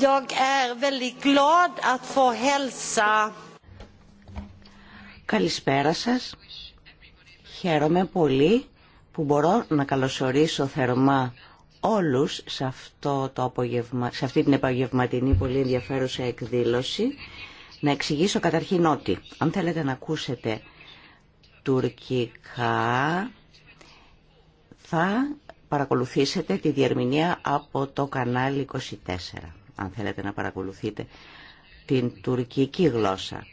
Jag är väldigt glad att få hälsa. Καλησπέρα σας. Χαίρομαι πολύ που μπορώ να καλωσορίσω θερμά όλους σε, αυτό το απογευμα... σε αυτή την επαγγευματινή πολύ ενδιαφέρουσα εκδήλωση. Να εξηγήσω καταρχήν ότι αν θέλετε να ακούσετε τουρκικά θα παρακολουθήσετε τη διερμηνία από το κανάλι 24 αν θέλετε να παρακολουθείτε την τουρκική γλώσσα.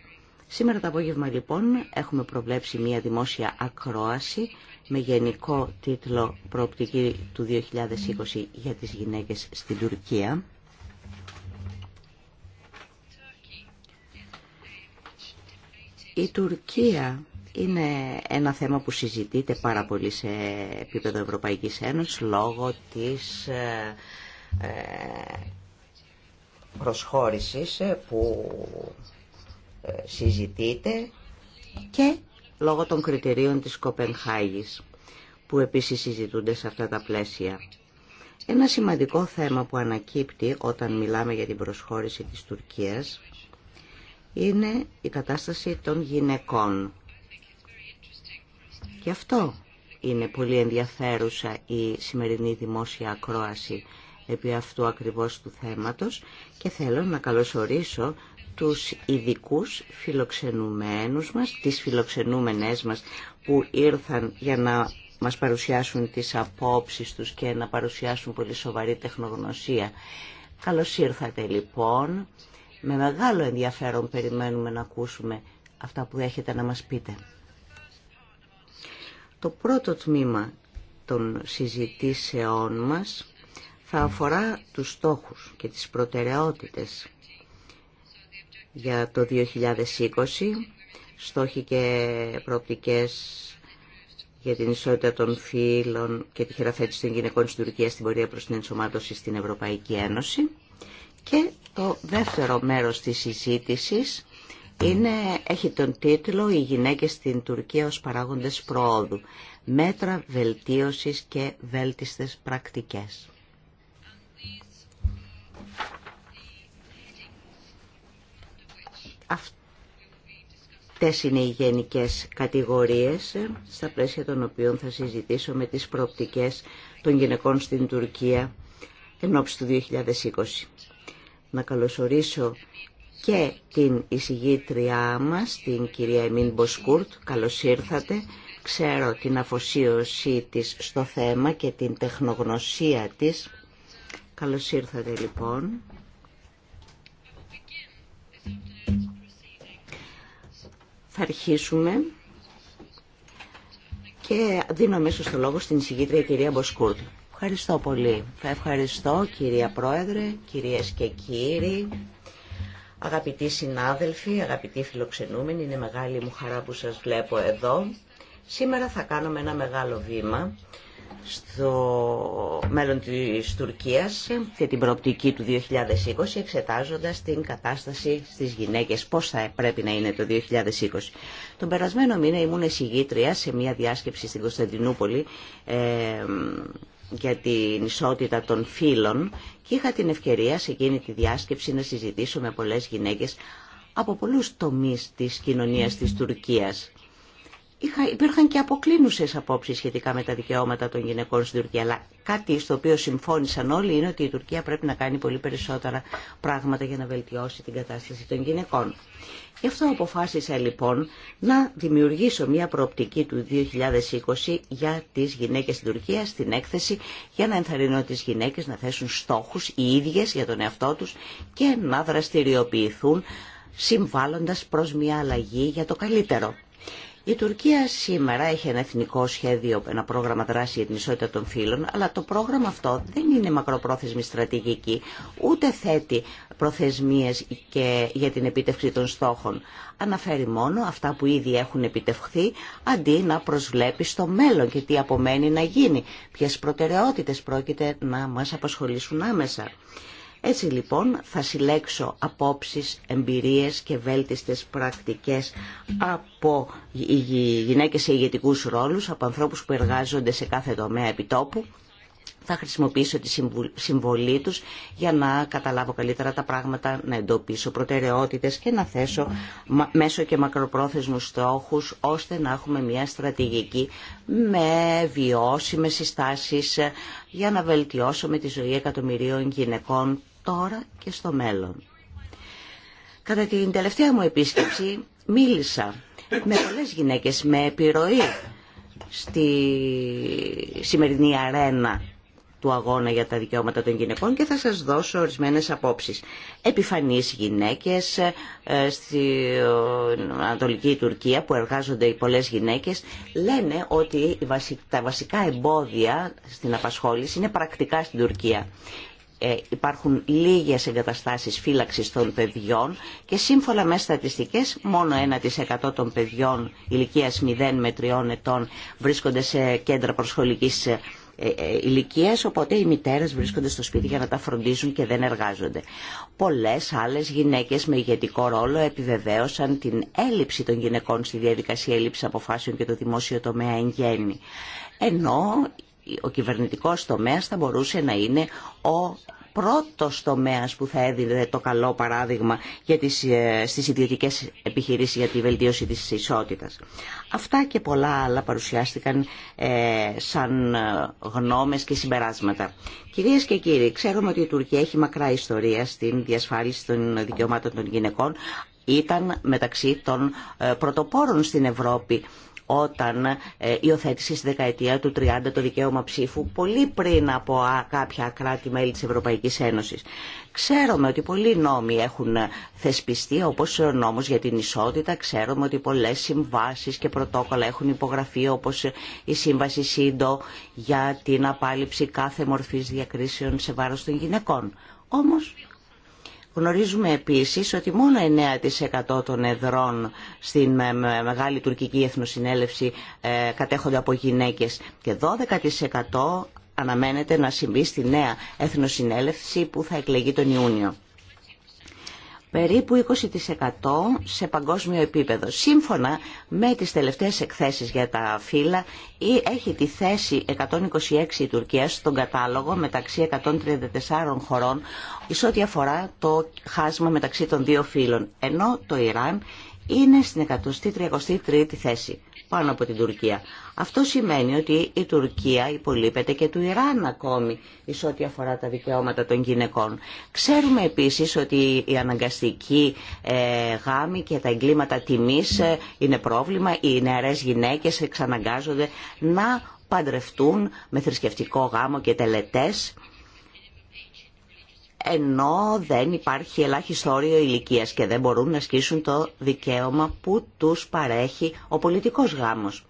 Σήμερα το απόγευμα λοιπόν έχουμε προβλέψει μια δημόσια ακρόαση με γενικό τίτλο «Προοπτική του 2020 για τις γυναίκες στην Τουρκία». Η Τουρκία είναι ένα θέμα που συζητείται πάρα πολύ σε επίπεδο Ευρωπαϊκής Ένωσης λόγω της ε, ε, προσχώρησης ε, που ε, συζητείται και λόγω των κριτηρίων της Κοπενχάγης που επίσης συζητούνται σε αυτά τα πλαίσια. Ένα σημαντικό θέμα που ανακύπτει όταν μιλάμε για την προσχώρηση της Τουρκίας είναι η κατάσταση των γυναικών. Και αυτό είναι πολύ ενδιαφέρουσα η σημερινή δημόσια ακρόαση επί αυτού ακριβώς του θέματος και θέλω να καλωσορίσω τους ειδικού φιλοξενουμένους μας, τις φιλοξενούμενές μας που ήρθαν για να μας παρουσιάσουν τις απόψεις τους και να παρουσιάσουν πολύ σοβαρή τεχνογνωσία. Καλώς ήρθατε λοιπόν. Με μεγάλο ενδιαφέρον περιμένουμε να ακούσουμε αυτά που έχετε να μας πείτε. Το πρώτο τμήμα των συζητήσεών μας θα αφορά τους στόχους και τις προτεραιότητες για το 2020, στόχοι και προοπτικές για την ισότητα των φύλων και τη χειραφέτηση των γυναικών στην Τουρκία στην πορεία προς την ενσωμάτωση στην Ευρωπαϊκή Ένωση. Και το δεύτερο μέρος της συζήτησης είναι, έχει τον τίτλο «Οι γυναίκες στην Τουρκία ως παράγοντες προόδου. Μέτρα βελτίωσης και βέλτιστες πρακτικές». Αυτές είναι οι γενικές κατηγορίες στα πλαίσια των οποίων θα συζητήσω με τις προοπτικές των γυναικών στην Τουρκία εν ώψη του 2020. Να καλωσορίσω και την εισηγήτριά μας, την κυρία Εμίν Μποσκούρτ. Καλώς ήρθατε. Ξέρω την αφοσίωσή της στο θέμα και την τεχνογνωσία της. Καλώς ήρθατε λοιπόν. Θα αρχίσουμε και δίνω αμέσως το λόγο στην εισηγήτρια κυρία Μποσκούρτ. Ευχαριστώ πολύ. Θα ευχαριστώ κυρία Πρόεδρε, κυρίες και κύριοι, αγαπητοί συνάδελφοι, αγαπητοί φιλοξενούμενοι. Είναι μεγάλη μου χαρά που σας βλέπω εδώ. Σήμερα θα κάνουμε ένα μεγάλο βήμα στο μέλλον της Τουρκίας και την προοπτική του 2020 εξετάζοντας την κατάσταση στις γυναίκες πώς θα πρέπει να είναι το 2020. Τον περασμένο μήνα ήμουν εισηγήτρια σε μια διάσκεψη στην Κωνσταντινούπολη για την ισότητα των φύλων και είχα την ευκαιρία σε εκείνη τη διάσκεψη να συζητήσω με πολλές γυναίκες από πολλούς τομείς της κοινωνίας της Τουρκίας υπήρχαν και αποκλίνουσες απόψει σχετικά με τα δικαιώματα των γυναικών στην Τουρκία. Αλλά κάτι στο οποίο συμφώνησαν όλοι είναι ότι η Τουρκία πρέπει να κάνει πολύ περισσότερα πράγματα για να βελτιώσει την κατάσταση των γυναικών. Γι' αυτό αποφάσισα λοιπόν να δημιουργήσω μια προοπτική του 2020 για τι γυναίκε στην Τουρκία στην έκθεση για να ενθαρρυνώ τι γυναίκε να θέσουν στόχου, οι ίδιε για τον εαυτό του και να δραστηριοποιηθούν συμβάλλοντας προς μια αλλαγή για το καλύτερο. Η Τουρκία σήμερα έχει ένα εθνικό σχέδιο, ένα πρόγραμμα δράση για την ισότητα των φύλων, αλλά το πρόγραμμα αυτό δεν είναι μακροπρόθεσμη στρατηγική, ούτε θέτει προθεσμίες για την επίτευξη των στόχων. Αναφέρει μόνο αυτά που ήδη έχουν επιτευχθεί, αντί να προσβλέπει στο μέλλον και τι απομένει να γίνει, ποιες προτεραιότητες πρόκειται να μας απασχολήσουν άμεσα. Έτσι λοιπόν θα συλλέξω απόψεις, εμπειρίες και βέλτιστες πρακτικές από γυναίκες σε ηγετικούς ρόλους, από ανθρώπους που εργάζονται σε κάθε τομέα επιτόπου. Θα χρησιμοποιήσω τη συμβολή τους για να καταλάβω καλύτερα τα πράγματα, να εντοπίσω προτεραιότητες και να θέσω μέσω και μακροπρόθεσμους στόχους ώστε να έχουμε μια στρατηγική με βιώσιμες συστάσεις ε, για να βελτιώσουμε τη ζωή εκατομμυρίων γυναικών τώρα και στο μέλλον. Κατά την τελευταία μου επίσκεψη μίλησα με πολλές γυναίκες με επιρροή στη σημερινή αρένα του αγώνα για τα δικαιώματα των γυναικών και θα σας δώσω ορισμένες απόψεις. Επιφανείς γυναίκες ε, στην Ανατολική Τουρκία που εργάζονται οι πολλές γυναίκες λένε ότι τα βασικά εμπόδια στην απασχόληση είναι πρακτικά στην Τουρκία. Ε, υπάρχουν λίγες εγκαταστάσεις φύλαξης των παιδιών και σύμφωνα με στατιστικές μόνο 1% των παιδιών ηλικίας 0 με 3 ετών βρίσκονται σε κέντρα προσχολικής ε, ε, ηλικίας, οπότε οι μητέρες βρίσκονται στο σπίτι για να τα φροντίζουν και δεν εργάζονται. Πολλές άλλες γυναίκες με ηγετικό ρόλο επιβεβαίωσαν την έλλειψη των γυναικών στη διαδικασία έλλειψη αποφάσεων και το δημόσιο τομέα εν γέννη. Ενώ ο κυβερνητικός τομέας θα μπορούσε να είναι ο πρώτος τομέας που θα έδινε το καλό παράδειγμα για τις, ε, στις ιδιωτικές επιχειρήσεις για τη βελτίωση της ισότητας. Αυτά και πολλά άλλα παρουσιάστηκαν ε, σαν ε, γνώμες και συμπεράσματα. Κυρίες και κύριοι, ξέρουμε ότι η Τουρκία έχει μακρά ιστορία στην διασφάλιση των δικαιωμάτων των γυναικών. Ήταν μεταξύ των πρωτοπόρων στην Ευρώπη όταν ε, υιοθέτησε στη δεκαετία του 30 το δικαίωμα ψήφου πολύ πριν από κάποια κράτη-μέλη της Ευρωπαϊκής Ένωσης. Ξέρουμε ότι πολλοί νόμοι έχουν ε, θεσπιστεί, όπως ο νόμος για την ισότητα. Ξέρουμε ότι πολλές συμβάσεις και πρωτόκολλα έχουν υπογραφεί, όπως ε, η Σύμβαση ΣΥΝΤΟ για την απάλληψη κάθε μορφής διακρίσεων σε βάρος των γυναικών. Όμως Γνωρίζουμε επίσης ότι μόνο 9% των εδρών στην Μεγάλη Τουρκική Εθνοσυνέλευση ε, κατέχονται από γυναίκες και 12% αναμένεται να συμβεί στη νέα Εθνοσυνέλευση που θα εκλεγεί τον Ιούνιο περίπου 20% σε παγκόσμιο επίπεδο. Σύμφωνα με τις τελευταίες εκθέσεις για τα φύλλα, έχει τη θέση 126 η Τουρκία στον κατάλογο μεταξύ 134 χωρών σε ό,τι αφορά το χάσμα μεταξύ των δύο φύλων, ενώ το Ιράν είναι στην 133η θέση πάνω από την Τουρκία. Αυτό σημαίνει ότι η Τουρκία υπολείπεται και του Ιράν ακόμη εις ό,τι αφορά τα δικαιώματα των γυναικών. Ξέρουμε επίσης ότι η αναγκαστική ε, γάμη και τα εγκλήματα τιμής ε, είναι πρόβλημα. Οι νεαρές γυναίκες εξαναγκάζονται να παντρευτούν με θρησκευτικό γάμο και τελετές ενώ δεν υπάρχει ελάχιστο όριο ηλικίας και δεν μπορούν να ασκήσουν το δικαίωμα που τους παρέχει ο πολιτικός γάμος.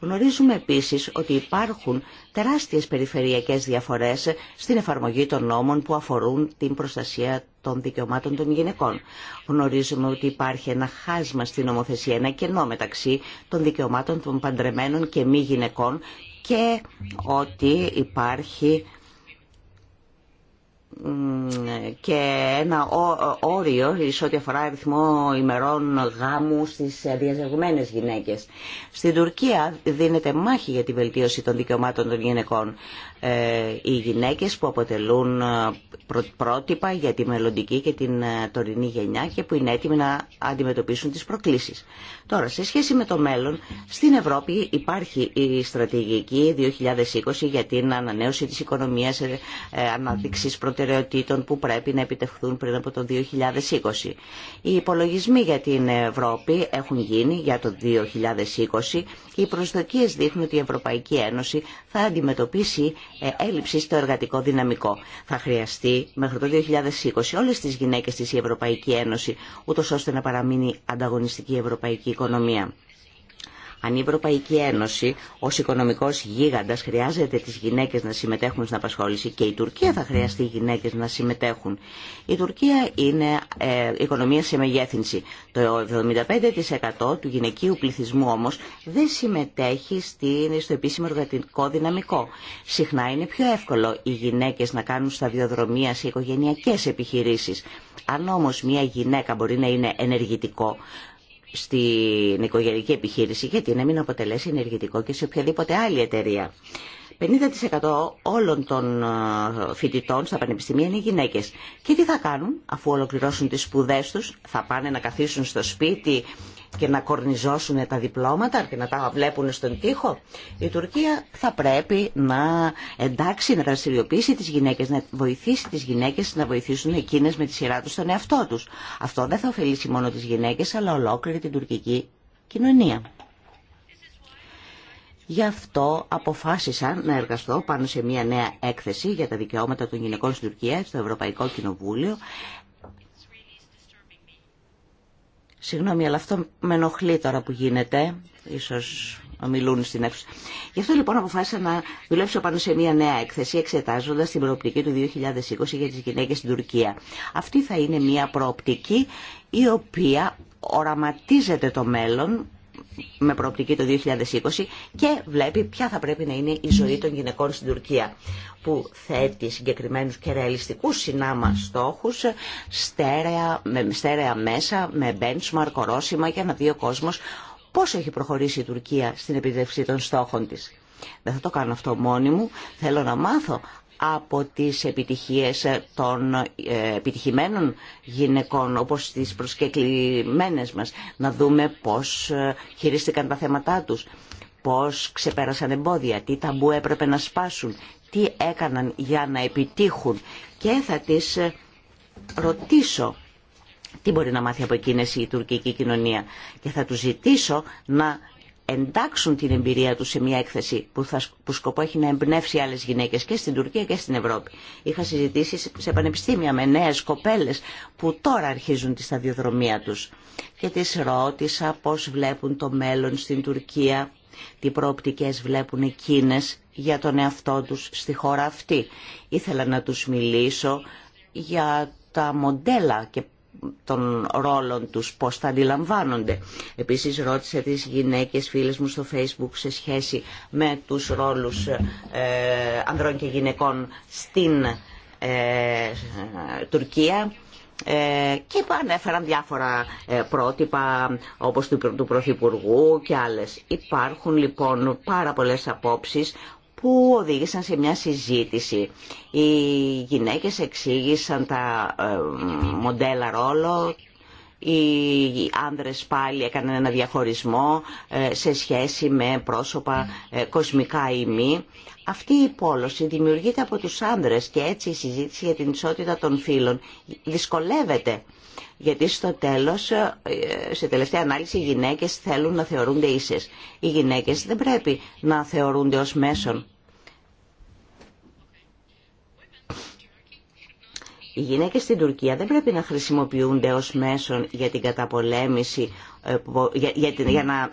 Γνωρίζουμε επίσης ότι υπάρχουν τεράστιες περιφερειακές διαφορές στην εφαρμογή των νόμων που αφορούν την προστασία των δικαιωμάτων των γυναικών. Γνωρίζουμε ότι υπάρχει ένα χάσμα στην νομοθεσία, ένα κενό μεταξύ των δικαιωμάτων των παντρεμένων και μη γυναικών και ότι υπάρχει και ένα όριο σε ό,τι αφορά αριθμό ημερών γάμου στις διαζευγμένες γυναίκες. Στην Τουρκία δίνεται μάχη για τη βελτίωση των δικαιωμάτων των γυναικών. Ε, οι γυναίκες που αποτελούν ε, πρότυπα για τη μελλοντική και την ε, τωρινή γενιά και που είναι έτοιμοι να αντιμετωπίσουν τις προκλήσεις. Τώρα, σε σχέση με το μέλλον, στην Ευρώπη υπάρχει η στρατηγική 2020 για την ανανέωση της οικονομίας ε, προτεραιοτήτων που πρέπει να επιτευχθούν πριν από το 2020. Οι υπολογισμοί για την Ευρώπη έχουν γίνει για το 2020 και οι προσδοκίες δείχνουν ότι η Ευρωπαϊκή Ένωση θα αντιμετωπίσει ε, έλλειψη στο εργατικό δυναμικό. Θα χρειαστεί μέχρι το 2020 όλες τις γυναίκες της η Ευρωπαϊκή Ένωση, ούτως ώστε να παραμείνει ανταγωνιστική η ευρωπαϊκή οικονομία. Αν η Ευρωπαϊκή Ένωση ω οικονομικό γίγαντα χρειάζεται τι γυναίκε να συμμετέχουν στην απασχόληση και η Τουρκία θα χρειαστεί οι γυναίκε να συμμετέχουν. Η Τουρκία είναι ε, οικονομία σε μεγέθυνση. Το 75% του γυναικείου πληθυσμού όμω δεν συμμετέχει στην, στο επίσημο εργατικό δυναμικό. Συχνά είναι πιο εύκολο οι γυναίκε να κάνουν σταδιοδρομία σε οικογενειακέ επιχειρήσει. Αν όμω μια γυναίκα μπορεί να είναι ενεργητικό, στην οικογενειακή επιχείρηση, γιατί να μην αποτελέσει ενεργητικό και σε οποιαδήποτε άλλη εταιρεία. 50% όλων των ε, φοιτητών στα πανεπιστημία είναι γυναίκες. Και τι θα κάνουν αφού ολοκληρώσουν τις σπουδές τους, θα πάνε να καθίσουν στο σπίτι και να κορνιζώσουν τα διπλώματα και να τα βλέπουν στον τοίχο. Η Τουρκία θα πρέπει να εντάξει, να δραστηριοποιήσει τις γυναίκες, να βοηθήσει τις γυναίκες να βοηθήσουν εκείνες με τη σειρά τους τον εαυτό τους. Αυτό δεν θα ωφελήσει μόνο τις γυναίκες αλλά ολόκληρη την τουρκική κοινωνία. Γι' αυτό αποφάσισα να εργαστώ πάνω σε μια νέα έκθεση για τα δικαιώματα των γυναικών στην Τουρκία στο Ευρωπαϊκό Κοινοβούλιο. Συγγνώμη, αλλά αυτό με ενοχλεί τώρα που γίνεται. Ίσως μιλούν στην αίθουσα. Γι' αυτό λοιπόν αποφάσισα να δουλέψω πάνω σε μια νέα έκθεση εξετάζοντας την προοπτική του 2020 για τις γυναίκες στην Τουρκία. Αυτή θα είναι μια προοπτική η οποία οραματίζεται το μέλλον με προοπτική το 2020 και βλέπει ποια θα πρέπει να είναι η ζωή των γυναικών στην Τουρκία που θέτει συγκεκριμένους και ρεαλιστικούς συνάμα στόχους στέρεα, με, στέρεα μέσα, με benchmark, ορόσημα για να δει ο κόσμος πώς έχει προχωρήσει η Τουρκία στην επιδευσή των στόχων της. Δεν θα το κάνω αυτό μόνη μου. Θέλω να μάθω από τις επιτυχίες των ε, επιτυχημένων γυναικών όπως τις προσκεκλημένες μας να δούμε πώς ε, χειρίστηκαν τα θέματά τους πώς ξεπέρασαν εμπόδια, τι ταμπού έπρεπε να σπάσουν τι έκαναν για να επιτύχουν και θα τις ε, ρωτήσω τι μπορεί να μάθει από εκείνες η τουρκική κοινωνία και θα τους ζητήσω να εντάξουν την εμπειρία του σε μια έκθεση που, θα, που σκοπό έχει να εμπνεύσει άλλε γυναίκε και στην Τουρκία και στην Ευρώπη. Είχα συζητήσει σε πανεπιστήμια με νέε κοπέλε που τώρα αρχίζουν τη σταδιοδρομία του και τι ρώτησα πώ βλέπουν το μέλλον στην Τουρκία, τι προοπτικέ βλέπουν εκείνε για τον εαυτό του στη χώρα αυτή. Ήθελα να του μιλήσω για τα μοντέλα και των ρόλων τους, πώς τα αντιλαμβάνονται. Επίσης ρώτησε τις γυναίκες φίλες μου στο facebook σε σχέση με τους ρόλους ε, ανδρών και γυναικών στην ε, Τουρκία ε, και ανέφεραν διάφορα πρότυπα όπως του, του Πρωθυπουργού και άλλες. Υπάρχουν λοιπόν πάρα πολλές απόψεις που οδήγησαν σε μια συζήτηση. Οι γυναίκες εξήγησαν τα ε, μοντέλα ρόλο, οι άνδρες πάλι έκαναν ένα διαχωρισμό ε, σε σχέση με πρόσωπα ε, κοσμικά ή μη. Αυτή η πόλωση δημιουργείται από τους άνδρες και έτσι η συζήτηση για την ισότητα των φίλων δυσκολεύεται. Γιατί στο τέλος, σε τελευταία ανάλυση, οι γυναίκες θέλουν να θεωρούνται ίσες. Οι γυναίκες δεν πρέπει να θεωρούνται ως μέσον Οι γυναίκες στην Τουρκία δεν πρέπει να χρησιμοποιούνται ως μέσον για την καταπολέμηση, ε, για, για, την, για, να,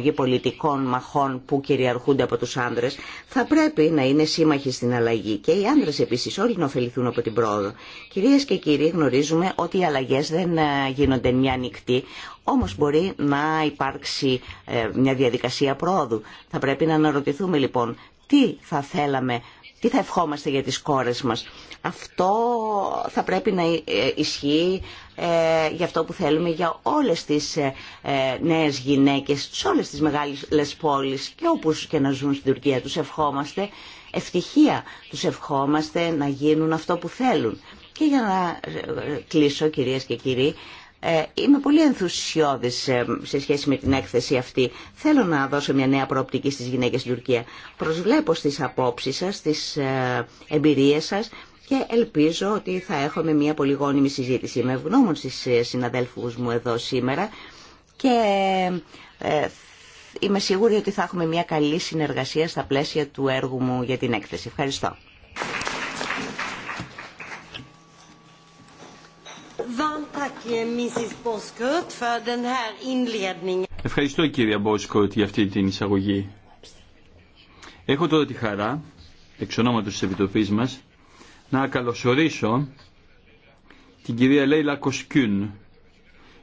για πολιτικών μαχών που κυριαρχούνται από τους άνδρες. Θα πρέπει να είναι σύμμαχοι στην αλλαγή και οι άνδρες επίσης όλοι να ωφεληθούν από την πρόοδο. Κυρίες και κύριοι γνωρίζουμε ότι οι αλλαγές δεν ε, γίνονται μια νυχτή, όμως μπορεί να υπάρξει ε, μια διαδικασία πρόοδου. Θα πρέπει να αναρωτηθούμε λοιπόν τι θα θέλαμε τι θα ευχόμαστε για τις κόρες μας. Αυτό θα πρέπει να ε, ισχύει ε, για αυτό που θέλουμε για όλες τις ε, νέες γυναίκες, σε όλες τις μεγάλες πόλεις και όπου και να ζουν στην Τουρκία. Τους ευχόμαστε ευτυχία, τους ευχόμαστε να γίνουν αυτό που θέλουν. Και για να κλείσω κυρίες και κύριοι, είμαι πολύ ενθουσιώδης σε σχέση με την έκθεση αυτή. Θέλω να δώσω μια νέα προοπτική στις γυναίκες στην Τουρκία. Προσβλέπω στις απόψεις σας, στις εμπειρίες σας και ελπίζω ότι θα έχουμε μια πολύ συζήτηση. με ευγνώμων στις ε, συναδέλφους μου εδώ σήμερα και ε, είμαι σίγουρη ότι θα έχουμε μια καλή συνεργασία στα πλαίσια του έργου μου για την έκθεση. Ευχαριστώ. Eh, Ευχαριστώ κύριε Μπόσκοτ για αυτή την εισαγωγή. Έχω τώρα τη χαρά, εξ ονόματος της Επιτροπής μας, να καλωσορίσω την κυρία Λέιλα Κοσκιούν,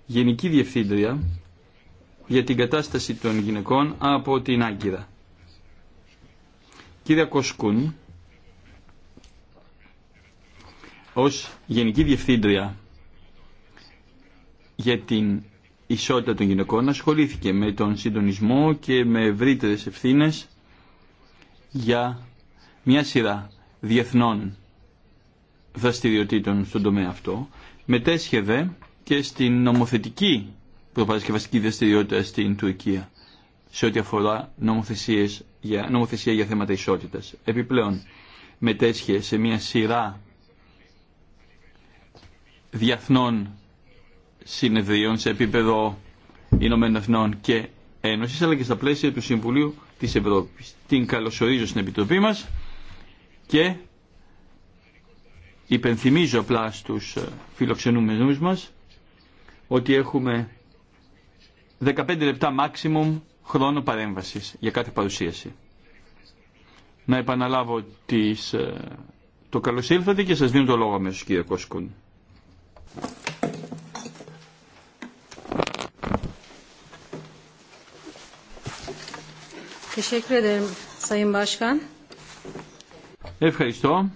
Γενική Διευθύντρια για την κατάσταση των γυναικών από την Άγκυρα. Κύρια Κοσκούν, ως Γενική Διευθύντρια για την ισότητα των γυναικών ασχολήθηκε με τον συντονισμό και με ευρύτερε ευθύνε για μια σειρά διεθνών δραστηριοτήτων στον τομέα αυτό, μετέσχευε και στην νομοθετική προπαρασκευαστική δραστηριότητα στην Τουρκία σε ό,τι αφορά νομοθεσίες για, νομοθεσία για θέματα ισότητας. Επιπλέον, μετέσχε σε μια σειρά διεθνών συνεδρίων σε επίπεδο Ηνωμένων Εθνών και Ένωση, αλλά και στα πλαίσια του Συμβουλίου της Ευρώπης. Την καλωσορίζω στην Επιτροπή μας και Υπενθυμίζω απλά στους ε, φιλοξενούμενους μας ότι έχουμε 15 λεπτά maximum χρόνο παρέμβασης για κάθε παρουσίαση. Να επαναλάβω ε, το καλώ ήλθατε και σας δίνω το λόγο αμέσως κύριε Κόσκουν. Ευχαριστώ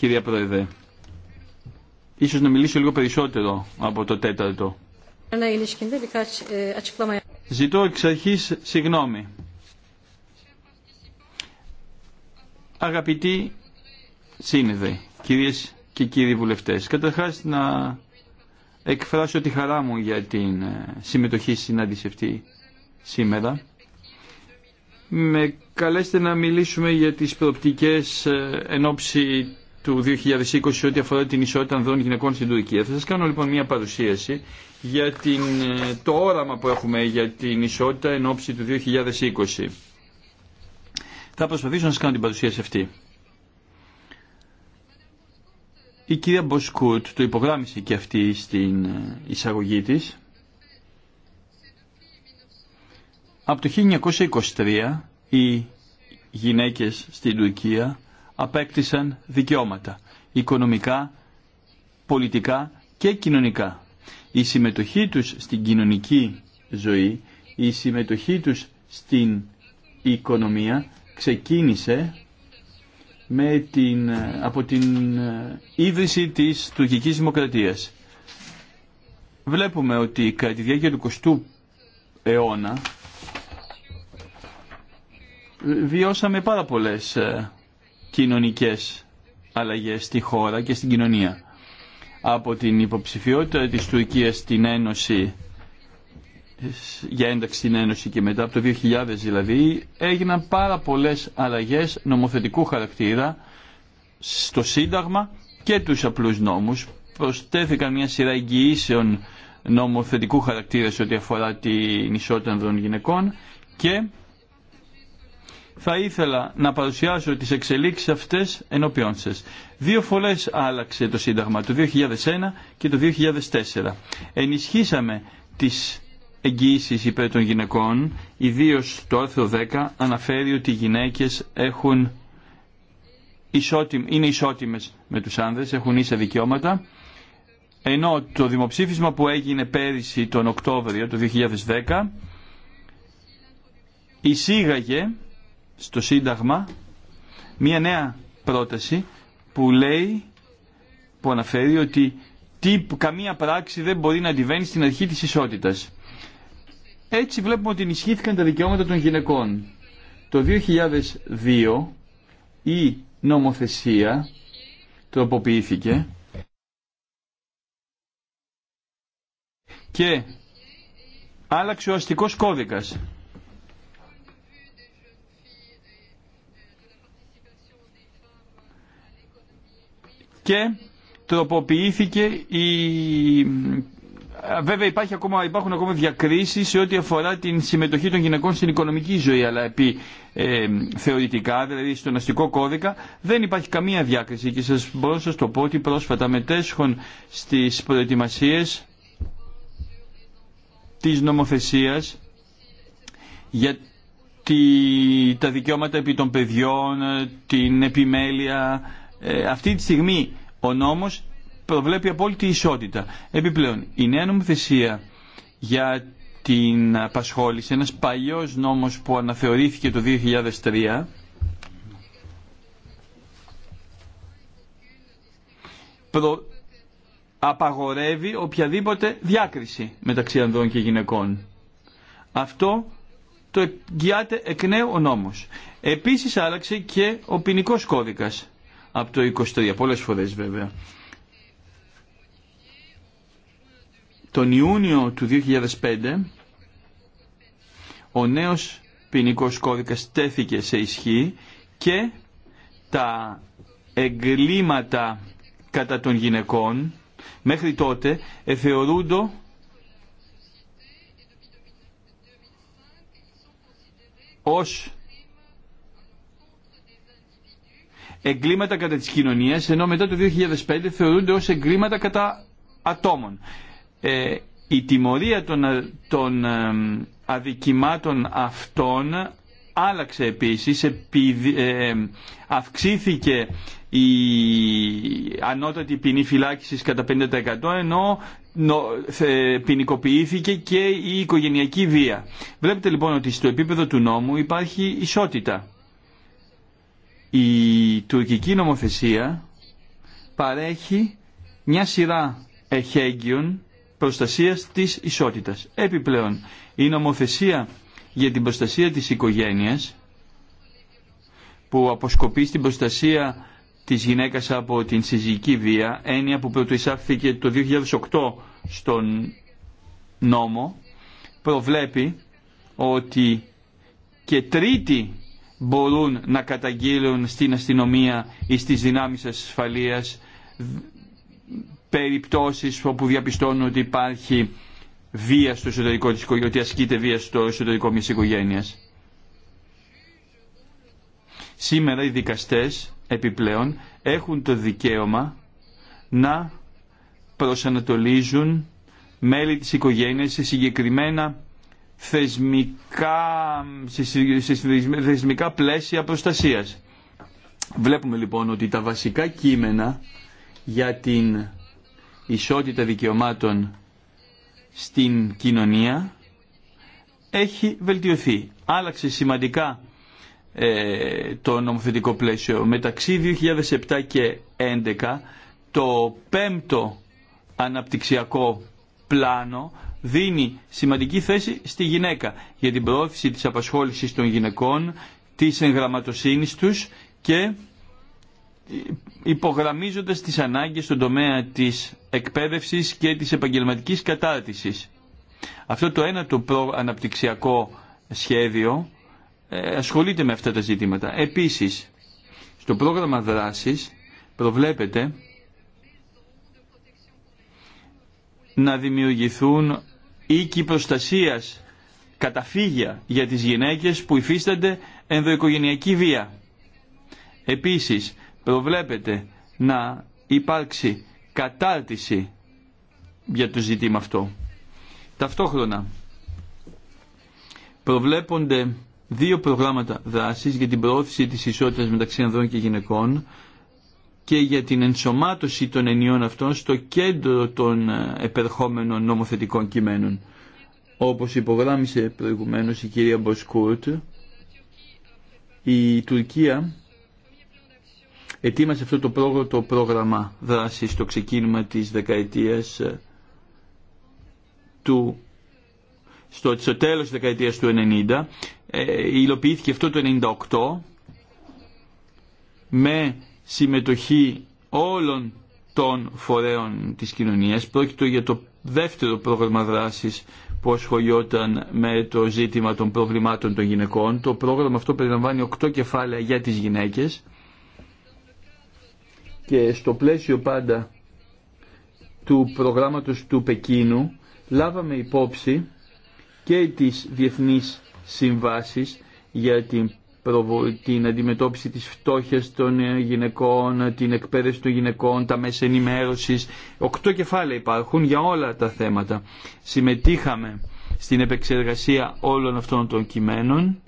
κυρία Πρόεδρε. Ίσως να μιλήσω λίγο περισσότερο από το τέταρτο. Ζητώ εξ αρχή συγγνώμη. Αγαπητοί σύνδεοι, κυρίες και κύριοι βουλευτές, καταρχάς να εκφράσω τη χαρά μου για την ε, συμμετοχή στη συνάντηση αυτή σήμερα. Με καλέστε να μιλήσουμε για τις προοπτικές ε, εν ώψη του 2020 ό,τι αφορά την ισότητα ανδρών γυναικών στην Τουρκία. Θα σας κάνω λοιπόν μια παρουσίαση για την, ε, το όραμα που έχουμε για την ισότητα εν ώψη του 2020. Θα προσπαθήσω να σας κάνω την παρουσίαση αυτή. Η κυρία Μποσκούτ το υπογράμμισε και αυτή στην ε, εισαγωγή της. Από το 1923 οι γυναίκες στην Τουρκία απέκτησαν δικαιώματα, οικονομικά, πολιτικά και κοινωνικά. Η συμμετοχή τους στην κοινωνική ζωή, η συμμετοχή τους στην οικονομία ξεκίνησε με την, από την ε, ίδρυση της τουρκικής δημοκρατίας. Βλέπουμε ότι κατά τη διάρκεια του 20ου αιώνα ε, βιώσαμε πάρα πολλές ε, κοινωνικές αλλαγές στη χώρα και στην κοινωνία. Από την υποψηφιότητα της Τουρκίας στην Ένωση για ένταξη στην Ένωση και μετά από το 2000 δηλαδή έγιναν πάρα πολλές αλλαγές νομοθετικού χαρακτήρα στο Σύνταγμα και τους απλούς νόμους προστέθηκαν μια σειρά εγγυήσεων νομοθετικού χαρακτήρα σε ό,τι αφορά την ισότητα των γυναικών και θα ήθελα να παρουσιάσω τις εξελίξεις αυτές ενώπιόν σας. Δύο φορές άλλαξε το Σύνταγμα, το 2001 και το 2004. Ενισχύσαμε τις εγγύσεις υπέρ των γυναικών, ιδίω το άρθρο 10 αναφέρει ότι οι γυναίκες έχουν είναι ισότιμες με τους άνδρες, έχουν ίσα δικαιώματα, ενώ το δημοψήφισμα που έγινε πέρυσι τον Οκτώβριο του 2010 εισήγαγε στο Σύνταγμα μία νέα πρόταση που λέει, που αναφέρει ότι τι, καμία πράξη δεν μπορεί να αντιβαίνει στην αρχή της ισότητας. Έτσι βλέπουμε ότι ενισχύθηκαν τα δικαιώματα των γυναικών. Το 2002 η νομοθεσία τροποποιήθηκε και άλλαξε ο αστικός κώδικας και τροποποιήθηκε η... Βέβαια υπάρχει ακόμα, υπάρχουν ακόμα διακρίσεις σε ό,τι αφορά την συμμετοχή των γυναικών στην οικονομική ζωή, αλλά επί ε, θεωρητικά, δηλαδή στον αστικό κώδικα, δεν υπάρχει καμία διάκριση και σας μπορώ να σας το πω ότι πρόσφατα μετέσχον στις προετοιμασίες της νομοθεσίας για τα δικαιώματα επί των παιδιών, την επιμέλεια. Ε, αυτή τη στιγμή ο νόμος προβλέπει απόλυτη ισότητα. Επιπλέον, η νέα νομοθεσία για την απασχόληση, ένας παλιός νόμος που αναθεωρήθηκε το 2003, προ... απαγορεύει οποιαδήποτε διάκριση μεταξύ ανδρών και γυναικών. Αυτό το εγγυάται εκ νέου ο νόμος. Επίσης άλλαξε και ο ποινικό κώδικας από το 23, πολλές φορές βέβαια. Τον Ιούνιο του 2005 ο νέος ποινικό κώδικας τέθηκε σε ισχύ και τα εγκλήματα κατά των γυναικών μέχρι τότε εθεωρούνται ως εγκλήματα κατά της κοινωνίας, ενώ μετά το 2005 θεωρούνται ως εγκλήματα κατά ατόμων. Ε, η τιμωρία των, των ε, αδικημάτων αυτών άλλαξε επίσης, επί, ε, αυξήθηκε η ανώτατη ποινή φυλάκισης κατά 50% ενώ ποινικοποιήθηκε και η οικογενειακή βία. Βλέπετε λοιπόν ότι στο επίπεδο του νόμου υπάρχει ισότητα. Η τουρκική νομοθεσία παρέχει μια σειρά εχέγγυων προστασίας της ισότητας. Επιπλέον, η νομοθεσία για την προστασία της οικογένειας που αποσκοπεί στην προστασία της γυναίκας από την συζυγική βία, έννοια που πρωτοεισάχθηκε το 2008 στον νόμο, προβλέπει ότι και τρίτη μπορούν να καταγγείλουν στην αστυνομία ή στις δυνάμεις ασφαλείας περιπτώσεις όπου διαπιστώνουν ότι υπάρχει βία στο εσωτερικό της οικογένειας, ότι ασκείται βία στο εσωτερικό μιας οικογένειας. Σήμερα οι δικαστές επιπλέον έχουν το δικαίωμα να προσανατολίζουν μέλη της οικογένειας σε συγκεκριμένα θεσμικά, σε θεσμικά πλαίσια προστασίας. Βλέπουμε λοιπόν ότι τα βασικά κείμενα για την ισότητα δικαιωμάτων στην κοινωνία έχει βελτιωθεί. Άλλαξε σημαντικά ε, το νομοθετικό πλαίσιο. Μεταξύ 2007 και 2011 το πέμπτο αναπτυξιακό πλάνο δίνει σημαντική θέση στη γυναίκα για την προώθηση της απασχόλησης των γυναικών, της εγγραμματοσύνης τους και υπογραμμίζοντας τις ανάγκες στον τομέα της εκπαίδευσης και της επαγγελματικής κατάρτισης. Αυτό το ένα το προαναπτυξιακό σχέδιο ε, ασχολείται με αυτά τα ζητήματα. Επίσης, στο πρόγραμμα δράσης προβλέπεται να δημιουργηθούν η προστασία καταφύγια για τις γυναίκες που υφίστανται ενδοοικογενειακή βία. Επίσης, προβλέπεται να υπάρξει κατάρτιση για το ζήτημα αυτό. Ταυτόχρονα, προβλέπονται δύο προγράμματα δράσης για την προώθηση της ισότητας μεταξύ ανδρών και γυναικών και για την ενσωμάτωση των ενιών αυτών στο κέντρο των ε, επερχόμενων νομοθετικών κειμένων. Όπως υπογράμμισε προηγουμένως η κυρία Μποσκούρτ, η Τουρκία ετοίμασε αυτό το πρώτο πρόγραμμα δράση στο ξεκίνημα της δεκαετίας ε, του στο, στο τέλος της δεκαετίας του 90 ε, υλοποιήθηκε αυτό το 98 με συμμετοχή όλων των φορέων της κοινωνίας. Πρόκειται για το δεύτερο πρόγραμμα δράσης που ασχολιόταν με το ζήτημα των προβλημάτων των γυναικών. Το πρόγραμμα αυτό περιλαμβάνει οκτώ κεφάλαια για τις γυναίκες και στο πλαίσιο πάντα του προγράμματος του Πεκίνου λάβαμε υπόψη και τις διεθνείς συμβάσεις για την την αντιμετώπιση της φτώχειας των ε, γυναικών, την εκπαίδευση των γυναικών, τα μέσα ενημέρωσης. Οκτώ κεφάλαια υπάρχουν για όλα τα θέματα. Συμμετείχαμε στην επεξεργασία όλων αυτών των κειμένων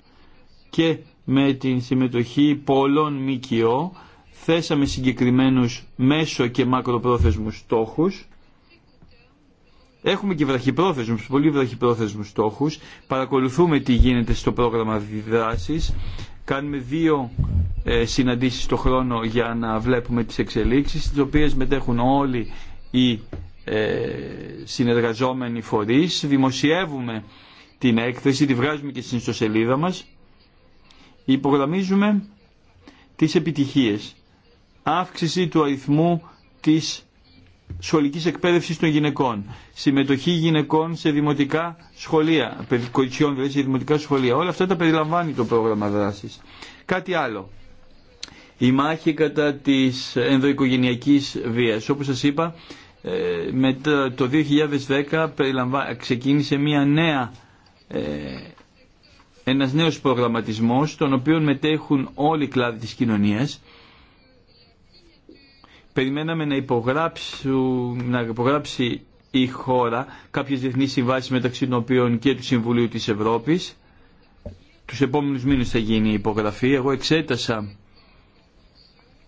και με την συμμετοχή πολλών ΜΚΟ θέσαμε συγκεκριμένους μέσο και μακροπρόθεσμους στόχους Έχουμε και βραχυπρόθεσμους, πολύ βραχυπρόθεσμους στόχους. Παρακολουθούμε τι γίνεται στο πρόγραμμα δράσης. Κάνουμε δύο ε, συναντήσεις το χρόνο για να βλέπουμε τις εξελίξεις, τις οποίες μετέχουν όλοι οι ε, συνεργαζόμενοι φορείς. Δημοσιεύουμε την έκθεση, τη βγάζουμε και στην ιστοσελίδα μας. Υπογραμμίζουμε τις επιτυχίες. Αύξηση του αριθμού της Σχολική εκπαίδευση των γυναικών, συμμετοχή γυναικών σε δημοτικά σχολεία, κοριτσιών δηλαδή σε δημοτικά σχολεία. Όλα αυτά τα περιλαμβάνει το πρόγραμμα δράση. Κάτι άλλο. Η μάχη κατά της ενδοοικογενειακής βίας. Όπως σας είπα, ε, με το 2010 ξεκίνησε μια νέα, ε, ένας νέος προγραμματισμός, τον οποίο μετέχουν όλοι οι κλάδοι της κοινωνίας περιμέναμε να, να υπογράψει η χώρα κάποιες διεθνείς συμβάσεις μεταξύ των οποίων και του Συμβουλίου της Ευρώπης. Τους επόμενους μήνες θα γίνει η υπογραφή. Εγώ εξέτασα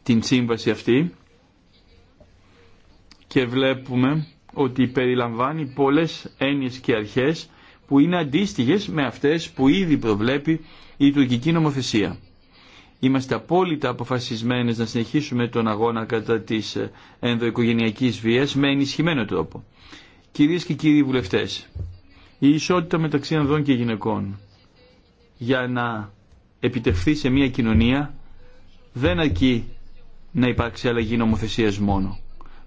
την σύμβαση αυτή και βλέπουμε ότι περιλαμβάνει πολλές έννοιες και αρχές που είναι αντίστοιχες με αυτές που ήδη προβλέπει η τουρκική νομοθεσία. Είμαστε απόλυτα αποφασισμένες να συνεχίσουμε τον αγώνα κατά της ε, ενδοοικογενειακής βίας με ενισχυμένο τρόπο. Κυρίες και κύριοι βουλευτές, η ισότητα μεταξύ ανδρών και γυναικών για να επιτευχθεί σε μια κοινωνία δεν αρκεί να υπάρξει αλλαγή νομοθεσία μόνο.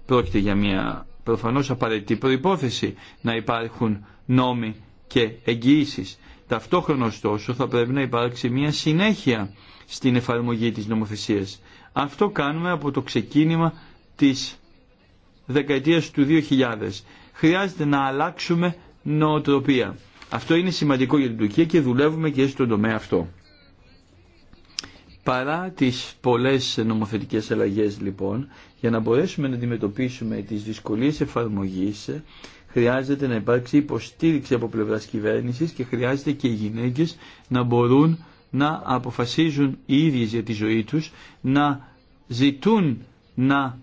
Πρόκειται για μια προφανώς απαραίτητη προϋπόθεση να υπάρχουν νόμοι και εγγυήσεις. Ταυτόχρονα ωστόσο θα πρέπει να υπάρξει μια συνέχεια στην εφαρμογή της νομοθεσίας. Αυτό κάνουμε από το ξεκίνημα της δεκαετίας του 2000. Χρειάζεται να αλλάξουμε νοοτροπία. Αυτό είναι σημαντικό για την Τουρκία και δουλεύουμε και στον τομέα αυτό. Παρά τις πολλές νομοθετικές αλλαγές λοιπόν, για να μπορέσουμε να αντιμετωπίσουμε τις δυσκολίες εφαρμογής, χρειάζεται να υπάρξει υποστήριξη από πλευράς κυβέρνησης και χρειάζεται και οι γυναίκες να μπορούν να αποφασίζουν οι ίδιες για τη ζωή τους, να ζητούν να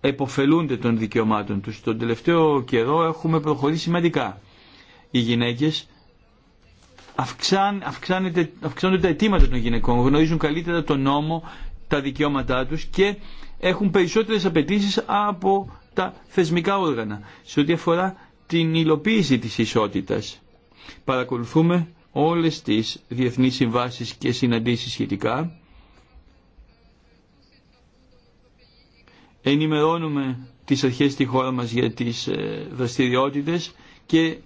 εποφελούνται των δικαιωμάτων τους. Τον τελευταίο καιρό έχουμε προχωρήσει σημαντικά. Οι γυναίκες αυξάν, αυξάνονται τα αιτήματα των γυναικών, γνωρίζουν καλύτερα τον νόμο, τα δικαιώματά τους και έχουν περισσότερες απαιτήσει από τα θεσμικά όργανα σε ό,τι αφορά την υλοποίηση της ισότητας. Παρακολουθούμε όλες τις διεθνείς συμβάσεις και συναντήσεις σχετικά. Ενημερώνουμε τις αρχές στη χώρα μας για τις ε, δραστηριότητες και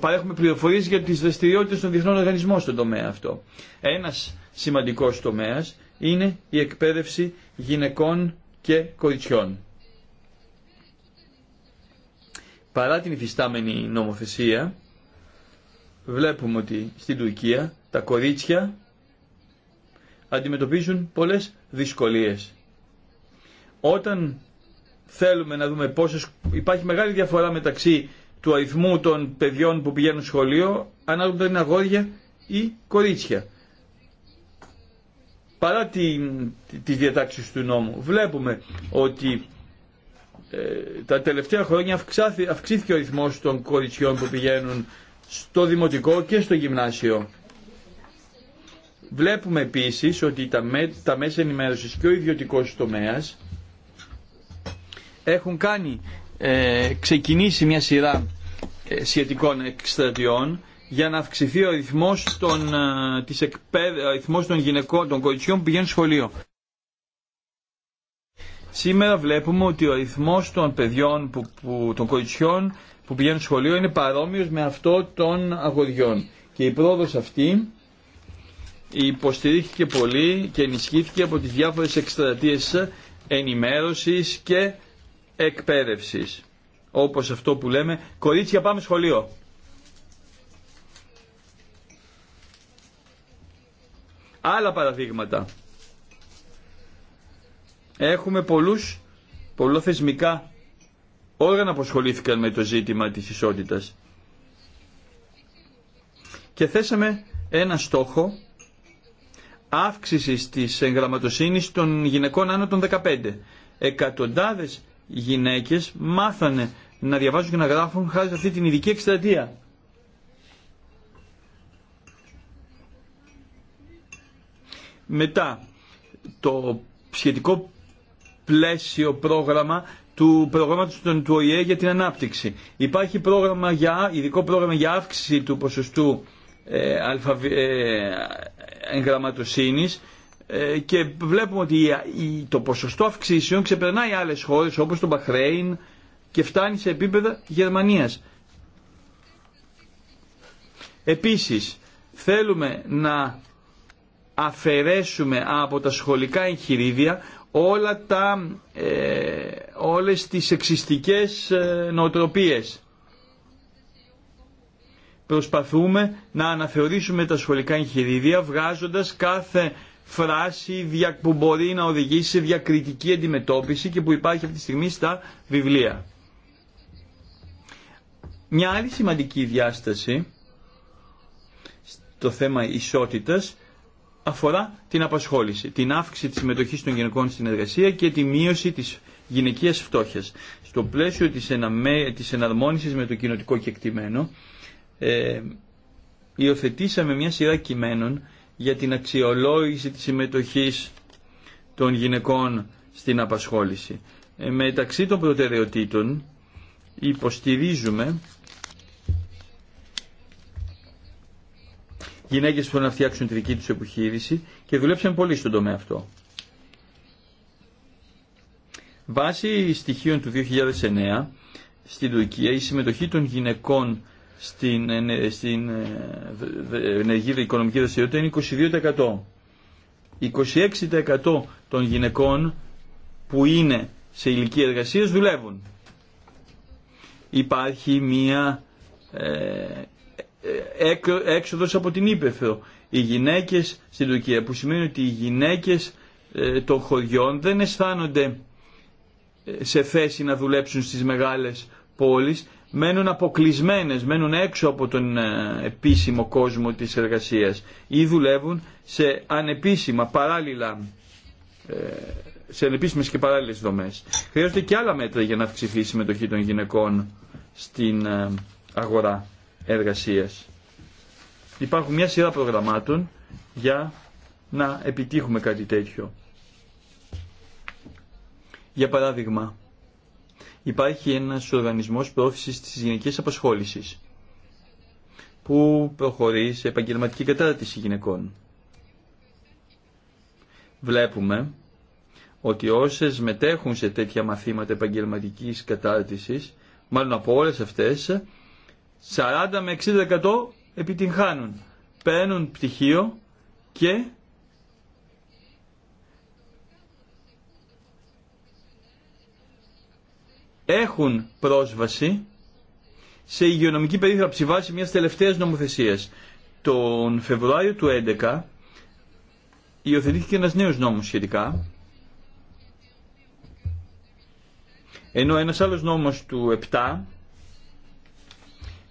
παρέχουμε πληροφορίες για τις δραστηριότητες των διεθνών οργανισμών στον τομέα αυτό. Ένας σημαντικός τομέας είναι η εκπαίδευση γυναικών και κοριτσιών. Παρά την υφιστάμενη νομοθεσία, βλέπουμε ότι στην Τουρκία τα κορίτσια αντιμετωπίζουν πολλές δυσκολίες. Όταν θέλουμε να δούμε πόσες... Υπάρχει μεγάλη διαφορά μεταξύ του αριθμού των παιδιών που πηγαίνουν σχολείο ανάλογα είναι αγόρια ή κορίτσια. Παρά την, τις διατάξεις του νόμου βλέπουμε ότι ε, τα τελευταία χρόνια αυξήθηκε ο αριθμός των κοριτσιών που πηγαίνουν στο δημοτικό και στο γυμνάσιο. Βλέπουμε επίσης ότι τα, τα μέσα ενημέρωσης και ο ιδιωτικός τομέας έχουν κάνει, ε, ξεκινήσει μια σειρά ε, σχετικών εκστρατιών για να αυξηθεί ο αριθμός των, ε, της ο των γυναικών, των κοριτσιών που πηγαίνουν σχολείο. Σήμερα βλέπουμε ότι ο αριθμός των παιδιών, που, των κοριτσιών που πηγαίνουν σχολείο είναι παρόμοιος με αυτό των αγοριών. Και η πρόοδος αυτή υποστηρίχθηκε πολύ και ενισχύθηκε από τις διάφορες εκστρατείες ενημέρωσης και εκπαίδευσης. Όπως αυτό που λέμε, κορίτσια πάμε σχολείο. Άλλα παραδείγματα. Έχουμε πολλούς, πολλοθεσμικά όργανα που με το ζήτημα της ισότητας. Και θέσαμε ένα στόχο αύξησης της εγγραμματοσύνης των γυναικών άνω των 15. Εκατοντάδες γυναίκες μάθανε να διαβάζουν και να γράφουν χάρη σε αυτή την ειδική εκστρατεία. Μετά, το σχετικό πλαίσιο πρόγραμμα του προγράμματος του ΟΗΕ για την ανάπτυξη. Υπάρχει πρόγραμμα για, ειδικό πρόγραμμα για αύξηση του ποσοστού ε, ε, ε και βλέπουμε ότι το ποσοστό αυξήσεων ξεπερνάει άλλες χώρες όπως το Μπαχρέιν και φτάνει σε επίπεδα Γερμανίας. Επίσης, θέλουμε να αφαιρέσουμε από τα σχολικά εγχειρίδια όλα τα, ε, όλες τις εξιστικές ε, νοοτροπίες. Προσπαθούμε να αναθεωρήσουμε τα σχολικά εγχειρίδια βγάζοντας κάθε φράση που μπορεί να οδηγήσει σε διακριτική αντιμετώπιση και που υπάρχει αυτή τη στιγμή στα βιβλία. Μια άλλη σημαντική διάσταση στο θέμα ισότητας αφορά την απασχόληση, την αύξηση της συμμετοχής των γυναικών στην εργασία και τη μείωση της γυναικείας φτώχειας. Στο πλαίσιο της, εναμέ, της εναρμόνισης με το κοινοτικό κεκτημένο, ε, υιοθετήσαμε μια σειρά κειμένων για την αξιολόγηση της συμμετοχής των γυναικών στην απασχόληση. Ε, μεταξύ των προτεραιοτήτων υποστηρίζουμε γυναίκες που θέλουν να φτιάξουν τη δική τους επιχείρηση και δουλέψαν πολύ στον τομέα αυτό. Βάσει στοιχείων του 2009, στην Τουρκία η συμμετοχή των γυναικών στην, ε, ναι, στην ε, ενεργή οικονομική δραστηριότητα είναι 22%. 26% των γυναικών που είναι σε ηλικία εργασίας δουλεύουν. Υπάρχει μία ε, ε, έξοδος από την Ήπεθρο. Οι γυναίκες στην Τουρκία, που σημαίνει ότι οι γυναίκες ε, των χωριών δεν αισθάνονται ε, σε θέση να δουλέψουν στις μεγάλες πόλεις, μένουν αποκλεισμένες, μένουν έξω από τον επίσημο κόσμο της εργασίας ή δουλεύουν σε ανεπίσημα, παράλληλα, σε ανεπίσημες και παράλληλες δομές. Χρειάζονται και άλλα μέτρα για να αυξηθεί η συμμετοχή των γυναικών στην αγορά εργασίας. Υπάρχουν μια σειρά προγραμμάτων για να επιτύχουμε κάτι τέτοιο. Για παράδειγμα, υπάρχει ένας οργανισμός πρόφησης της γυναικής απασχόλησης που προχωρεί σε επαγγελματική κατάρτιση γυναικών. Βλέπουμε ότι όσες μετέχουν σε τέτοια μαθήματα επαγγελματικής κατάρτισης, μάλλον από όλες αυτές, 40 με 60% επιτυγχάνουν. Παίρνουν πτυχίο και έχουν πρόσβαση σε υγειονομική περίθαλψη βάσει μιας τελευταίας νομοθεσίας. Τον Φεβρουάριο του 2011 υιοθετήθηκε ένας νέος νόμος σχετικά, ενώ ένας άλλος νόμος του 7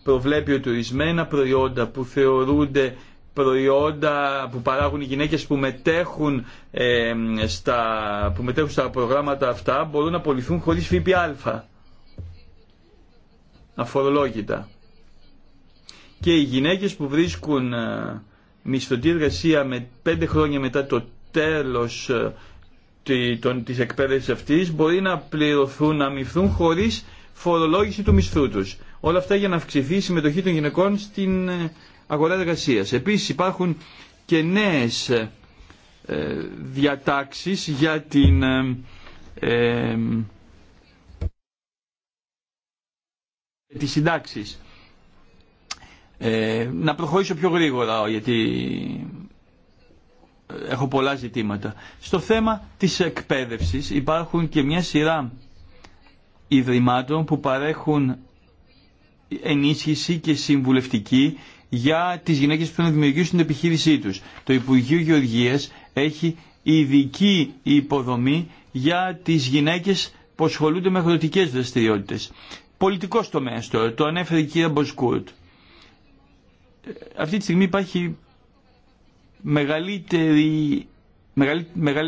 προβλέπει ότι ορισμένα προϊόντα που θεωρούνται προϊόντα που παράγουν οι γυναίκες που μετέχουν, στα, που μετέχουν στα προγράμματα αυτά μπορούν να πολιθούν χωρίς ΦΠΑ αφορολόγητα και οι γυναίκες που βρίσκουν ε, μισθωτή εργασία με πέντε χρόνια μετά το τέλος ε, της εκπαίδευσης αυτής μπορεί να πληρωθούν, να μειθούν χωρίς φορολόγηση του μισθού τους. Όλα αυτά για να αυξηθεί η συμμετοχή των γυναικών στην ε, αγορά εργασία. Επίση υπάρχουν και νέε ε, διατάξει για την. Ε, ε τις να προχωρήσω πιο γρήγορα γιατί έχω πολλά ζητήματα. Στο θέμα της εκπαίδευσης υπάρχουν και μια σειρά ιδρυμάτων που παρέχουν ενίσχυση και συμβουλευτική για τις γυναίκες που να δημιουργήσουν την επιχείρησή τους. Το Υπουργείο Γεωργίας έχει ειδική υποδομή για τις γυναίκες που ασχολούνται με αγροτικές δραστηριότητες. Πολιτικός τομέας τώρα, το ανέφερε η κυρία Μποσκούρτ. Αυτή τη στιγμή υπάρχει μεγαλύτερη,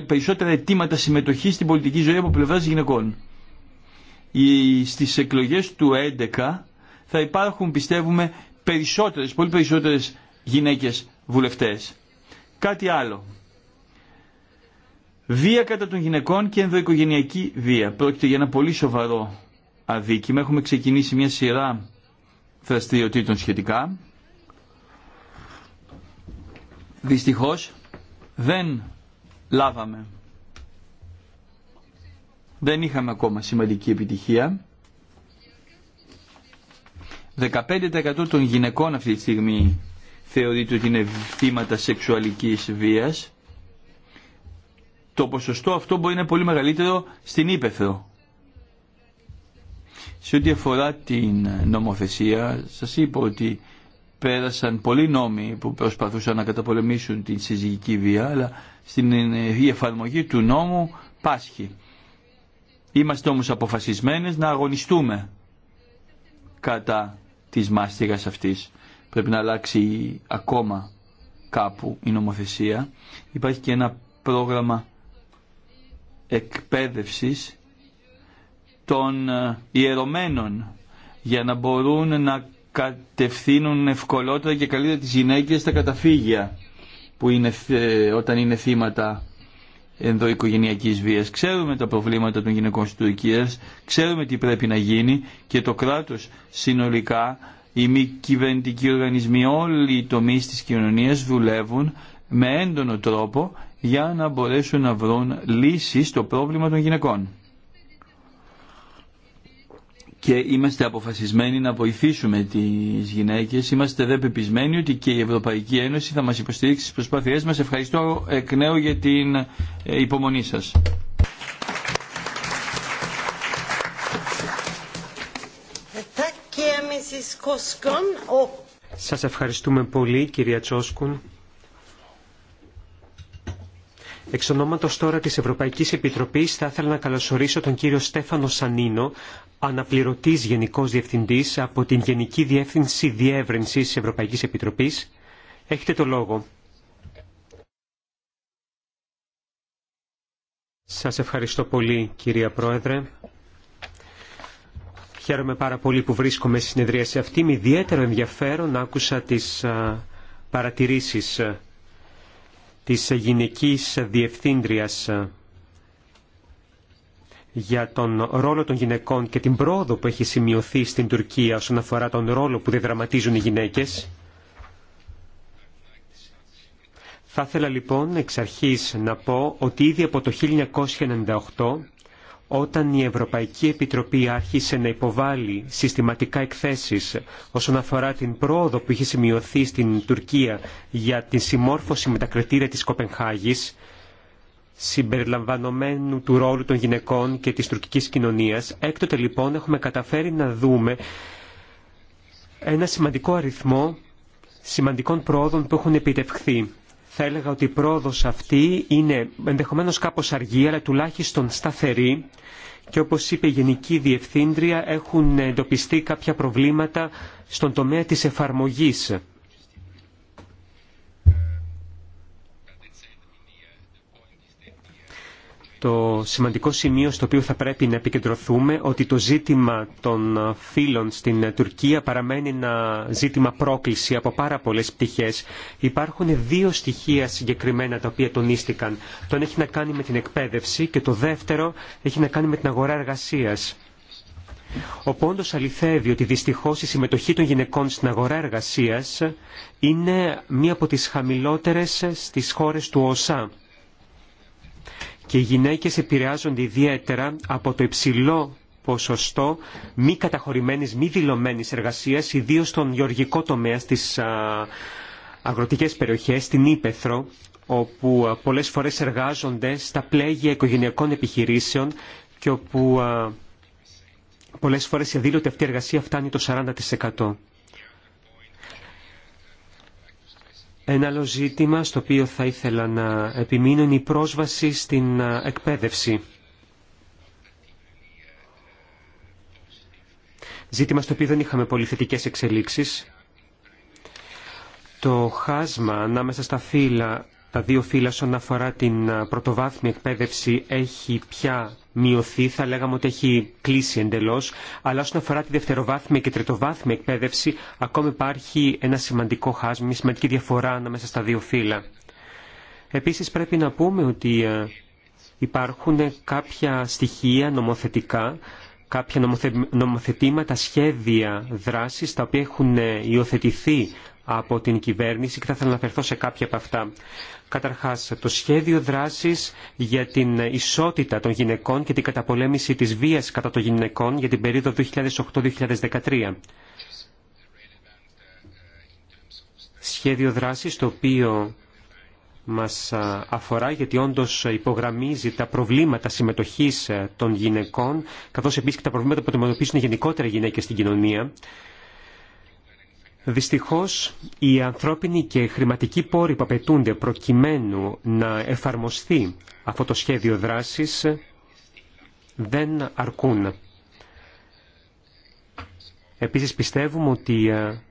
περισσότερα αιτήματα συμμετοχή στην πολιτική ζωή από πλευράς γυναικών. Στι στις του 2011 θα υπάρχουν πιστεύουμε περισσότερες, πολύ περισσότερες γυναίκες βουλευτές. Κάτι άλλο. Βία κατά των γυναικών και ενδοοικογενειακή βία. Πρόκειται για ένα πολύ σοβαρό αδίκημα. Έχουμε ξεκινήσει μια σειρά δραστηριοτήτων σχετικά. Δυστυχώς δεν λάβαμε. Δεν είχαμε ακόμα σημαντική επιτυχία. 15% των γυναικών αυτή τη στιγμή θεωρείται ότι είναι θύματα σεξουαλικής βίας. Το ποσοστό αυτό μπορεί να είναι πολύ μεγαλύτερο στην Ήπεθρο. Σε ό,τι αφορά την νομοθεσία, σας είπα ότι πέρασαν πολλοί νόμοι που προσπαθούσαν να καταπολεμήσουν την συζυγική βία, αλλά στην εφαρμογή του νόμου πάσχει. Είμαστε όμως αποφασισμένες να αγωνιστούμε κατά της μάστιγας αυτής. Πρέπει να αλλάξει ακόμα κάπου η νομοθεσία. Υπάρχει και ένα πρόγραμμα εκπαίδευσης των ε, ιερωμένων για να μπορούν να κατευθύνουν ευκολότερα και καλύτερα τις γυναίκες στα καταφύγια που είναι, ε, όταν είναι θύματα ενδοοικογενειακής βίας. Ξέρουμε τα προβλήματα των γυναικών στην Τουρκία, ξέρουμε τι πρέπει να γίνει και το κράτος συνολικά, οι μη κυβερνητικοί οργανισμοί, όλοι οι τομεί της κοινωνίας δουλεύουν με έντονο τρόπο για να μπορέσουν να βρουν λύσεις στο πρόβλημα των γυναικών και είμαστε αποφασισμένοι να βοηθήσουμε τις γυναίκες. Είμαστε δε πεπισμένοι ότι και η Ευρωπαϊκή Ένωση θα μας υποστηρίξει στι προσπάθειές μας. Ευχαριστώ εκ νέου για την ε, υπομονή σας. Σας ευχαριστούμε πολύ κυρία Τσόσκουν. Εξ ονόματος τώρα της ευρωπαϊκή Επιτροπής θα ήθελα να καλωσορίσω τον κύριο Στέφανο Σανίνο, αναπληρωτής Γενικός Διευθυντής από την Γενική Διεύθυνση Διεύρυνσης της Ευρωπαϊκής Επιτροπής. Έχετε το λόγο. Σας ευχαριστώ πολύ κυρία Πρόεδρε. Χαίρομαι πάρα πολύ που βρίσκομαι στη συνεδρία σε αυτή. Με ιδιαίτερο ενδιαφέρον άκουσα τις παρατηρήσεις της γυναικής διευθύντριας για τον ρόλο των γυναικών και την πρόοδο που έχει σημειωθεί στην Τουρκία όσον αφορά τον ρόλο που διδραματίζουν οι γυναίκες. Θα ήθελα λοιπόν εξ αρχής να πω ότι ήδη από το 1998 όταν η Ευρωπαϊκή Επιτροπή άρχισε να υποβάλλει συστηματικά εκθέσεις όσον αφορά την πρόοδο που είχε σημειωθεί στην Τουρκία για τη συμμόρφωση με τα κριτήρια της Κοπενχάγης, συμπεριλαμβανομένου του ρόλου των γυναικών και της τουρκικής κοινωνίας, έκτοτε λοιπόν έχουμε καταφέρει να δούμε ένα σημαντικό αριθμό σημαντικών πρόοδων που έχουν επιτευχθεί. Θα έλεγα ότι η πρόοδος αυτή είναι ενδεχομένως κάπως αργή, αλλά τουλάχιστον σταθερή και όπως είπε η Γενική Διευθύντρια έχουν εντοπιστεί κάποια προβλήματα στον τομέα της εφαρμογής το σημαντικό σημείο στο οποίο θα πρέπει να επικεντρωθούμε ότι το ζήτημα των φύλων στην Τουρκία παραμένει ένα ζήτημα πρόκληση από πάρα πολλές πτυχές. Υπάρχουν δύο στοιχεία συγκεκριμένα τα οποία τονίστηκαν. Το ένα έχει να κάνει με την εκπαίδευση και το δεύτερο έχει να κάνει με την αγορά εργασίας. Ο πόντος αληθεύει ότι δυστυχώς η συμμετοχή των γυναικών στην αγορά εργασίας είναι μία από τις χαμηλότερες στις χώρες του ΟΣΑ και οι γυναίκες επηρεάζονται ιδιαίτερα από το υψηλό ποσοστό μη καταχωρημένης, μη δηλωμένης εργασίας, ιδίως στον γεωργικό τομέα, στις αγροτικές περιοχές, στην Ήπεθρο, όπου πολλές φορές εργάζονται στα πλέγια οικογενειακών επιχειρήσεων και όπου πολλές φορές η αδήλωτη αυτή εργασία φτάνει το 40%. Ένα άλλο ζήτημα στο οποίο θα ήθελα να επιμείνω είναι η πρόσβαση στην εκπαίδευση. Ζήτημα στο οποίο δεν είχαμε πολύ θετικέ εξελίξεις. Το χάσμα ανάμεσα στα φύλλα τα δύο φύλλα όσον αφορά την πρωτοβάθμια εκπαίδευση έχει πια μειωθεί, θα λέγαμε ότι έχει κλείσει εντελώς, αλλά όσον αφορά τη δευτεροβάθμια και τριτοβάθμια εκπαίδευση ακόμα υπάρχει ένα σημαντικό χάσμα, μια σημαντική διαφορά ανάμεσα στα δύο φύλλα. Επίσης πρέπει να πούμε ότι υπάρχουν κάποια στοιχεία νομοθετικά κάποια νομοθετήματα, σχέδια δράσεις τα οποία έχουν ε, υιοθετηθεί από την κυβέρνηση και θα ήθελα να αναφερθώ σε κάποια από αυτά. Καταρχάς, το σχέδιο δράσης για την ισότητα των γυναικών και την καταπολέμηση της βίας κατά των γυναικών για την περίοδο 2008-2013. Σχέδιο δράσης το οποίο μας αφορά γιατί όντως υπογραμμίζει τα προβλήματα συμμετοχής ε, των γυναικών καθώς επίσης και τα προβλήματα που αντιμετωπίζουν γενικότερα οι γυναίκες στην κοινωνία Δυστυχώς, οι ανθρώπινοι και χρηματικοί πόροι που απαιτούνται προκειμένου να εφαρμοστεί αυτό το σχέδιο δράσης δεν αρκούν. Επίσης πιστεύουμε ότι ε,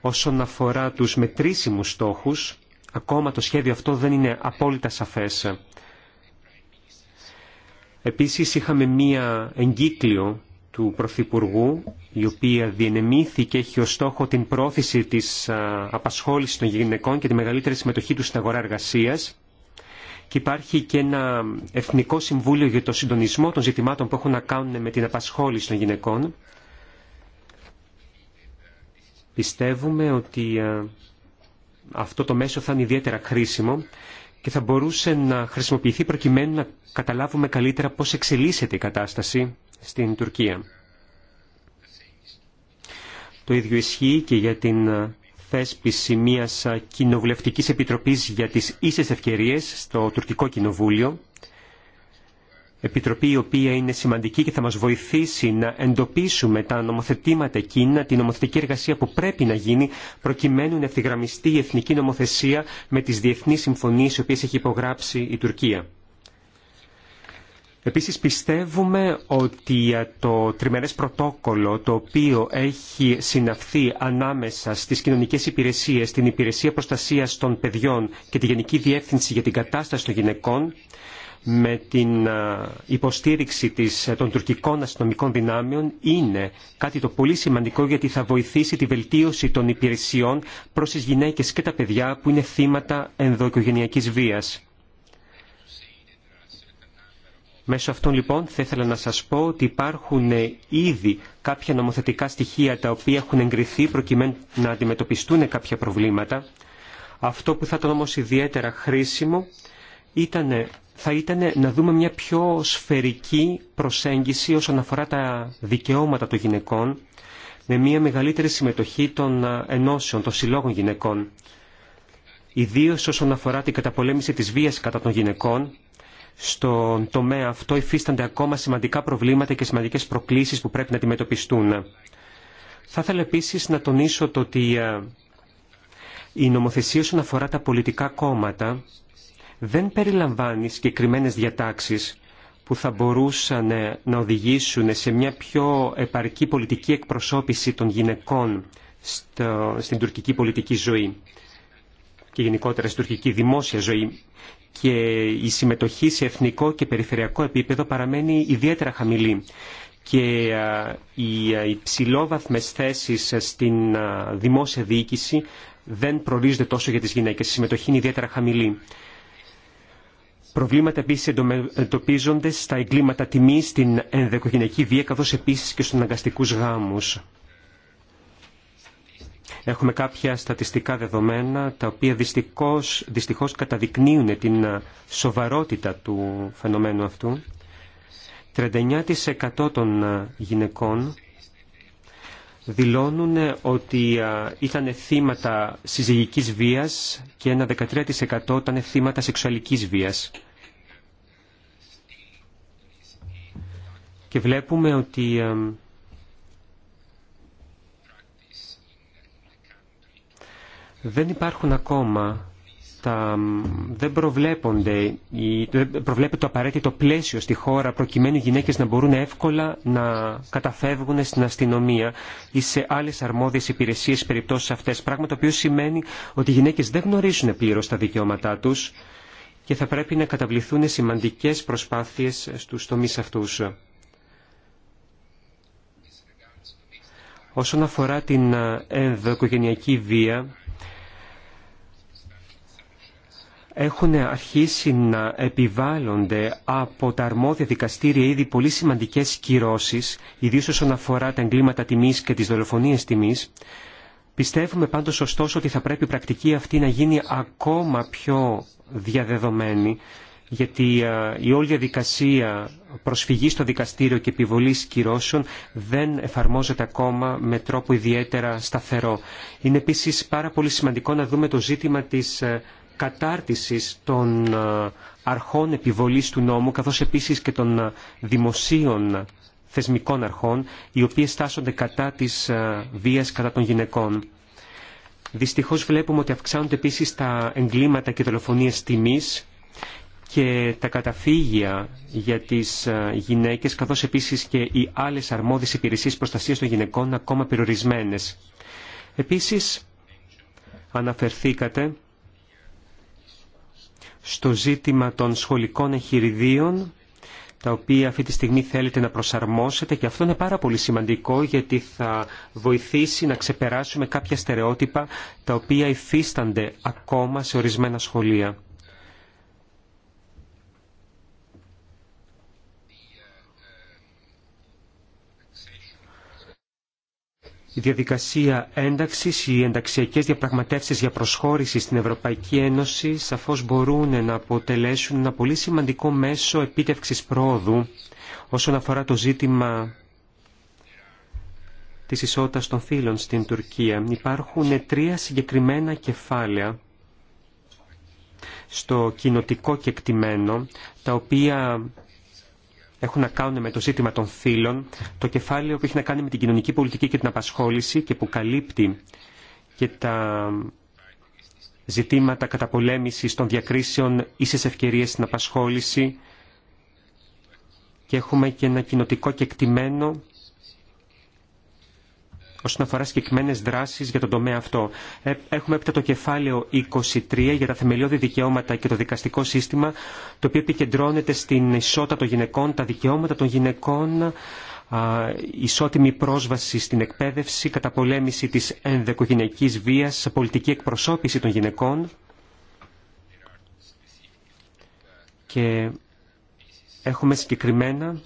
όσον αφορά τους μετρήσιμους στόχους, ακόμα το σχέδιο αυτό δεν είναι απόλυτα σαφές. Επίσης είχαμε μία εγκύκλιο του Πρωθυπουργού, η οποία διενεμήθηκε έχει ως στόχο την πρόθεση της απασχόλησης των γυναικών και τη μεγαλύτερη συμμετοχή του στην αγορά εργασίας. Και υπάρχει και ένα Εθνικό Συμβούλιο για το συντονισμό των ζητημάτων που έχουν να κάνουν με την απασχόληση των γυναικών. Πιστεύουμε ότι αυτό το μέσο θα είναι ιδιαίτερα χρήσιμο και θα μπορούσε να χρησιμοποιηθεί προκειμένου να καταλάβουμε καλύτερα πώς εξελίσσεται η κατάσταση στην Τουρκία. Το ίδιο ισχύει και για την θέσπιση μιας κοινοβουλευτικής επιτροπής για τις ίσες ευκαιρίες στο τουρκικό κοινοβούλιο επιτροπή η οποία είναι σημαντική και θα μας βοηθήσει να εντοπίσουμε τα νομοθετήματα εκείνα, την νομοθετική εργασία που πρέπει να γίνει προκειμένου να ευθυγραμμιστεί η εθνική νομοθεσία με τις διεθνείς συμφωνίες οι οποίες έχει υπογράψει η Τουρκία. Επίσης πιστεύουμε ότι ε, το τριμερές πρωτόκολλο το οποίο έχει συναυθεί ανάμεσα στις κοινωνικές υπηρεσίες, την Υπηρεσία Προστασίας των Παιδιών και τη Γενική Διεύθυνση για την Κατάσταση των Γυναικών με την ε, υποστήριξη της, ε, των τουρκικών αστυνομικών δυνάμεων είναι κάτι το πολύ σημαντικό γιατί θα βοηθήσει τη βελτίωση των υπηρεσιών προς τις γυναίκες και τα παιδιά που είναι θύματα ενδοοικογενειακής βίας. Μέσω αυτών λοιπόν θα ήθελα να σας πω ότι υπάρχουν ε, ήδη κάποια νομοθετικά στοιχεία τα οποία έχουν εγκριθεί προκειμένου να αντιμετωπιστούν κάποια προβλήματα. Αυτό που θα ήταν όμως ιδιαίτερα χρήσιμο ήταν, ε, θα ήταν να δούμε μια πιο σφαιρική προσέγγιση όσον αφορά τα δικαιώματα των γυναικών με μια μεγαλύτερη συμμετοχή των ε, ενώσεων, των συλλόγων γυναικών. Ιδίως όσον αφορά την καταπολέμηση της βίας κατά των γυναικών στον τομέα αυτό υφίστανται ακόμα σημαντικά προβλήματα και σημαντικές προκλήσεις που πρέπει να αντιμετωπιστούν. Θα ήθελα επίσης να τονίσω το ότι ε, η νομοθεσία όσον αφορά τα πολιτικά κόμματα δεν περιλαμβάνει συγκεκριμένε διατάξεις που θα μπορούσαν ε, να οδηγήσουν σε μια πιο επαρκή πολιτική εκπροσώπηση των γυναικών στην τουρκική πολιτική ζωή και γενικότερα στην τουρκική δημόσια ζωή και η συμμετοχή σε εθνικό και περιφερειακό επίπεδο παραμένει ιδιαίτερα χαμηλή και οι υψηλόβαθμες θέσεις στην δημόσια διοίκηση δεν προορίζονται τόσο για τις γυναίκες. Η συμμετοχή είναι ιδιαίτερα χαμηλή. Προβλήματα επίσης εντοπίζονται στα εγκλήματα τιμής, στην ενδεκογενειακή βία, καθώς επίσης και στους αναγκαστικούς γάμους. Έχουμε κάποια στατιστικά δεδομένα τα οποία δυστυχώς, δυστυχώς καταδεικνύουν την ε, σοβαρότητα του φαινομένου αυτού. 39% των ε, γυναικών δηλώνουν ε, ότι ήταν θύματα συζυγικής βίας και ένα 13% ήταν θύματα σεξουαλικής βίας. Και βλέπουμε ότι δεν υπάρχουν ακόμα τα, δεν προβλέπονται, προβλέπεται το απαραίτητο πλαίσιο στη χώρα προκειμένου οι γυναίκες να μπορούν εύκολα να καταφεύγουν στην αστυνομία ή σε άλλες αρμόδιες υπηρεσίες περιπτώσεις αυτές, πράγμα το οποίο σημαίνει ότι οι γυναίκες δεν γνωρίζουν πλήρως τα δικαιώματά τους και θα πρέπει να καταβληθούν σημαντικές προσπάθειες στους τομείς αυτούς. Όσον αφορά την ε, ενδοοικογενειακή βία, έχουν αρχίσει να επιβάλλονται από τα αρμόδια δικαστήρια ήδη πολύ σημαντικές κυρώσεις, ιδίως όσον αφορά τα εγκλήματα τιμής και τις δολοφονίες τιμής. Πιστεύουμε πάντως ωστόσο ότι θα πρέπει η πρακτική αυτή να γίνει ακόμα πιο διαδεδομένη, γιατί ε, η όλη διαδικασία προσφυγής στο δικαστήριο και επιβολής κυρώσεων δεν εφαρμόζεται ακόμα με τρόπο ιδιαίτερα σταθερό. Είναι επίσης πάρα πολύ σημαντικό να δούμε το ζήτημα της ε, κατάρτισης των ε, αρχών επιβολής του νόμου, καθώς επίσης και των ε, δημοσίων θεσμικών αρχών, οι οποίες στάσονται κατά της ε, βίας κατά των γυναικών. Δυστυχώς βλέπουμε ότι αυξάνονται επίσης τα εγκλήματα και δολοφονίες τιμής και τα καταφύγια για τις γυναίκες, καθώς επίσης και οι άλλες αρμόδιες υπηρεσίες προστασίας των γυναικών ακόμα περιορισμένες. Επίσης, αναφερθήκατε στο ζήτημα των σχολικών εχειριδίων τα οποία αυτή τη στιγμή θέλετε να προσαρμόσετε και αυτό είναι πάρα πολύ σημαντικό γιατί θα βοηθήσει να ξεπεράσουμε κάποια στερεότυπα τα οποία υφίστανται ακόμα σε ορισμένα σχολεία. η διαδικασία ένταξης, οι ενταξιακές διαπραγματεύσεις για προσχώρηση στην Ευρωπαϊκή Ένωση σαφώς μπορούν να αποτελέσουν ένα πολύ σημαντικό μέσο επίτευξης πρόοδου όσον αφορά το ζήτημα της ισότητας των φύλων στην Τουρκία. Υπάρχουν τρία συγκεκριμένα κεφάλαια στο κοινοτικό κεκτημένο, τα οποία έχουν να κάνουν με το ζήτημα των φύλων, το κεφάλαιο που έχει να κάνει με την κοινωνική πολιτική και την απασχόληση και που καλύπτει και τα ζητήματα καταπολέμησης των διακρίσεων ίσες ευκαιρίες στην απασχόληση και έχουμε και ένα κοινοτικό κεκτημένο όσον αφορά συγκεκριμένε δράσει για τον τομέα αυτό. Ε, έχουμε έπειτα το κεφάλαιο 23 για τα θεμελιώδη δικαιώματα και το δικαστικό σύστημα, το οποίο επικεντρώνεται στην ισότητα των γυναικών, τα δικαιώματα των γυναικών, ισότιμη πρόσβαση στην εκπαίδευση, καταπολέμηση της ενδεκογυναικής βίας, πολιτική εκπροσώπηση των γυναικών και έχουμε συγκεκριμένα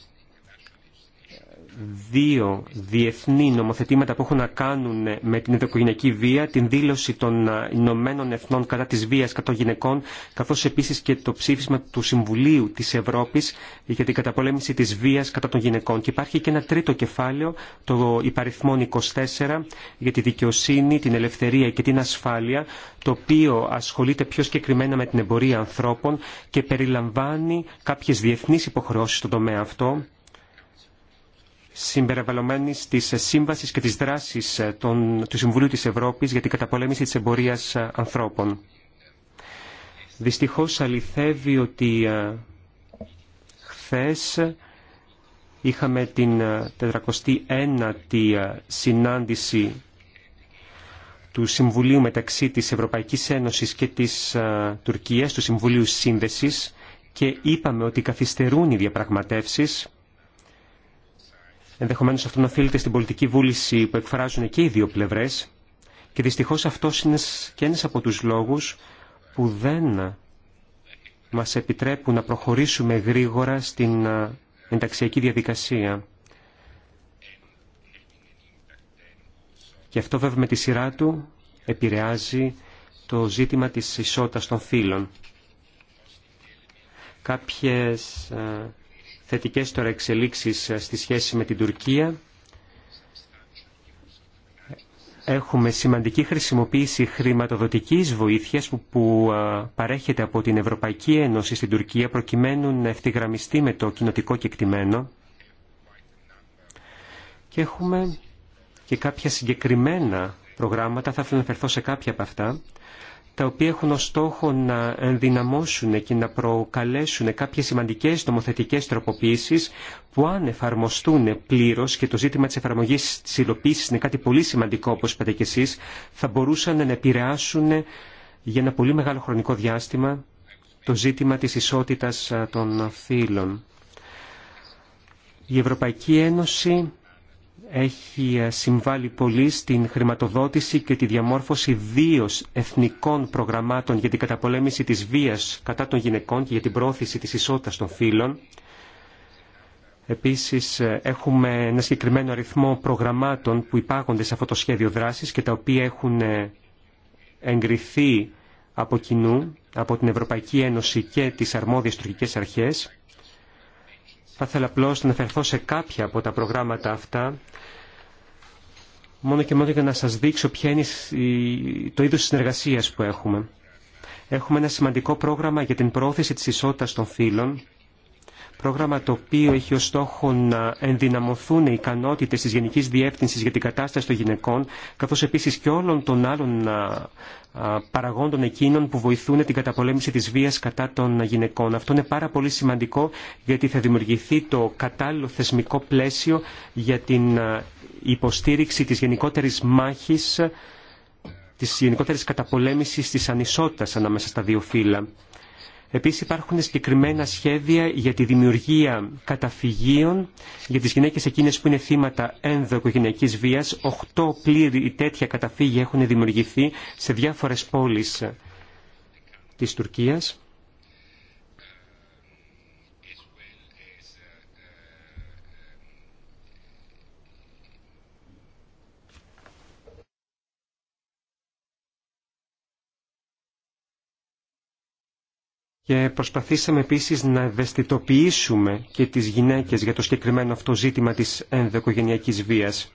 δύο διεθνή νομοθετήματα που έχουν να κάνουν με την ενδοκογενειακή βία, την δήλωση των Ηνωμένων Εθνών κατά της βίας κατά των γυναικών, καθώς επίσης και το ψήφισμα του Συμβουλίου της Ευρώπης για την καταπολέμηση της βίας κατά των γυναικών. Και υπάρχει και ένα τρίτο κεφάλαιο, το υπαριθμό 24, για τη δικαιοσύνη, την ελευθερία και την ασφάλεια, το οποίο ασχολείται πιο συγκεκριμένα με την εμπορία ανθρώπων και περιλαμβάνει κάποιες διεθνείς υποχρεώσεις στον τομέα αυτό συμπεραβαλλομένης της σύμβασης και της δράσης του Συμβουλίου της Ευρώπης για την καταπολέμηση της εμπορίας ε, ανθρώπων. Δυστυχώς αληθεύει ότι ε, χθες είχαμε την 401η ε, συνάντηση του Συμβουλίου μεταξύ της Ευρωπαϊκής Ένωσης και της Τουρκίας, του Συμβουλίου Σύνδεσης και είπαμε ότι καθυστερούν οι διαπραγματεύσεις Ενδεχομένως αυτό να οφείλεται στην πολιτική βούληση που εκφράζουν και οι δύο πλευρές και δυστυχώς αυτός είναι και ένας από τους λόγους που δεν μας επιτρέπουν να προχωρήσουμε γρήγορα στην ενταξιακή διαδικασία. Και αυτό βέβαια με τη σειρά του επηρεάζει το ζήτημα της ισότητας των φύλων. Κάποιες θετικές τώρα εξελίξεις ε, στη σχέση με την Τουρκία. Έχουμε σημαντική χρησιμοποίηση χρηματοδοτικής βοήθειας που, ε, παρέχεται από την Ευρωπαϊκή Ένωση στην Τουρκία προκειμένου να ευθυγραμμιστεί με το κοινοτικό κεκτημένο. Και έχουμε και κάποια συγκεκριμένα προγράμματα, θα ήθελα να φερθώ σε κάποια από αυτά, τα οποία έχουν ως στόχο να ενδυναμώσουν και να προκαλέσουν κάποιες σημαντικές νομοθετικές τροποποίησεις που αν εφαρμοστούν πλήρως και το ζήτημα της εφαρμογής της υλοποίησης είναι κάτι πολύ σημαντικό όπως είπατε και εσείς, θα μπορούσαν να επηρεάσουν για ένα πολύ μεγάλο χρονικό διάστημα το ζήτημα της ισότητας των φύλων. Η Ευρωπαϊκή Ένωση έχει ε, συμβάλει πολύ στην χρηματοδότηση και τη διαμόρφωση δύο εθνικών προγραμμάτων για την καταπολέμηση της βίας κατά των γυναικών και για την πρόθεση της ισότητας των φύλων. Επίσης ε, έχουμε ένα συγκεκριμένο αριθμό προγραμμάτων που υπάγονται σε αυτό το σχέδιο δράσης και τα οποία έχουν ε, εγκριθεί από κοινού, από την Ευρωπαϊκή Ένωση και τις αρμόδιες τουρκικές αρχές. Θα ήθελα απλώ να αναφερθώ σε κάποια από τα προγράμματα αυτά, μόνο και μόνο για να σας δείξω ποια είναι το είδος συνεργασίας που έχουμε. Έχουμε ένα σημαντικό πρόγραμμα για την πρόθεση της ισότητας των φύλων, πρόγραμμα το οποίο έχει ως στόχο να ενδυναμωθούν οι ικανότητες της Γενικής Διεύθυνσης για την κατάσταση των γυναικών, καθώς επίσης και όλων των άλλων παραγόντων εκείνων που βοηθούν την καταπολέμηση της βίας κατά των γυναικών. Αυτό είναι πάρα πολύ σημαντικό γιατί θα δημιουργηθεί το κατάλληλο θεσμικό πλαίσιο για την υποστήριξη της γενικότερης μάχης της γενικότερης καταπολέμησης της ανισότητας ανάμεσα στα δύο φύλλα. Επίσης υπάρχουν συγκεκριμένα σχέδια για τη δημιουργία καταφυγίων για τις γυναίκες εκείνες που είναι θύματα ενδοοικογενειακής βίας. Οχτώ πλήρη τέτοια καταφύγια έχουν δημιουργηθεί σε διάφορες πόλεις της Τουρκίας. και προσπαθήσαμε επίσης να ευαισθητοποιήσουμε και τις γυναίκες για το συγκεκριμένο αυτό ζήτημα της ενδοοικογενειακής βίας.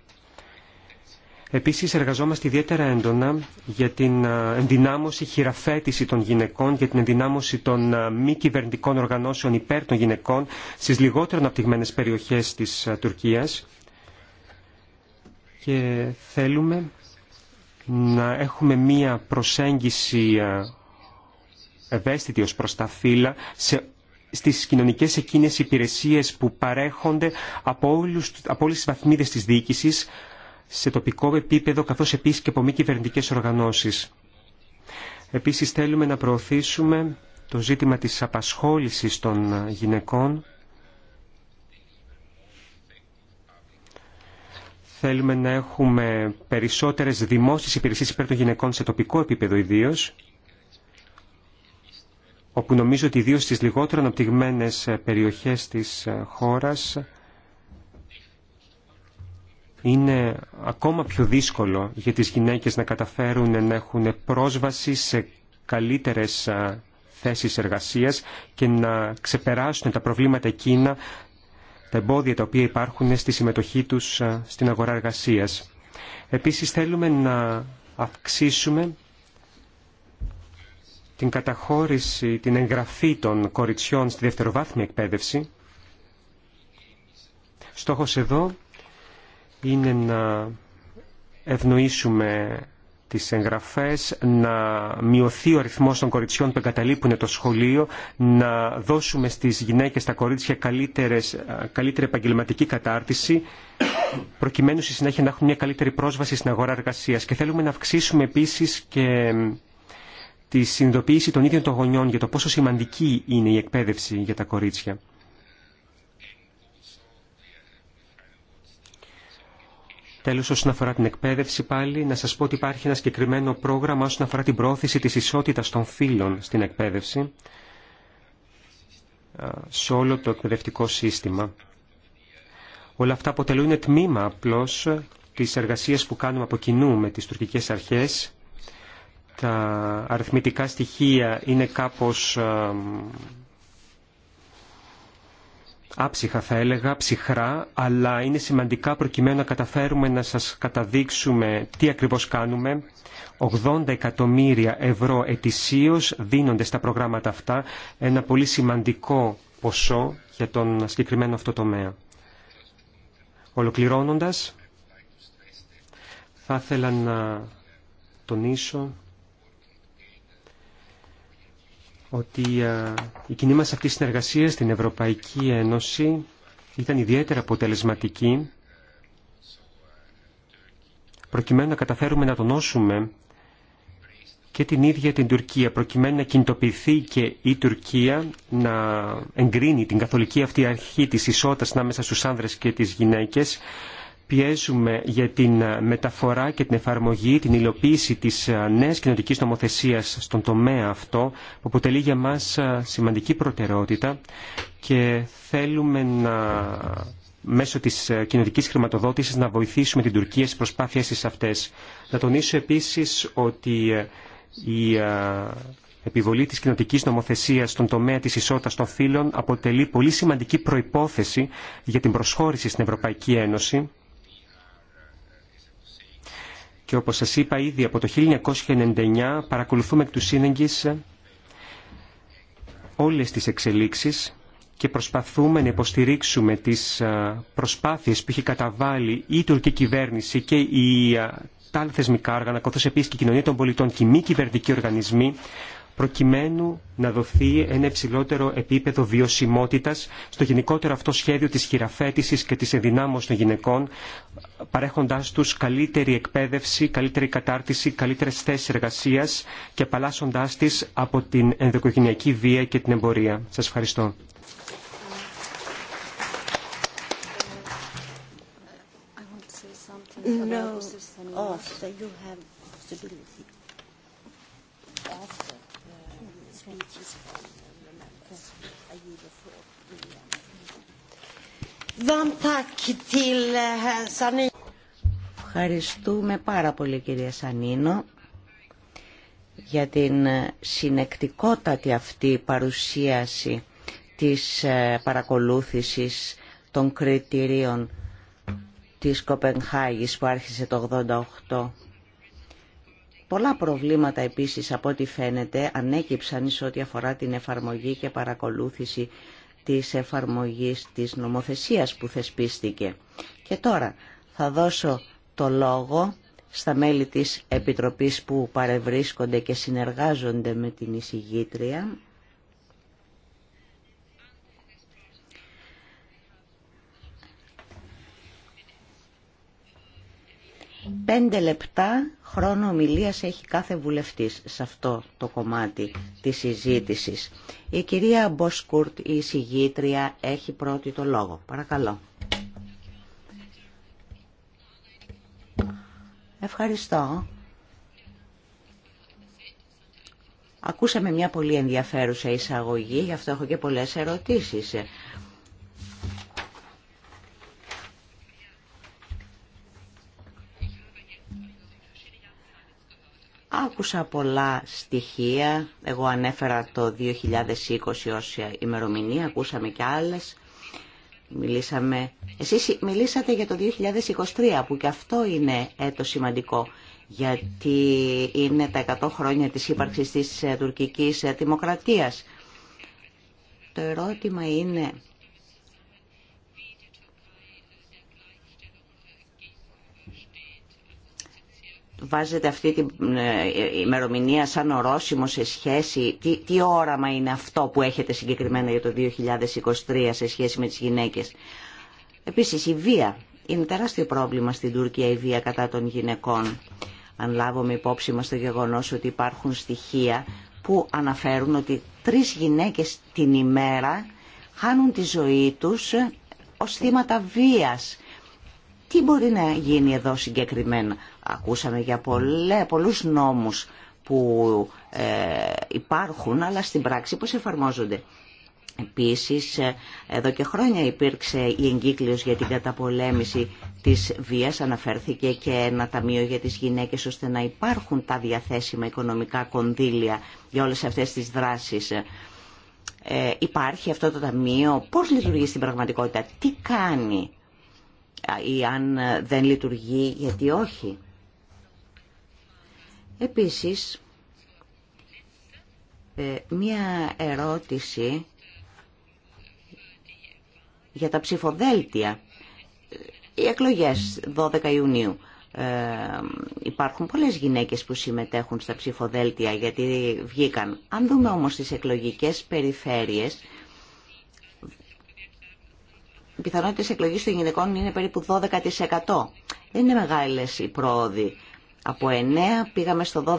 Επίσης εργαζόμαστε ιδιαίτερα έντονα για την ενδυνάμωση, χειραφέτηση των γυναικών, για την ενδυνάμωση των μη κυβερνητικών οργανώσεων υπέρ των γυναικών στις λιγότερο αναπτυγμένες περιοχές της Τουρκίας και θέλουμε να έχουμε μία προσέγγιση ευαίσθητοι ως προς τα φύλλα σε στις κοινωνικές εκείνες υπηρεσίες που παρέχονται από, όλους, από όλες τις βαθμίδες της διοίκησης σε τοπικό επίπεδο καθώς επίσης και από μη κυβερνητικέ οργανώσεις. Επίσης θέλουμε να προωθήσουμε το ζήτημα της απασχόλησης των γυναικών. Θέλουμε να έχουμε περισσότερες δημόσιες υπηρεσίες υπέρ των γυναικών σε τοπικό επίπεδο ιδίως όπου νομίζω ότι ιδίω στις λιγότερο αναπτυγμένες ε, περιοχές της ε, χώρας είναι ακόμα πιο δύσκολο για τις γυναίκες να καταφέρουν να έχουν πρόσβαση σε καλύτερες ε, θέσεις εργασίας και να ξεπεράσουν τα προβλήματα εκείνα, τα εμπόδια τα οποία υπάρχουν στη συμμετοχή τους στην αγορά εργασίας. Επίσης θέλουμε να αυξήσουμε την καταχώρηση, την εγγραφή των κοριτσιών στη δευτεροβάθμια εκπαίδευση. Στόχος εδώ είναι να ευνοήσουμε τις εγγραφές, να μειωθεί ο αριθμός των κοριτσιών που εγκαταλείπουν το σχολείο, να δώσουμε στις γυναίκες, στα κορίτσια καλύτερες, καλύτερη επαγγελματική κατάρτιση, προκειμένου στη συνέχεια να έχουν μια καλύτερη πρόσβαση στην αγορά εργασίας. Και θέλουμε να αυξήσουμε επίσης και τη συνειδητοποίηση των ίδιων των γονιών για το πόσο σημαντική είναι η εκπαίδευση για τα κορίτσια. Τέλος, όσον αφορά την εκπαίδευση πάλι, να σας πω ότι υπάρχει ένα συγκεκριμένο πρόγραμμα όσον αφορά την πρόθεση της ισότητας των φύλων στην εκπαίδευση σε όλο το εκπαιδευτικό σύστημα. Όλα αυτά αποτελούν τμήμα απλώς της εργασίας που κάνουμε από κοινού με τις τουρκικές αρχές τα αριθμητικά στοιχεία είναι κάπως ε, άψυχα θα έλεγα, ψυχρά, αλλά είναι σημαντικά προκειμένου να καταφέρουμε να σας καταδείξουμε τι ακριβώς κάνουμε. 80 εκατομμύρια ευρώ ετησίως δίνονται στα προγράμματα αυτά, ένα πολύ σημαντικό ποσό για τον συγκεκριμένο αυτό τομέα. Ολοκληρώνοντας, θα ήθελα να τονίσω ότι ε, η κοινή μας αυτή συνεργασία στην Ευρωπαϊκή Ένωση ήταν ιδιαίτερα αποτελεσματική προκειμένου να καταφέρουμε να τονώσουμε και την ίδια την Τουρκία, προκειμένου να κινητοποιηθεί και η Τουρκία να εγκρίνει την καθολική αυτή αρχή της ισότητας ανάμεσα στους άνδρες και τις γυναίκες, πιέζουμε για την ε, μεταφορά και την εφαρμογή, την υλοποίηση της ε, νέας κοινωτικής νομοθεσίας στον τομέα αυτό, που αποτελεί για μας ε, σημαντική προτεραιότητα και θέλουμε να μέσω της κοινωτικής χρηματοδότησης να βοηθήσουμε την Τουρκία στις προσπάθειες της αυτές. Να τονίσω επίσης ότι η επιβολή της κοινοτικής νομοθεσίας στον τομέα της ισότητας των φύλων αποτελεί πολύ σημαντική προϋπόθεση για την προσχώρηση στην Ευρωπαϊκή Ένωση και όπως σας είπα ήδη από το 1999 παρακολουθούμε εκ του σύνεγγις όλες τις εξελίξεις και προσπαθούμε να υποστηρίξουμε τις προσπάθειες που είχε καταβάλει η τουρκική κυβέρνηση και η τα άλλα θεσμικά όργανα, καθώ επίση και η κοινωνία των πολιτών και οι μη κυβερνητικοί οργανισμοί, προκειμένου να δοθεί ένα υψηλότερο επίπεδο βιωσιμότητας στο γενικότερο αυτό σχέδιο της χειραφέτησης και της ενδυνάμωσης των γυναικών, παρέχοντάς τους καλύτερη εκπαίδευση, καλύτερη κατάρτιση, καλύτερες θέσεις εργασίας και απαλλάσσοντάς τις από την ενδοκογενειακή βία και την εμπορία. Σας ευχαριστώ. Eh, Ευχαριστούμε πάρα πολύ κυρία Σανίνο για την ε, συνεκτικότατη αυτή παρουσίαση της ε, παρακολούθησης των κριτηρίων της Κοπενχάγης που άρχισε το 1988. Πολλά προβλήματα επίσης από ό,τι φαίνεται ανέκυψαν σε ό,τι αφορά την εφαρμογή και παρακολούθηση της εφαρμογής της νομοθεσίας που θεσπίστηκε. Και τώρα θα δώσω το λόγο στα μέλη της Επιτροπής που παρευρίσκονται και συνεργάζονται με την εισηγήτρια Πέντε λεπτά χρόνο ομιλίας έχει κάθε βουλευτής σε αυτό το κομμάτι της συζήτησης. Η κυρία Μποσκούρτ, η συγγήτρια, έχει πρώτη το λόγο. Παρακαλώ. Ευχαριστώ. Ακούσαμε μια πολύ ενδιαφέρουσα εισαγωγή, γι' αυτό έχω και πολλές ερωτήσεις. Άκουσα πολλά στοιχεία, εγώ ανέφερα το 2020 ως ημερομηνία, ακούσαμε και άλλες. Μιλήσαμε, εσείς μιλήσατε για το 2023 που και αυτό είναι το σημαντικό γιατί είναι τα 100 χρόνια της ύπαρξης της τουρκικής δημοκρατίας. Το ερώτημα είναι βάζετε αυτή την ε, ημερομηνία σαν ορόσημο σε σχέση, τι, τι όραμα είναι αυτό που έχετε συγκεκριμένα για το 2023 σε σχέση με τις γυναίκες. Επίσης η βία, είναι τεράστιο πρόβλημα στην Τουρκία η βία κατά των γυναικών. Αν λάβουμε υπόψη μας το γεγονός ότι υπάρχουν στοιχεία που αναφέρουν ότι τρεις γυναίκες την ημέρα χάνουν τη ζωή τους ε, ως θύματα βίας. Τι μπορεί να γίνει εδώ συγκεκριμένα. Ακούσαμε για πολλέ, πολλούς νόμους που ε, υπάρχουν, αλλά στην πράξη πώς εφαρμόζονται. Επίσης, ε, εδώ και χρόνια υπήρξε η εγκύκλειος για την καταπολέμηση της βίας. Αναφέρθηκε και ένα ταμείο για τις γυναίκες, ώστε να υπάρχουν τα διαθέσιμα οικονομικά κονδύλια για όλες αυτές τις δράσεις. Ε, υπάρχει αυτό το ταμείο, πώς λειτουργεί στην πραγματικότητα, τι κάνει ή αν δεν λειτουργεί, γιατί όχι. Επίσης, ε, μία ερώτηση για τα ψηφοδέλτια. Ε, οι εκλογές 12 Ιουνίου. Ε, υπάρχουν πολλές γυναίκες που συμμετέχουν στα ψηφοδέλτια γιατί βγήκαν. Αν δούμε όμως τις εκλογικές περιφέρειες, οι πιθανότητες εκλογής των γυναικών είναι περίπου 12%. Δεν είναι μεγάλες οι πρόοδοι. Από 9 πήγαμε στο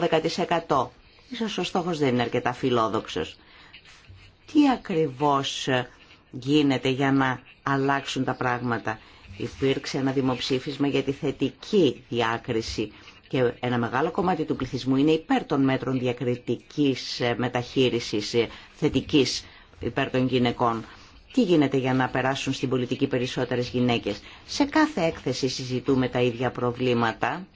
12%. Ίσως ο στόχος δεν είναι αρκετά φιλόδοξος. Τι ακριβώς γίνεται για να αλλάξουν τα πράγματα. Υπήρξε ένα δημοψήφισμα για τη θετική διάκριση και ένα μεγάλο κομμάτι του πληθυσμού είναι υπέρ των μέτρων διακριτικής μεταχείρισης θετικής υπέρ των γυναικών. Τι γίνεται για να περάσουν στην πολιτική περισσότερες γυναίκες. Σε κάθε έκθεση συζητούμε τα ίδια προβλήματα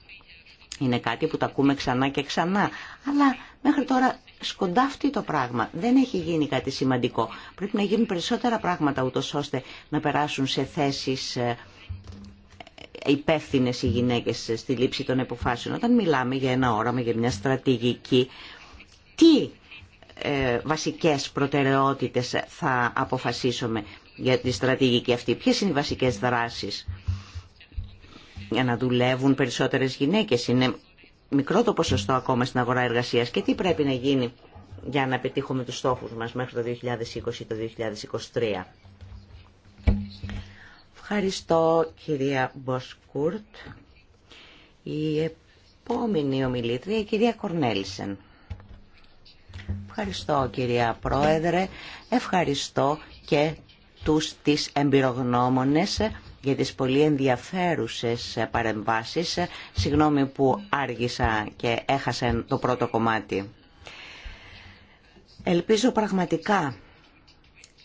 είναι κάτι που τα ακούμε ξανά και ξανά. Αλλά μέχρι τώρα σκοντάφτει το πράγμα. Δεν έχει γίνει κάτι σημαντικό. Πρέπει να γίνουν περισσότερα πράγματα ούτως ώστε να περάσουν σε θέσεις ε, υπεύθυνε οι γυναίκες στη λήψη των αποφάσεων. Όταν μιλάμε για ένα όραμα, για μια στρατηγική, τι ε, βασικές προτεραιότητες θα αποφασίσουμε για τη στρατηγική αυτή. Ποιες είναι οι βασικές δράσεις για να δουλεύουν περισσότερες γυναίκες. Είναι μικρό το ποσοστό ακόμα στην αγορά εργασίας και τι πρέπει να γίνει για να πετύχουμε τους στόχους μας μέχρι το 2020 ή το 2023. Ευχαριστώ κυρία Μποσκούρτ. Η επόμενη ομιλήτρια η κυρία Κορνέλισεν. Ευχαριστώ κυρία Πρόεδρε, ευχαριστώ και τους τις εμπειρογνώμονες για τις πολύ ενδιαφέρουσες παρεμβάσεις. Συγγνώμη που άργησα και έχασα το πρώτο κομμάτι. Ελπίζω πραγματικά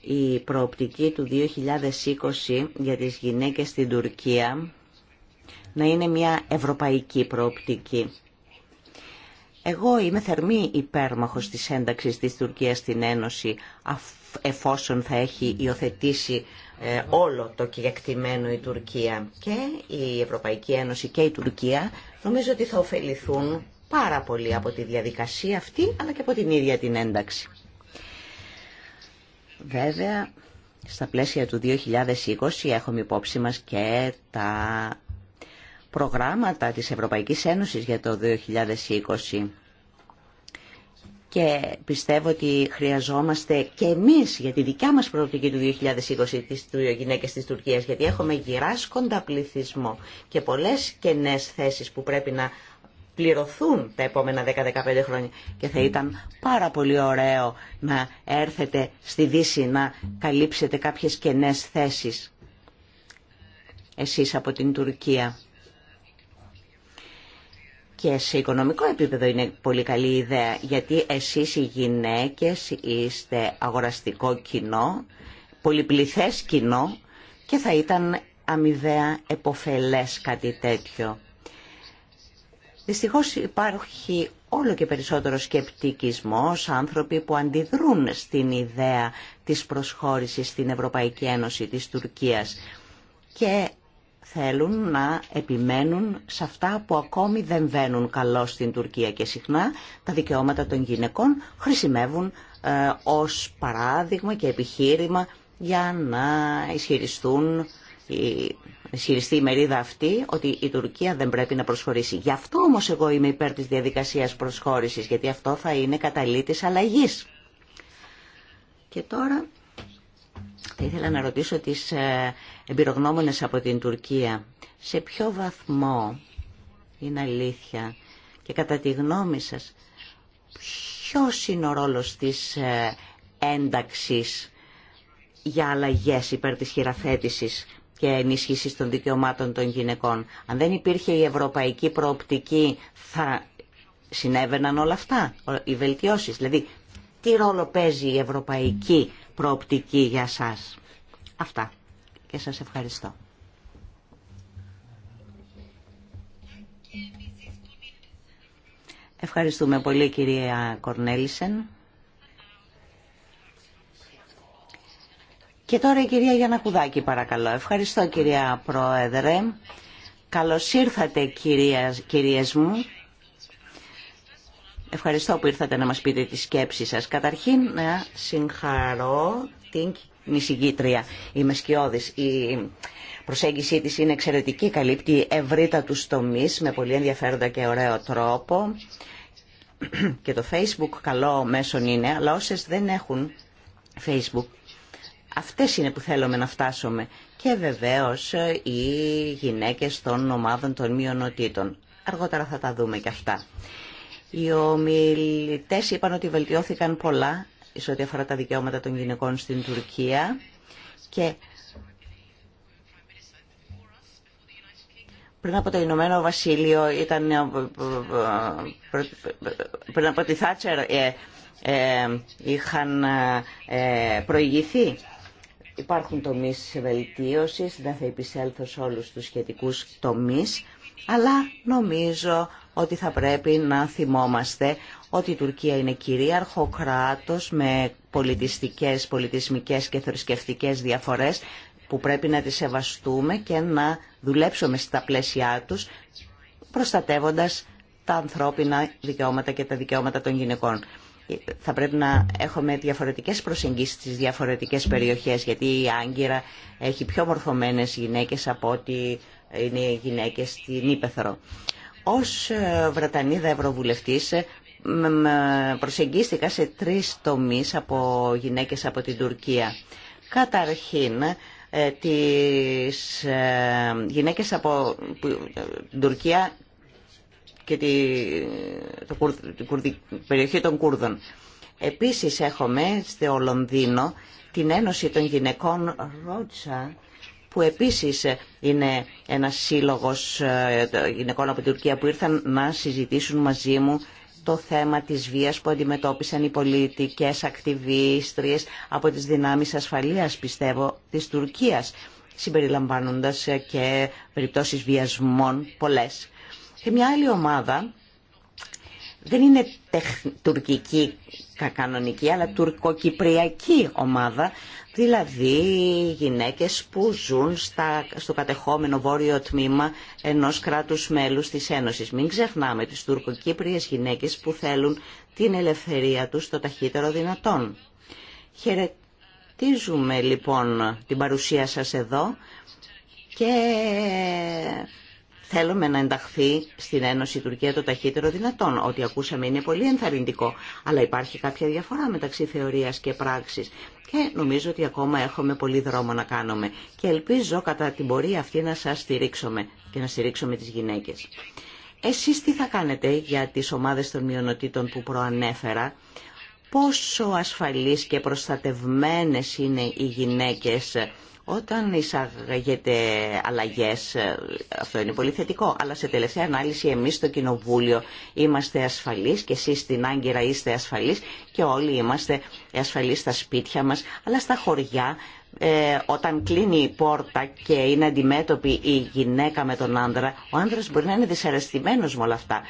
η προοπτική του 2020 για τις γυναίκες στην Τουρκία να είναι μια ευρωπαϊκή προοπτική. Εγώ είμαι θερμή υπέρμαχος της ένταξης της Τουρκίας στην Ένωση εφόσον θα έχει υιοθετήσει ε, όλο το κυριακτημένο η Τουρκία και η Ευρωπαϊκή Ένωση και η Τουρκία νομίζω ότι θα ωφεληθούν πάρα πολύ από τη διαδικασία αυτή αλλά και από την ίδια την ένταξη. Βέβαια, στα πλαίσια του 2020 έχουμε υπόψη μας και τα προγράμματα της Ευρωπαϊκής Ένωσης για το 2020 και πιστεύω ότι χρειαζόμαστε και εμείς για τη δικιά μας προοπτική του 2020 τις Γυναίκε της Τουρκίας γιατί έχουμε γυράσκοντα πληθυσμό και πολλές κενέ θέσεις που πρέπει να πληρωθούν τα επόμενα 10-15 χρόνια και θα ήταν πάρα πολύ ωραίο να έρθετε στη Δύση να καλύψετε κάποιες κενές θέσεις εσείς από την Τουρκία και σε οικονομικό επίπεδο είναι πολύ καλή ιδέα, γιατί εσείς οι γυναίκες είστε αγοραστικό κοινό, πολυπληθές κοινό και θα ήταν αμοιβαία εποφελές κάτι τέτοιο. Δυστυχώς υπάρχει όλο και περισσότερο σκεπτικισμός, άνθρωποι που αντιδρούν στην ιδέα της προσχώρησης στην Ευρωπαϊκή Ένωση της Τουρκίας. Και θέλουν να επιμένουν σε αυτά που ακόμη δεν βαίνουν καλό στην Τουρκία και συχνά τα δικαιώματα των γυναικών χρησιμεύουν ε, ως παράδειγμα και επιχείρημα για να ισχυριστούν η, ισχυριστεί η μερίδα αυτή ότι η Τουρκία δεν πρέπει να προσχωρήσει. Γι' αυτό όμως εγώ είμαι υπέρ της διαδικασίας προσχώρησης, γιατί αυτό θα είναι καταλήτης αλλαγής. Και τώρα θα ήθελα να ρωτήσω τις ε, εμπειρογνώμονες από την Τουρκία. Σε ποιο βαθμό είναι αλήθεια και κατά τη γνώμη σας ποιος είναι ο ρόλος της ε, ένταξης για αλλαγές υπέρ της χειραφέτησης και ενίσχυσης των δικαιωμάτων των γυναικών. Αν δεν υπήρχε η ευρωπαϊκή προοπτική θα συνέβαιναν όλα αυτά, οι βελτιώσεις. Δηλαδή, τι ρόλο παίζει η ευρωπαϊκή προοπτική για σας. Αυτά και σας ευχαριστώ. Ευχαριστούμε πολύ κυρία Κορνέλισεν. Και τώρα η κυρία Γιανακουδάκη παρακαλώ. Ευχαριστώ κυρία Πρόεδρε. Καλώς ήρθατε κυρία, κυρίες μου. Ευχαριστώ που ήρθατε να μας πείτε τις σκέψη σας. Καταρχήν να συγχαρώ την νησηγήτρια, η Μεσκιώδης. Η προσέγγιση της είναι εξαιρετική, καλύπτει ευρύτα τους τομείς με πολύ ενδιαφέροντα και ωραίο τρόπο. Και το Facebook καλό μέσον είναι, αλλά όσε δεν έχουν Facebook, αυτές είναι που θέλουμε να φτάσουμε. Και βεβαίως οι γυναίκες των ομάδων των μειονοτήτων. Αργότερα θα τα δούμε και αυτά. Οι ομιλητέ είπαν ότι βελτιώθηκαν πολλά σε ό,τι αφορά τα δικαιώματα των γυναικών στην Τουρκία και πριν από το Ηνωμένο Βασίλειο ήταν ε, ε, ε, πριν από τη Θάτσερ είχαν ε, προηγηθεί υπάρχουν τομείς βελτίωσης δεν θα επισέλθω σε όλους τους σχετικούς τομείς αλλά νομίζω ότι θα πρέπει να θυμόμαστε ότι η Τουρκία είναι κυρίαρχο κράτος με πολιτιστικές, πολιτισμικές και θρησκευτικές διαφορές που πρέπει να τις σεβαστούμε και να δουλέψουμε στα πλαίσια τους προστατεύοντας τα ανθρώπινα δικαιώματα και τα δικαιώματα των γυναικών. Θα πρέπει να έχουμε διαφορετικές προσεγγίσεις στις διαφορετικές περιοχές γιατί η Άγκυρα έχει πιο μορφωμένες γυναίκες από ό,τι είναι οι γυναίκες στην Ήπεθρο. Ως ε, Βρετανίδα Ευρωβουλευτής ε, προσεγγίστηκα σε τρεις τομείς από γυναίκες από την Τουρκία. Καταρχήν, ε, τις γυναίκες από την Τουρκία και την περιοχή των Κούρδων. Επίσης έχουμε στο Λονδίνο την Ένωση των Γυναικών Ρότσα που επίσης είναι ένας σύλλογος ε, γυναικών από την Τουρκία που ήρθαν να συζητήσουν μαζί μου το θέμα της βίας που αντιμετώπισαν οι πολιτικές ακτιβίστριες από τις δυνάμεις ασφαλείας, πιστεύω, της Τουρκίας, συμπεριλαμβάνοντας ε, και περιπτώσεις βιασμών πολλές. Και μια άλλη ομάδα δεν είναι τεχ... τουρκική κανονική αλλά τουρκοκυπριακή ομάδα, δηλαδή γυναίκες που ζουν στα, στο κατεχόμενο βόρειο τμήμα ενός κράτους μέλους της Ένωσης. Μην ξεχνάμε τις τουρκοκύπριες γυναίκες που θέλουν την ελευθερία τους το ταχύτερο δυνατόν. Χαιρετίζουμε λοιπόν την παρουσία σας εδώ και Θέλουμε να ενταχθεί στην Ένωση Τουρκία το ταχύτερο δυνατόν. Ό,τι ακούσαμε είναι πολύ ενθαρρυντικό. Αλλά υπάρχει κάποια διαφορά μεταξύ θεωρίας και πράξης. Και νομίζω ότι ακόμα έχουμε πολύ δρόμο να κάνουμε. Και ελπίζω κατά την πορεία αυτή να σας στηρίξουμε και να στηρίξουμε τις γυναίκες. Εσείς τι θα κάνετε για τις ομάδες των μειονοτήτων που προανέφερα. Πόσο ασφαλείς και προστατευμένες είναι οι γυναίκες όταν εισάγεται αλλαγέ, ε, αυτό είναι πολύ θετικό, αλλά σε τελευταία ανάλυση εμείς στο Κοινοβούλιο είμαστε ασφαλείς και εσείς στην Άγκυρα είστε ασφαλείς και όλοι είμαστε ασφαλείς στα σπίτια μας, αλλά στα χωριά ε, όταν κλείνει η πόρτα και είναι αντιμέτωπη η γυναίκα με τον άντρα, ο άντρας μπορεί να είναι δυσαρεστημένος με όλα αυτά.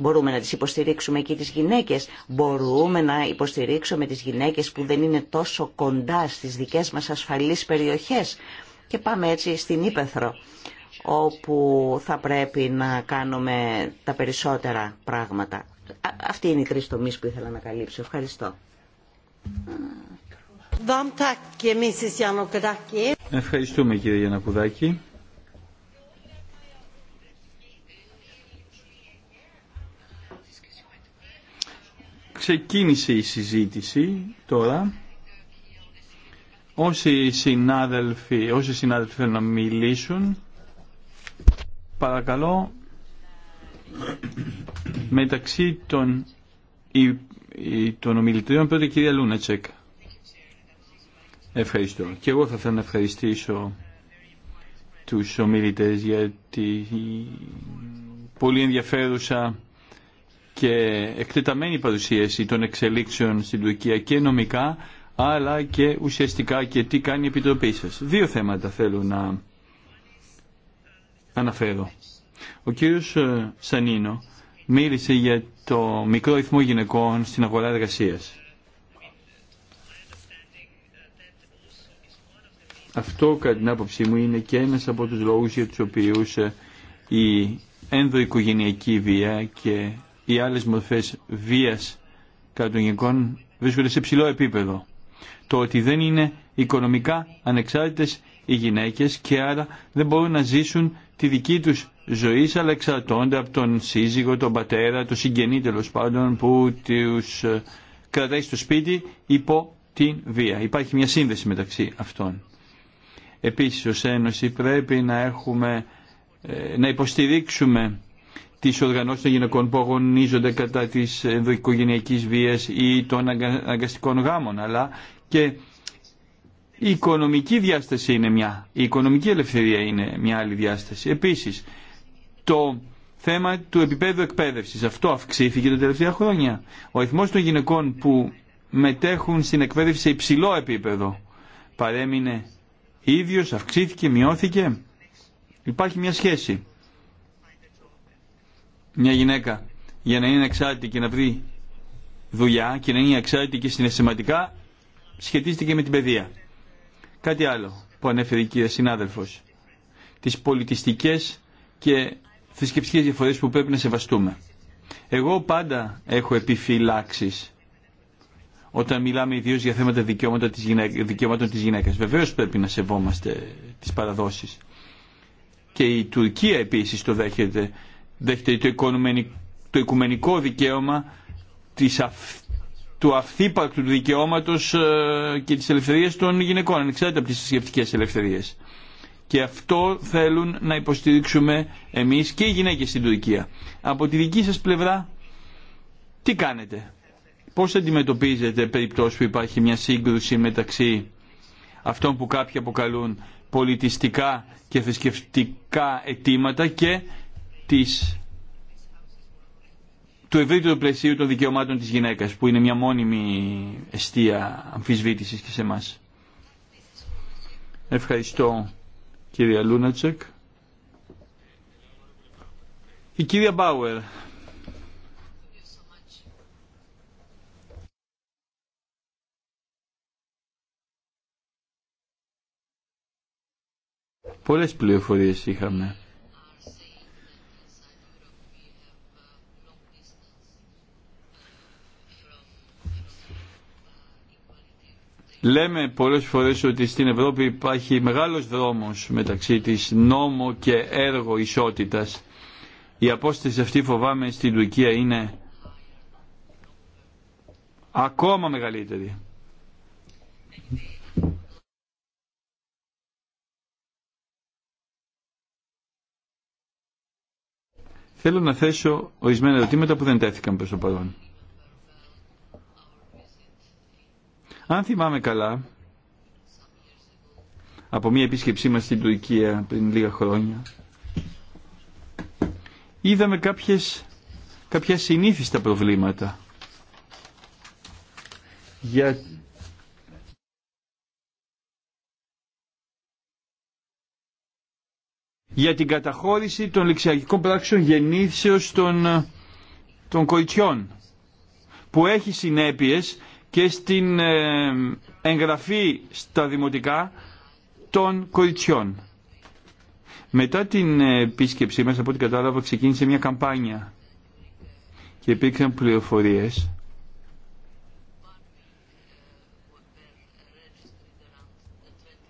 Μπορούμε να τις υποστηρίξουμε και τις γυναίκες. Μπορούμε να υποστηρίξουμε τις γυναίκες που δεν είναι τόσο κοντά στις δικές μας ασφαλείς περιοχές. Και πάμε έτσι στην Ήπεθρο, όπου θα πρέπει να κάνουμε τα περισσότερα πράγματα. Αυτή είναι η τρεις τομείς που ήθελα να καλύψω. Ευχαριστώ. Ευχαριστούμε κύριε Γιανακουδάκη. ξεκίνησε η συζήτηση τώρα. Όσοι συνάδελφοι, όσοι συνάδελφοι θέλουν να μιλήσουν, παρακαλώ μεταξύ των, των ομιλητριών πρώτα κυρία Λούνατσεκ. Ευχαριστώ. Και εγώ θα θέλω να ευχαριστήσω τους ομιλητές γιατί τη πολύ ενδιαφέρουσα και εκτεταμένη παρουσίαση των εξελίξεων στην Τουρκία και νομικά αλλά και ουσιαστικά και τι κάνει η Επιτροπή σας. Δύο θέματα θέλω να αναφέρω. Ο κύριος ε, Σανίνο μίλησε για το μικρό ρυθμό γυναικών στην αγορά εργασίας. Αυτό κατά την άποψή μου είναι και ένας από τους λόγους για τους οποίους ε, η ενδοοικογενειακή βία και οι άλλε μορφέ βία κατά των γυναικών βρίσκονται σε ψηλό επίπεδο. Το ότι δεν είναι οικονομικά ανεξάρτητες οι γυναίκες και άρα δεν μπορούν να ζήσουν τη δική τους ζωή αλλά εξαρτώνται από τον σύζυγο, τον πατέρα, τον συγγενή τέλο πάντων που τους ε, κρατάει στο σπίτι υπό την βία. Υπάρχει μια σύνδεση μεταξύ αυτών. Επίσης ως Ένωση πρέπει να, έχουμε, ε, να υποστηρίξουμε τις οργανώσεις των γυναικών που αγωνίζονται κατά της ενδοοικογενειακής βίας ή των αγκαστικών γάμων, αλλά και η οικονομική διάσταση είναι μια, η οικονομική ελευθερία είναι μια άλλη διάσταση. Επίσης, το θέμα του επίπεδου εκπαίδευσης, αυτό αυξήθηκε τα τελευταία χρόνια. Ο αριθμός των γυναικών που μετέχουν στην εκπαίδευση σε υψηλό επίπεδο παρέμεινε ίδιος, αυξήθηκε, μειώθηκε. Υπάρχει μια σχέση μια γυναίκα για να είναι εξάρτητη και να βρει δουλειά και να είναι εξάρτητη και συναισθηματικά σχετίζεται και με την παιδεία. Κάτι άλλο που ανέφερε η κυρία συνάδελφος. Τις πολιτιστικές και θρησκευτικέ διαφορές που πρέπει να σεβαστούμε. Εγώ πάντα έχω επιφυλάξεις όταν μιλάμε ιδίω για θέματα δικαιώματα της γυναίκα, δικαιωμάτων της γυναίκας. Βεβαίως πρέπει να σεβόμαστε τις παραδόσεις. Και η Τουρκία επίσης το δέχεται δέχεται το οικουμενικό δικαίωμα της του αυθύπαρκτου δικαιώματος δικαιώματος ε, και της ελευθερίας των γυναικών, ανεξάρτητα από τις θρησκευτικέ ελευθερίες. Και αυτό θέλουν να υποστηρίξουμε εμείς και οι γυναίκες στην Τουρκία. Από τη δική σας πλευρά, τι κάνετε. Πώς αντιμετωπίζετε περιπτώσεις που υπάρχει μια σύγκρουση μεταξύ αυτών που κάποιοι αποκαλούν πολιτιστικά και θρησκευτικά αιτήματα και της, του ευρύτερου πλαισίου των δικαιωμάτων της γυναίκας που είναι μια μόνιμη αιστεία αμφισβήτησης και σε εμά. Ευχαριστώ κυρία Λούνατσεκ. Η κυρία Μπάουερ. Πολλές πληροφορίες είχαμε. Λέμε πολλές φορές ότι στην Ευρώπη υπάρχει μεγάλος δρόμος μεταξύ της νόμο και έργο ισότητας. Η απόσταση αυτή φοβάμαι στην Τουρκία είναι ακόμα μεγαλύτερη. Θέλω να θέσω ορισμένα ερωτήματα που δεν τέθηκαν προς το παρόν. Αν θυμάμαι καλά, από μία επίσκεψή μας στην Τουρκία πριν λίγα χρόνια, είδαμε κάποιες, κάποια συνήθιστα προβλήματα για για την καταχώρηση των ληξιακών πράξεων γεννήσεως των, των κοριτσιών που έχει συνέπειες και στην ε, εγγραφή στα δημοτικά των κοριτσιών. Μετά την ε, επίσκεψή μας, από ό,τι κατάλαβα, ξεκίνησε μια καμπάνια και υπήρξαν πληροφορίες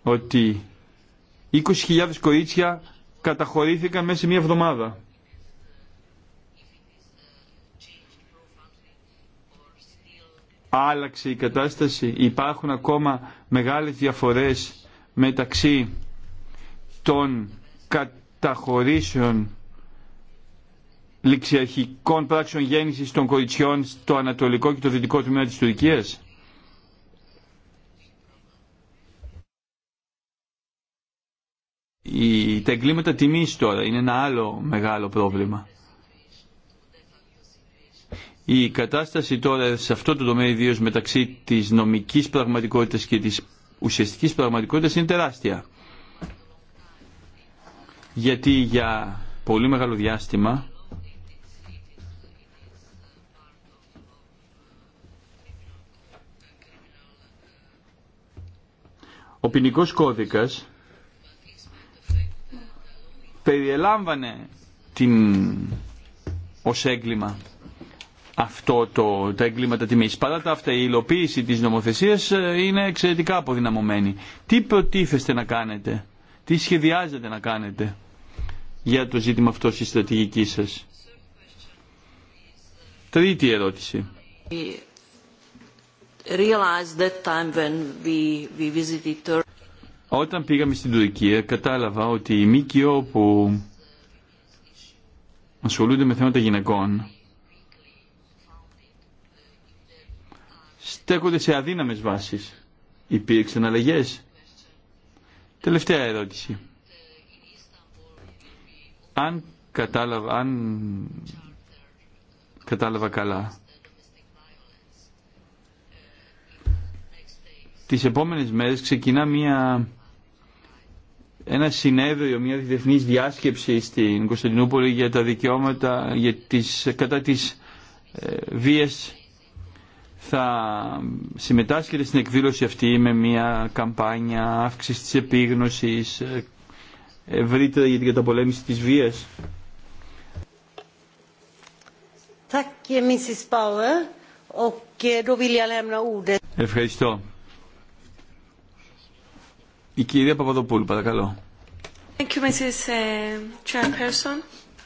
ότι 20.000 κορίτσια καταχωρήθηκαν μέσα σε μια εβδομάδα. άλλαξε η κατάσταση, υπάρχουν ακόμα μεγάλες διαφορές μεταξύ των καταχωρήσεων ληξιαρχικών πράξεων γέννησης των κοριτσιών στο ανατολικό και το δυτικό τμήμα της Τουρκίας. Η, τα εγκλήματα τιμής τώρα είναι ένα άλλο μεγάλο πρόβλημα. Η κατάσταση τώρα σε αυτό το τομέα ιδίω μεταξύ της νομικής πραγματικότητας και της ουσιαστικής πραγματικότητας είναι τεράστια. Γιατί για πολύ μεγάλο διάστημα ο ποινικό κώδικας περιελάμβανε την ως έγκλημα αυτό το, τα εγκλήματα τιμή. Παρά τα αυτά η υλοποίηση της νομοθεσίας ε, είναι εξαιρετικά αποδυναμωμένη. Τι προτίθεστε να κάνετε, τι σχεδιάζετε να κάνετε για το ζήτημα αυτό στη στρατηγική σας. Τρίτη ερώτηση. Όταν πήγαμε στην Τουρκία κατάλαβα ότι η ΜΚΟ που ασχολούνται με θέματα γυναικών στέκονται σε αδύναμες βάσεις. Υπήρξαν αλλαγές. Τελευταία ερώτηση. Αν κατάλαβα, κατάλαβα καλά, τις επόμενες μέρες ξεκινά μια, ένα συνέδριο, μια διεθνής διάσκεψη στην Κωνσταντινούπολη για τα δικαιώματα για τις, κατά της ε, θα συμμετάσχετε στην εκδήλωση αυτή με μια καμπάνια αύξηση της επίγνωσης ε, ευρύτερα για την καταπολέμηση της βίας. Eh, Ευχαριστώ. Η κυρία Παπαδοπούλου, παρακαλώ. Ε,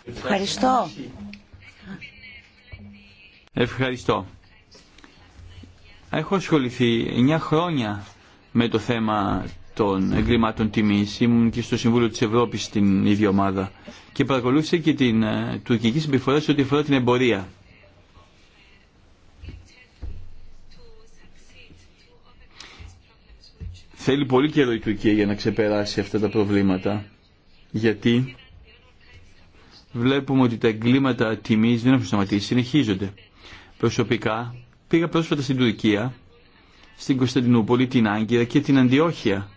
Ευχαριστώ. Ευχαριστώ. Έχω ασχοληθεί 9 χρόνια με το θέμα των εγκλημάτων τιμής. Ήμουν και στο Συμβούλιο της Ευρώπης στην ίδια ομάδα και παρακολούθησε και την ε, τουρκική συμπεριφορά σε ό,τι αφορά την εμπορία. Θέλει πολύ καιρό η Τουρκία για να ξεπεράσει αυτά τα προβλήματα γιατί βλέπουμε ότι τα εγκλήματα τιμής δεν έχουν σταματήσει, συνεχίζονται. Προσωπικά Πήγα πρόσφατα στην Τουρκία, στην Κωνσταντινούπολη, την Άγκυρα και την Αντιόχεια.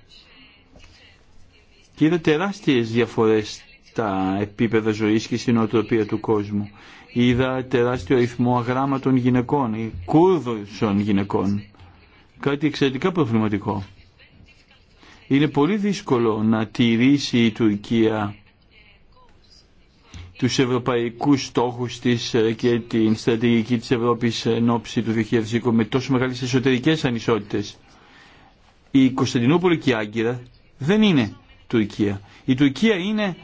Και είδα τεράστιες διαφορές στα επίπεδα ζωής και στην οτροπία του κόσμου. Είδα τεράστιο αριθμό αγράμματων γυναικών ή κούρδων γυναικών. Κάτι εξαιρετικά προβληματικό. Είναι πολύ δύσκολο να τηρήσει η Τουρκία τους ευρωπαϊκούς στόχους της ε, και την στρατηγική της Ευρώπης εν ώψη του 2020 με τόσο μεγάλες εσωτερικές ανισότητες. Η Κωνσταντινούπολη και η Άγκυρα δεν είναι Τουρκία. Η Τουρκία είναι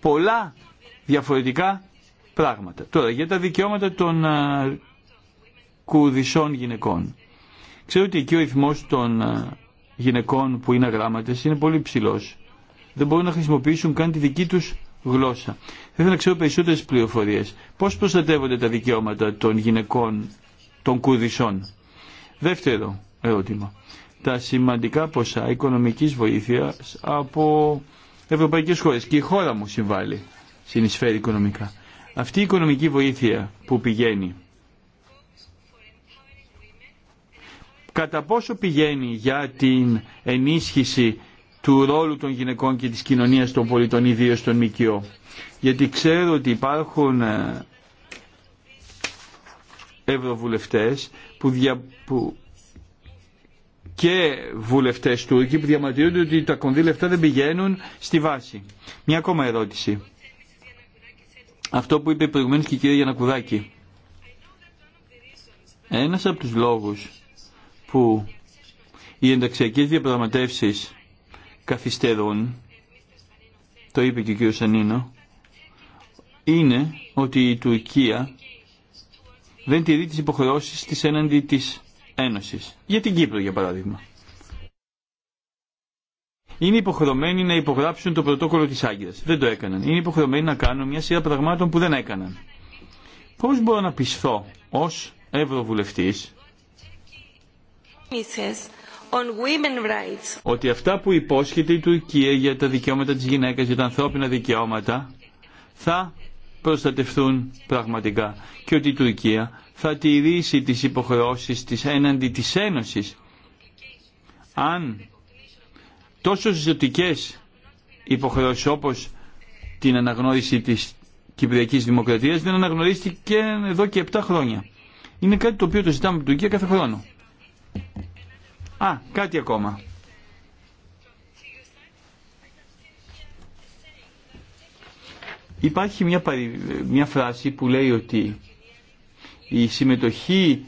πολλά διαφορετικά πράγματα. Τώρα για τα δικαιώματα των α, ε, κουρδισών γυναικών. Ξέρω ότι εκεί ο ρυθμός των ε, γυναικών που είναι αγράμματες είναι πολύ ψηλός. Δεν μπορούν να χρησιμοποιήσουν καν τη δική τους γλώσσα. Θα ήθελα να ξέρω περισσότερες πληροφορίες. Πώς προστατεύονται τα δικαιώματα των γυναικών των Κουρδισσών. Δεύτερο ερώτημα. Τα σημαντικά ποσά οικονομικής βοήθειας από ευρωπαϊκές χώρες. Και η χώρα μου συμβάλλει, συνεισφέρει οικονομικά. Αυτή η οικονομική βοήθεια που πηγαίνει κατά πόσο πηγαίνει για την ενίσχυση του ρόλου των γυναικών και της κοινωνίας των πολιτών, ιδίω των ΜΚΟ. Γιατί ξέρω ότι υπάρχουν ε, ευρωβουλευτές που, δια, που και βουλευτές Τούρκοι που διαμαρτύρονται ότι τα κονδύλια αυτά δεν πηγαίνουν στη βάση. Μια ακόμα ερώτηση. Αυτό που είπε προηγουμένω και η κυρία Γιανακουδάκη. Ένας από τους λόγους που οι ενταξιακές διαπραγματεύσεις καθυστερούν, το είπε και ο κ. Σανίνο, είναι ότι η Τουρκία δεν τηρεί τις υποχρεώσεις της έναντι της Ένωσης. Για την Κύπρο, για παράδειγμα. Είναι υποχρεωμένοι να υπογράψουν το πρωτόκολλο της Άγκυρας. Δεν το έκαναν. Είναι υποχρεωμένοι να κάνουν μια σειρά πραγμάτων που δεν έκαναν. Πώς μπορώ να πισθώ ως Ευρωβουλευτής ότι αυτά που υπόσχεται η Τουρκία για τα δικαιώματα της γυναίκας, για τα ανθρώπινα δικαιώματα, θα προστατευτούν πραγματικά και ότι η Τουρκία θα τηρήσει τις υποχρεώσεις της έναντι της Ένωσης. Αν τόσο ζωτικές υποχρεώσεις όπως την αναγνώριση της Κυπριακής Δημοκρατίας δεν αναγνωρίστηκε εδώ και 7 χρόνια. Είναι κάτι το οποίο το ζητάμε από την Τουρκία κάθε χρόνο. Α, κάτι ακόμα. Υπάρχει μια, μια φράση που λέει ότι η συμμετοχή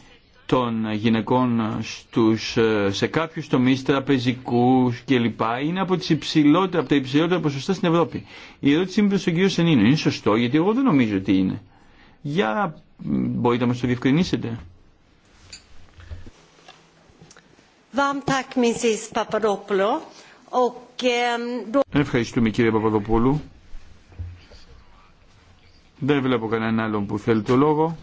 των γυναικών στους, σε κάποιους τομείς τραπεζικούς κλπ. είναι από, τις υψηλότερα, από τα υψηλότερα ποσοστά στην Ευρώπη. Η ερώτηση μου προς τον κύριο Σενίνο είναι σωστό γιατί εγώ δεν νομίζω ότι είναι. Για μπορείτε να μας το διευκρινίσετε. Ehm, Ευχαριστούμε κύριε Παπαδοπούλου. Δεν βλέπω κανέναν άλλον που θέλει το λόγο.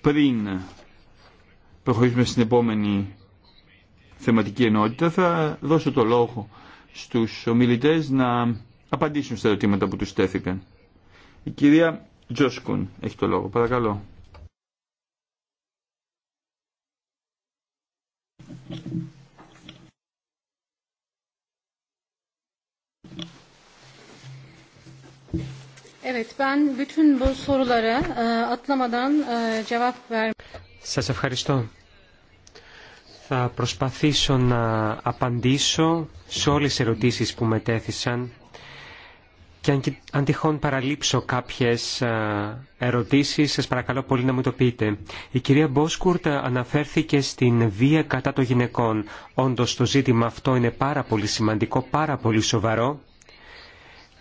Πριν προχωρήσουμε στην επόμενη θεματική ενότητα θα δώσω το λόγο στους ομιλητές να απαντήσουν στα ερωτήματα που τους στέθηκαν. Η κυρία Τζόσκουν έχει το λόγο. Παρακαλώ. Evet, e, e, Σας ευχαριστώ. Θα προσπαθήσω να απαντήσω σε όλες τις ερωτήσεις που μετέθησαν και αν τυχόν παραλείψω κάποιες ε, ερωτήσεις, σας παρακαλώ πολύ να μου το πείτε. Η κυρία Μπόσκουρτ αναφέρθηκε στην βία κατά των γυναικών. Όντως το ζήτημα αυτό είναι πάρα πολύ σημαντικό, πάρα πολύ σοβαρό.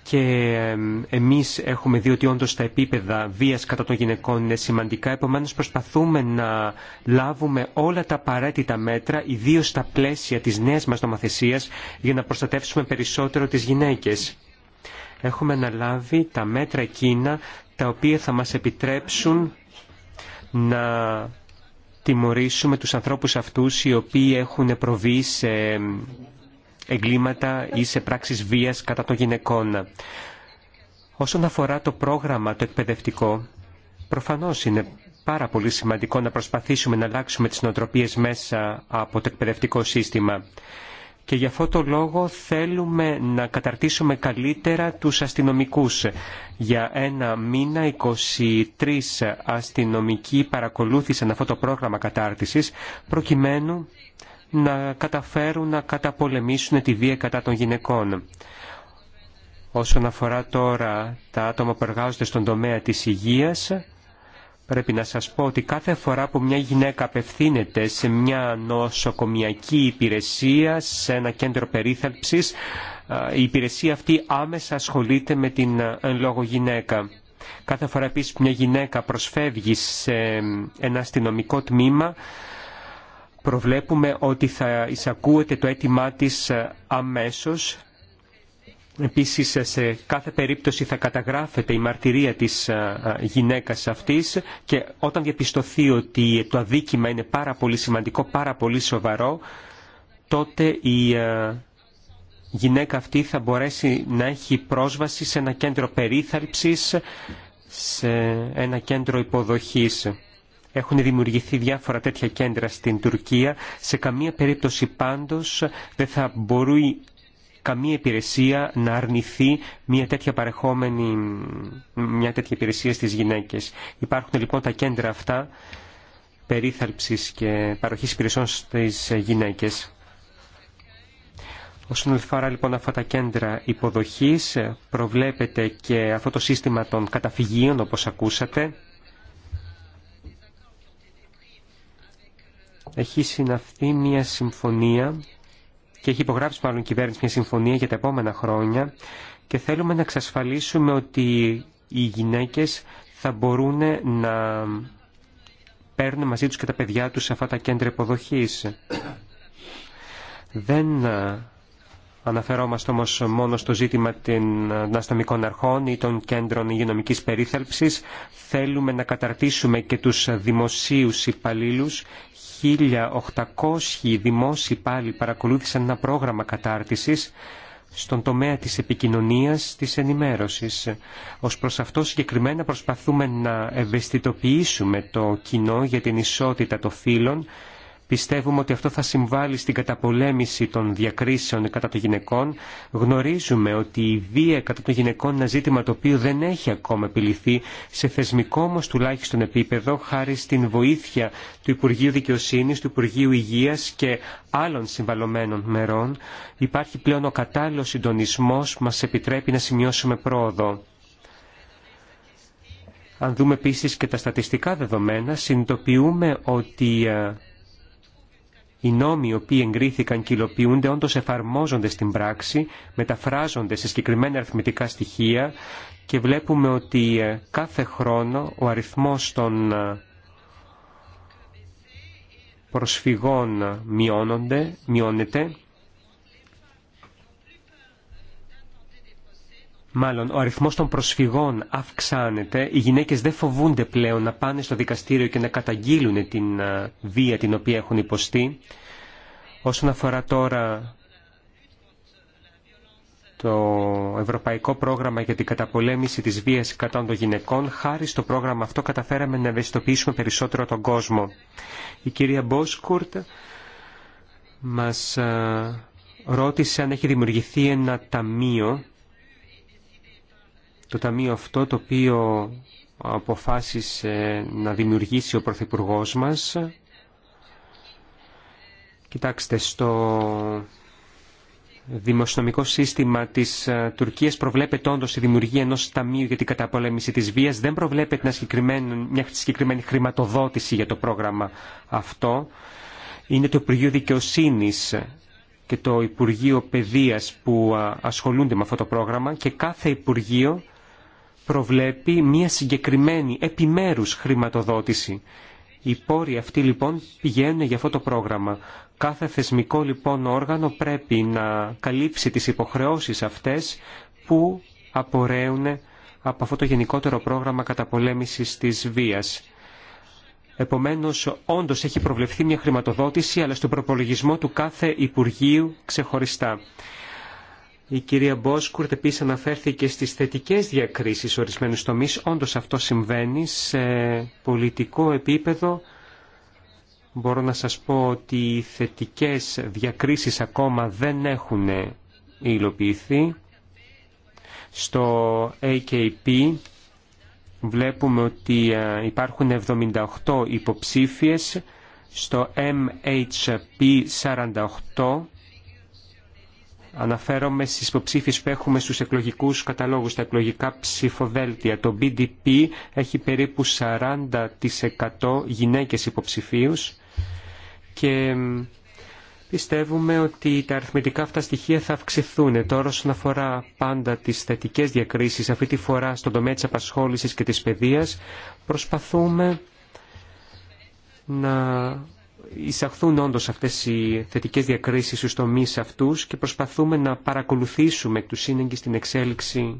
Και ε, εμείς έχουμε δει ότι όντως τα επίπεδα βίας κατά των γυναικών είναι σημαντικά. Επομένως προσπαθούμε να λάβουμε όλα τα απαραίτητα μέτρα, ιδίως στα πλαίσια της νέας μας νομοθεσίας, για να προστατεύσουμε περισσότερο τις γυναίκες έχουμε αναλάβει τα μέτρα εκείνα τα οποία θα μας επιτρέψουν να τιμωρήσουμε τους ανθρώπους αυτούς οι οποίοι έχουν προβεί σε εγκλήματα ή σε πράξεις βίας κατά των γυναικών. Όσον αφορά το πρόγραμμα το εκπαιδευτικό, προφανώς είναι πάρα πολύ σημαντικό να προσπαθήσουμε να αλλάξουμε τις νοοτροπίες μέσα από το εκπαιδευτικό σύστημα και για αυτό το λόγο θέλουμε να καταρτήσουμε καλύτερα τους αστυνομικούς. Για ένα μήνα 23 αστυνομικοί παρακολούθησαν αυτό το πρόγραμμα κατάρτισης προκειμένου να καταφέρουν να καταπολεμήσουν τη βία κατά των γυναικών. Όσον αφορά τώρα τα άτομα που εργάζονται στον τομέα της υγείας, Πρέπει να σας πω ότι κάθε φορά που μια γυναίκα απευθύνεται σε μια νοσοκομιακή υπηρεσία, σε ένα κέντρο περίθαλψης, η υπηρεσία αυτή άμεσα ασχολείται με την εν λόγω γυναίκα. Κάθε φορά επίσης που μια γυναίκα προσφεύγει σε ένα αστυνομικό τμήμα, προβλέπουμε ότι θα εισακούεται το αίτημά της αμέσως Επίσης σε κάθε περίπτωση θα καταγράφεται η μαρτυρία της ε, ε, γυναίκας αυτής και όταν διαπιστωθεί ότι το αδίκημα είναι πάρα πολύ σημαντικό, πάρα πολύ σοβαρό, τότε η ε, γυναίκα αυτή θα μπορέσει να έχει πρόσβαση σε ένα κέντρο περίθαλψης, σε ένα κέντρο υποδοχής. Έχουν δημιουργηθεί διάφορα τέτοια κέντρα στην Τουρκία. Σε καμία περίπτωση πάντως δεν θα μπορεί καμία υπηρεσία να αρνηθεί μια τέτοια παρεχόμενη, μια τέτοια υπηρεσία στις γυναίκες. Υπάρχουν λοιπόν τα κέντρα αυτά περίθαλψης και παροχής υπηρεσιών στις γυναίκες. Όσον αφορά λοιπόν αυτά τα κέντρα υποδοχής, ε, προβλέπεται και αυτό το σύστημα των καταφυγίων όπως ακούσατε. Έχει συναυθεί μια συμφωνία και έχει υπογράψει μάλλον η κυβέρνηση μια συμφωνία για τα επόμενα χρόνια και θέλουμε να εξασφαλίσουμε ότι οι γυναίκες θα μπορούν να παίρνουν μαζί τους και τα παιδιά τους σε αυτά τα κέντρα υποδοχής. Δεν Αναφερόμαστε όμω μόνο στο ζήτημα των αστυνομικών αρχών ή των κέντρων υγειονομική περίθαλψης. Θέλουμε να καταρτήσουμε και τους δημοσίου υπαλλήλους. 1.800 δημόσιοι υπάλληλοι παρακολούθησαν ένα πρόγραμμα κατάρτισης στον τομέα της επικοινωνίας, της ενημέρωσης. Ως προς αυτό συγκεκριμένα προσπαθούμε να ευαισθητοποιήσουμε το κοινό για την ισότητα των φύλων Πιστεύουμε ότι αυτό θα συμβάλλει στην καταπολέμηση των διακρίσεων κατά των γυναικών. Γνωρίζουμε ότι η βία κατά των γυναικών είναι ένα ζήτημα το οποίο δεν έχει ακόμα επιληθεί σε θεσμικό όμω τουλάχιστον επίπεδο χάρη στην βοήθεια του Υπουργείου Δικαιοσύνη, του Υπουργείου Υγεία και άλλων συμβαλωμένων μερών. Υπάρχει πλέον ο κατάλληλο συντονισμό που μα επιτρέπει να σημειώσουμε πρόοδο. Αν δούμε επίση και τα στατιστικά δεδομένα, συνειδητοποιούμε ότι ε, οι νόμοι οι οποίοι εγκρίθηκαν και υλοποιούνται όντω εφαρμόζονται στην πράξη, μεταφράζονται σε συγκεκριμένα αριθμητικά στοιχεία και βλέπουμε ότι ε, κάθε χρόνο ο αριθμός των ε, προσφυγών μειώνεται Μάλλον, ο αριθμό των προσφυγών αυξάνεται, οι γυναίκες δεν φοβούνται πλέον να πάνε στο δικαστήριο και να καταγγείλουν την βία την οποία έχουν υποστεί. Όσον αφορά τώρα το Ευρωπαϊκό Πρόγραμμα για την Καταπολέμηση της Βίας κατά των Γυναικών, χάρη στο πρόγραμμα αυτό καταφέραμε να ευαισθητοποιήσουμε περισσότερο τον κόσμο. Η κυρία Μπόσκουρτ μας ρώτησε αν έχει δημιουργηθεί ένα ταμείο το ταμείο αυτό το οποίο αποφάσισε να δημιουργήσει ο Πρωθυπουργό μας. Κοιτάξτε, στο δημοσιονομικό σύστημα της ε, Τουρκίας προβλέπεται όντως η δημιουργία ενός ταμείου για την καταπολέμηση της βίας. Δεν προβλέπεται μια συγκεκριμένη χρηματοδότηση για το πρόγραμμα αυτό. Είναι το Υπουργείο Δικαιοσύνη και το Υπουργείο Παιδείας που ε, ασχολούνται με αυτό το πρόγραμμα και κάθε Υπουργείο προβλέπει μια συγκεκριμένη επιμέρους χρηματοδότηση. Οι πόροι αυτοί λοιπόν πηγαίνουν για αυτό το πρόγραμμα. Κάθε θεσμικό λοιπόν όργανο πρέπει να καλύψει τις υποχρεώσεις αυτές που απορρέουν από αυτό το γενικότερο πρόγραμμα καταπολέμησης της βίας. Επομένως, όντως έχει προβλεφθεί μια χρηματοδότηση, αλλά στον προπολογισμό του κάθε Υπουργείου ξεχωριστά. Η κυρία Μπόσκουρτ επίση αναφέρθηκε στις θετικές διακρίσεις ορισμένου τομεί, όντω αυτό συμβαίνει σε πολιτικό επίπεδο. Μπορώ να σας πω ότι οι θετικές διακρίσεις ακόμα δεν έχουν υλοποιηθεί. Στο AKP βλέπουμε ότι υπάρχουν 78 υποψήφιες, στο MHP 48 Αναφέρομαι στις υποψήφιες που έχουμε στους εκλογικούς καταλόγους, τα εκλογικά ψηφοδέλτια. Το BDP έχει περίπου 40% γυναίκες υποψηφίους και πιστεύουμε ότι τα αριθμητικά αυτά στοιχεία θα αυξηθούν. Τώρα όσον αφορά πάντα τις θετικές διακρίσεις, αυτή τη φορά στον τομέα της απασχόλησης και της παιδείας, προσπαθούμε να εισαχθούν όντω αυτέ οι θετικέ διακρίσει στου τομεί αυτού και προσπαθούμε να παρακολουθήσουμε εκ του σύνεγγυ στην εξέλιξη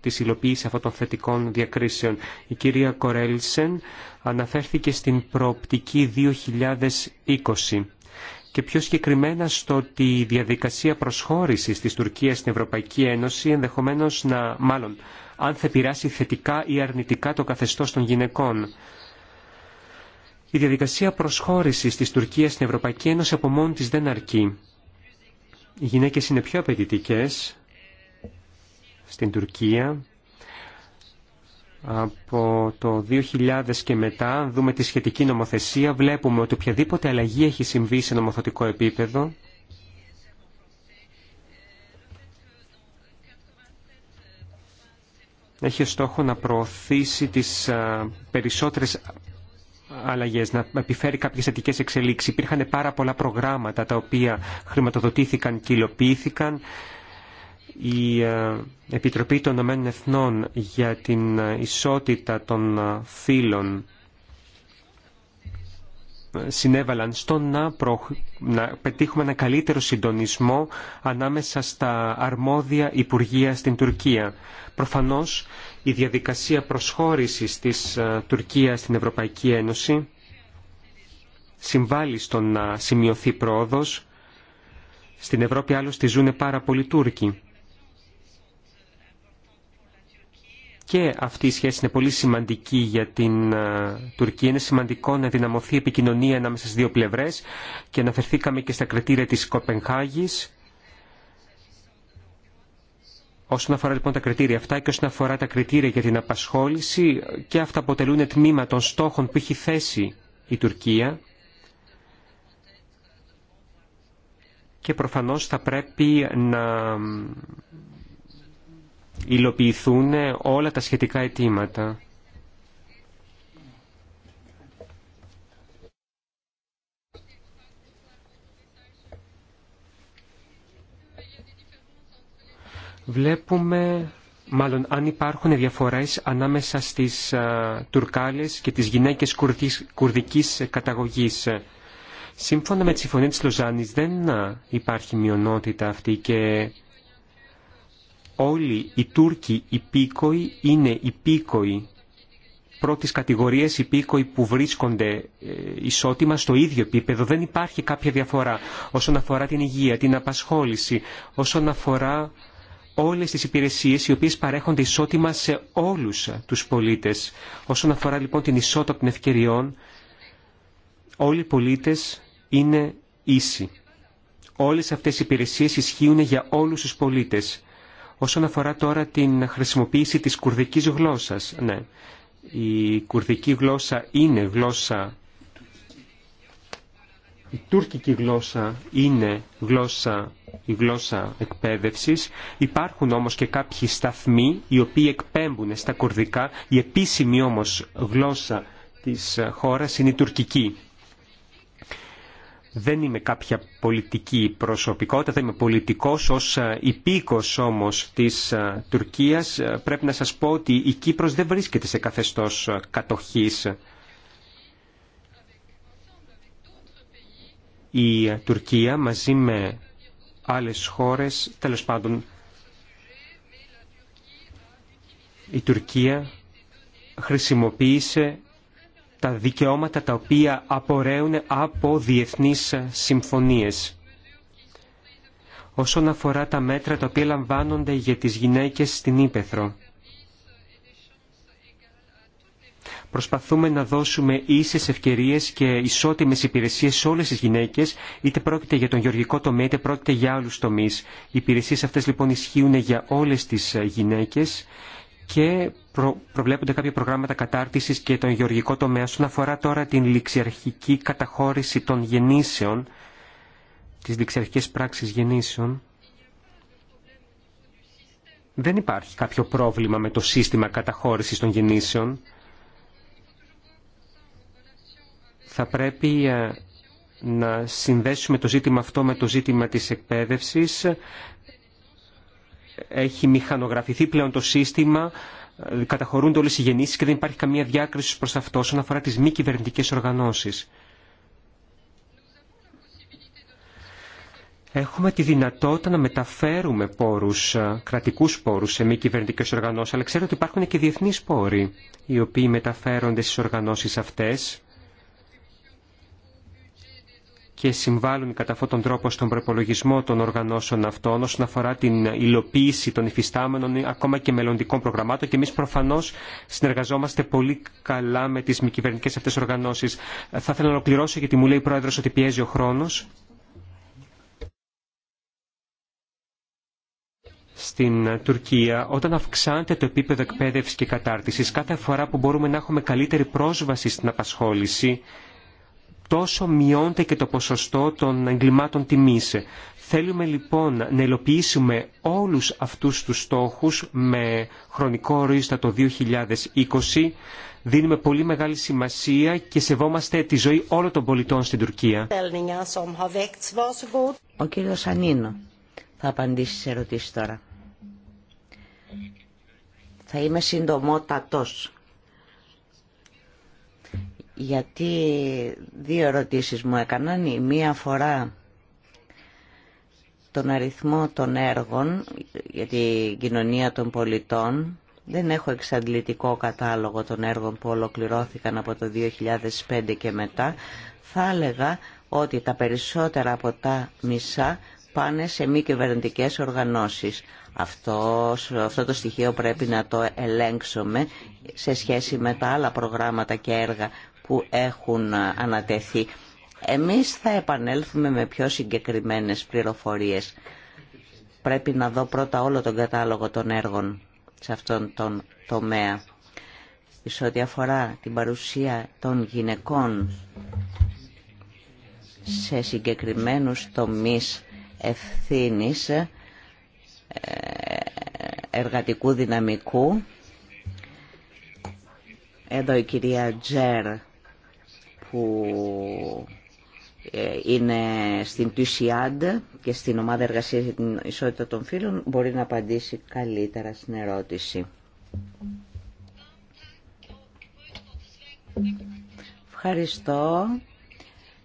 τη υλοποίηση αυτών των θετικών διακρίσεων. Η κυρία Κορέλσεν αναφέρθηκε στην προοπτική 2020 και πιο συγκεκριμένα στο ότι η διαδικασία προσχώρησης της Τουρκίας στην Ευρωπαϊκή Ένωση ενδεχομένως να, μάλλον, αν θα επηρεάσει θετικά ή αρνητικά το καθεστώς των γυναικών. Η διαδικασία προσχώρηση τη Τουρκία στην Ευρωπαϊκή Ένωση από μόνη τη δεν αρκεί. Οι γυναίκες είναι πιο απαιτητικέ στην Τουρκία. Από το 2000 και μετά δούμε τη σχετική νομοθεσία. Βλέπουμε ότι οποιαδήποτε αλλαγή έχει συμβεί σε νομοθετικό επίπεδο έχει στόχο να προωθήσει τις ε, περισσότερες αλλαγέ, να επιφέρει κάποιε θετικέ εξελίξει. Υπήρχαν πάρα πολλά προγράμματα τα οποία χρηματοδοτήθηκαν και υλοποιήθηκαν. Η ε, Επιτροπή των Ηνωμένων Εθνών για την ε, Ισότητα των ε, Φύλων συνέβαλαν στο να, να πετύχουμε ένα καλύτερο συντονισμό ανάμεσα στα αρμόδια Υπουργεία στην Τουρκία. Προφανώς η διαδικασία προσχώρησης της ε, Τουρκίας στην Ευρωπαϊκή Ένωση συμβάλλει στο να σημειωθεί πρόοδος. Στην Ευρώπη άλλωστε ζουν πάρα πολλοί Τούρκοι. Και αυτή η σχέση είναι πολύ σημαντική για την ε, Τουρκία. Είναι σημαντικό να δυναμωθεί η επικοινωνία ανάμεσα στις δύο πλευρές και αναφερθήκαμε και στα κριτήρια της Κοπενχάγης Όσον αφορά λοιπόν τα κριτήρια αυτά και όσον αφορά τα κριτήρια για την απασχόληση και αυτά αποτελούν τμήμα των στόχων που έχει θέσει η Τουρκία και προφανώς θα πρέπει να υλοποιηθούν όλα τα σχετικά αιτήματα. βλέπουμε μάλλον αν υπάρχουν διαφορές ανάμεσα στις Τουρκάλες και τις γυναίκες κουρδικής καταγωγής. Σύμφωνα με τη Συμφωνία της Λοζάνης δεν υπάρχει μειονότητα αυτή και όλοι οι Τούρκοι υπήκοοι είναι υπήκοοι πρώτης κατηγορίας υπήκοοι που βρίσκονται ε, ισότιμα στο ίδιο επίπεδο. Δεν υπάρχει κάποια διαφορά όσον αφορά την υγεία, την απασχόληση, όσον αφορά όλες τις υπηρεσίες οι οποίες παρέχονται ισότιμα σε όλους τους πολίτες. Όσον αφορά λοιπόν την ισότητα των ευκαιριών, όλοι οι πολίτες είναι ίσοι. Όλες αυτές οι υπηρεσίες ισχύουν για όλους τους πολίτες. Όσον αφορά τώρα την χρησιμοποίηση της κουρδικής γλώσσας, ναι, η κουρδική γλώσσα είναι γλώσσα η τουρκική γλώσσα είναι γλώσσα, η γλώσσα εκπαίδευσης. Υπάρχουν όμως και κάποιοι σταθμοί οι οποίοι εκπέμπουν στα κουρδικά. Η επίσημη όμως γλώσσα της χώρας είναι η τουρκική. Δεν είμαι κάποια πολιτική προσωπικότητα, δεν είμαι πολιτικός. Ως υπήκος όμως της Τουρκίας πρέπει να σας πω ότι η Κύπρος δεν βρίσκεται σε καθεστώς κατοχής η Τουρκία μαζί με άλλες χώρες, τέλος πάντων η Τουρκία χρησιμοποίησε τα δικαιώματα τα οποία απορρέουν από διεθνείς συμφωνίες. Όσον αφορά τα μέτρα τα οποία λαμβάνονται για τις γυναίκες στην Ήπεθρο. Προσπαθούμε να δώσουμε ίσε ευκαιρίε και ισότιμε υπηρεσίε σε όλε τι γυναίκε, είτε πρόκειται για τον γεωργικό τομέα, είτε πρόκειται για άλλου τομεί. Οι Υπηρεσίε αυτέ λοιπόν ισχύουν για όλε τι ε, γυναίκε και προβλέπονται κάποια προγράμματα κατάρτιση και τον γεωργικό τομέα. στον αφορά τώρα την ληξιαρχική καταχώρηση των γεννήσεων, τι ληξιαρχικέ πράξεις γεννήσεων, δεν υπάρχει κάποιο πρόβλημα με το σύστημα καταχώρησης των γεννήσεων. Θα πρέπει ε, να συνδέσουμε το ζήτημα αυτό με το ζήτημα της εκπαίδευσης. Έχει μηχανογραφηθεί πλέον το σύστημα, ε, καταχωρούνται όλες οι γεννήσεις και δεν υπάρχει καμία διάκριση προς αυτό όσον αφορά τις μη κυβερνητικέ οργανώσεις. Έχουμε τη δυνατότητα να μεταφέρουμε πόρους, ε, κρατικούς πόρους σε μη κυβερνητικέ οργανώσεις, αλλά ξέρω ότι υπάρχουν και διεθνείς πόροι οι οποίοι μεταφέρονται στις οργανώσεις αυτές και συμβάλλουν κατά αυτόν τον τρόπο στον προπολογισμό των οργανώσεων αυτών όσον αφορά την υλοποίηση των υφιστάμενων ακόμα και μελλοντικών προγραμμάτων και εμεί προφανώ συνεργαζόμαστε πολύ καλά με τι μη κυβερνητικέ αυτέ οργανώσει. Θα ήθελα να ολοκληρώσω γιατί μου λέει η Πρόεδρο ότι πιέζει ο χρόνο. στην Τουρκία, όταν αυξάνεται το επίπεδο εκπαίδευση και κατάρτιση, κάθε φορά που μπορούμε να έχουμε καλύτερη πρόσβαση στην απασχόληση, τόσο μειώνεται και το ποσοστό των εγκλημάτων τιμής. Θέλουμε λοιπόν να ελοποιήσουμε όλους αυτούς τους στόχους με χρονικό ορίστα το 2020. Δίνουμε πολύ μεγάλη σημασία και σεβόμαστε τη ζωή όλων των πολιτών στην Τουρκία. Ο κύριος Ανίνο θα απαντήσει σε ερωτήσεις τώρα. Θα είμαι συντομότατος γιατί δύο ερωτήσεις μου έκαναν. Η μία αφορά τον αριθμό των έργων για την κοινωνία των πολιτών. Δεν έχω εξαντλητικό κατάλογο των έργων που ολοκληρώθηκαν από το 2005 και μετά. Θα έλεγα ότι τα περισσότερα από τα μισά πάνε σε μη κυβερνητικέ οργανώσεις. Αυτό, αυτό το στοιχείο πρέπει να το ελέγξουμε σε σχέση με τα άλλα προγράμματα και έργα που έχουν ανατεθεί. Εμείς θα επανέλθουμε με πιο συγκεκριμένες πληροφορίες. Πρέπει να δω πρώτα όλο τον κατάλογο των έργων σε αυτόν τον τομέα. Σε ό,τι αφορά την παρουσία των γυναικών σε συγκεκριμένους τομείς ευθύνης ε, εργατικού δυναμικού. Εδώ η κυρία Τζέρ που ε, είναι στην Τουσιάντ και στην ομάδα εργασίας για την ισότητα των φίλων μπορεί να απαντήσει καλύτερα στην ερώτηση. Ευχαριστώ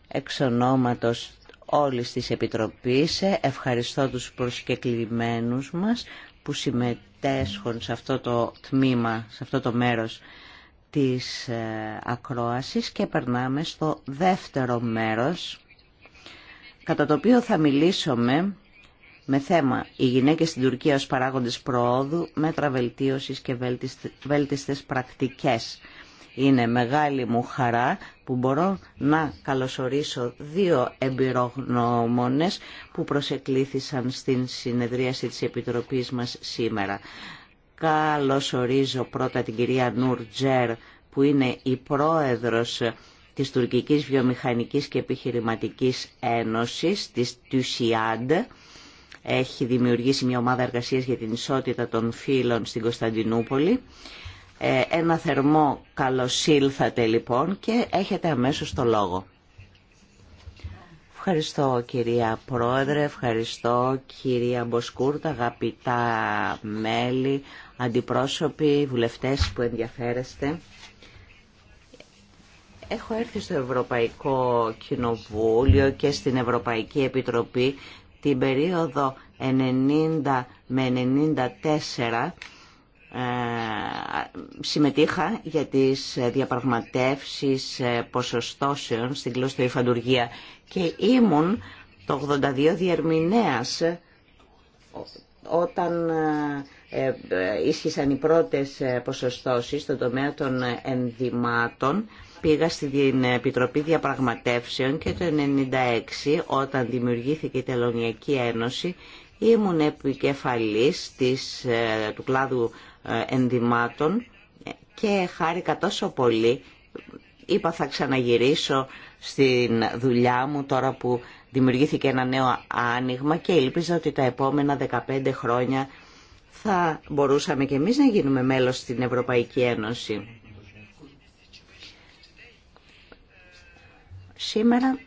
εξ ονόματος όλης της Επιτροπής. Ευχαριστώ τους προσκεκλημένους μας που συμμετέσχουν σε αυτό το τμήμα, σε αυτό το μέρος της ε, ακρόασης και περνάμε στο δεύτερο μέρος κατά το οποίο θα μιλήσουμε με θέμα «Οι γυναίκες στην Τουρκία ως παράγοντες προόδου, μέτρα βελτίωσης και βέλτιστες πρακτικές». Είναι μεγάλη μου χαρά που μπορώ να καλωσορίσω δύο εμπειρογνώμονες που προσεκλήθησαν στην συνεδρίαση της Επιτροπής μας σήμερα. Καλώς ορίζω πρώτα την κυρία Νουρ Τζέρ που είναι η πρόεδρος της Τουρκικής Βιομηχανικής και Επιχειρηματικής Ένωσης, της Τουσιάντ. Έχει δημιουργήσει μια ομάδα εργασίας για την ισότητα των φύλων στην Κωνσταντινούπολη. Ε, ένα θερμό καλώς ήλθατε λοιπόν και έχετε αμέσως το λόγο. Ευχαριστώ κυρία Πρόεδρε, ευχαριστώ κυρία Μποσκούρτα, αγαπητά μέλη, αντιπρόσωποι, βουλευτές που ενδιαφέρεστε. Έχω έρθει στο Ευρωπαϊκό Κοινοβούλιο και στην Ευρωπαϊκή Επιτροπή την περίοδο 90 με 94 ε, συμμετείχα για τις διαπραγματεύσεις ε, ποσοστώσεων στην κλωστή Φαντουργία και ήμουν το 82 διερμηνέας όταν ε, ε, ίσχυσαν οι πρώτες ε, ποσοστώσεις στον τομέα των ενδυμάτων πήγα στην Επιτροπή Διαπραγματεύσεων και το 1996 όταν δημιουργήθηκε η Τελωνιακή Ένωση ήμουν επικεφαλής της, του κλάδου ενδυμάτων και χάρηκα τόσο πολύ είπα θα ξαναγυρίσω στην δουλειά μου τώρα που δημιουργήθηκε ένα νέο άνοιγμα και ελπίζω ότι τα επόμενα 15 χρόνια θα μπορούσαμε και εμείς να γίνουμε μέλος στην Ευρωπαϊκή Ένωση. Σήμερα,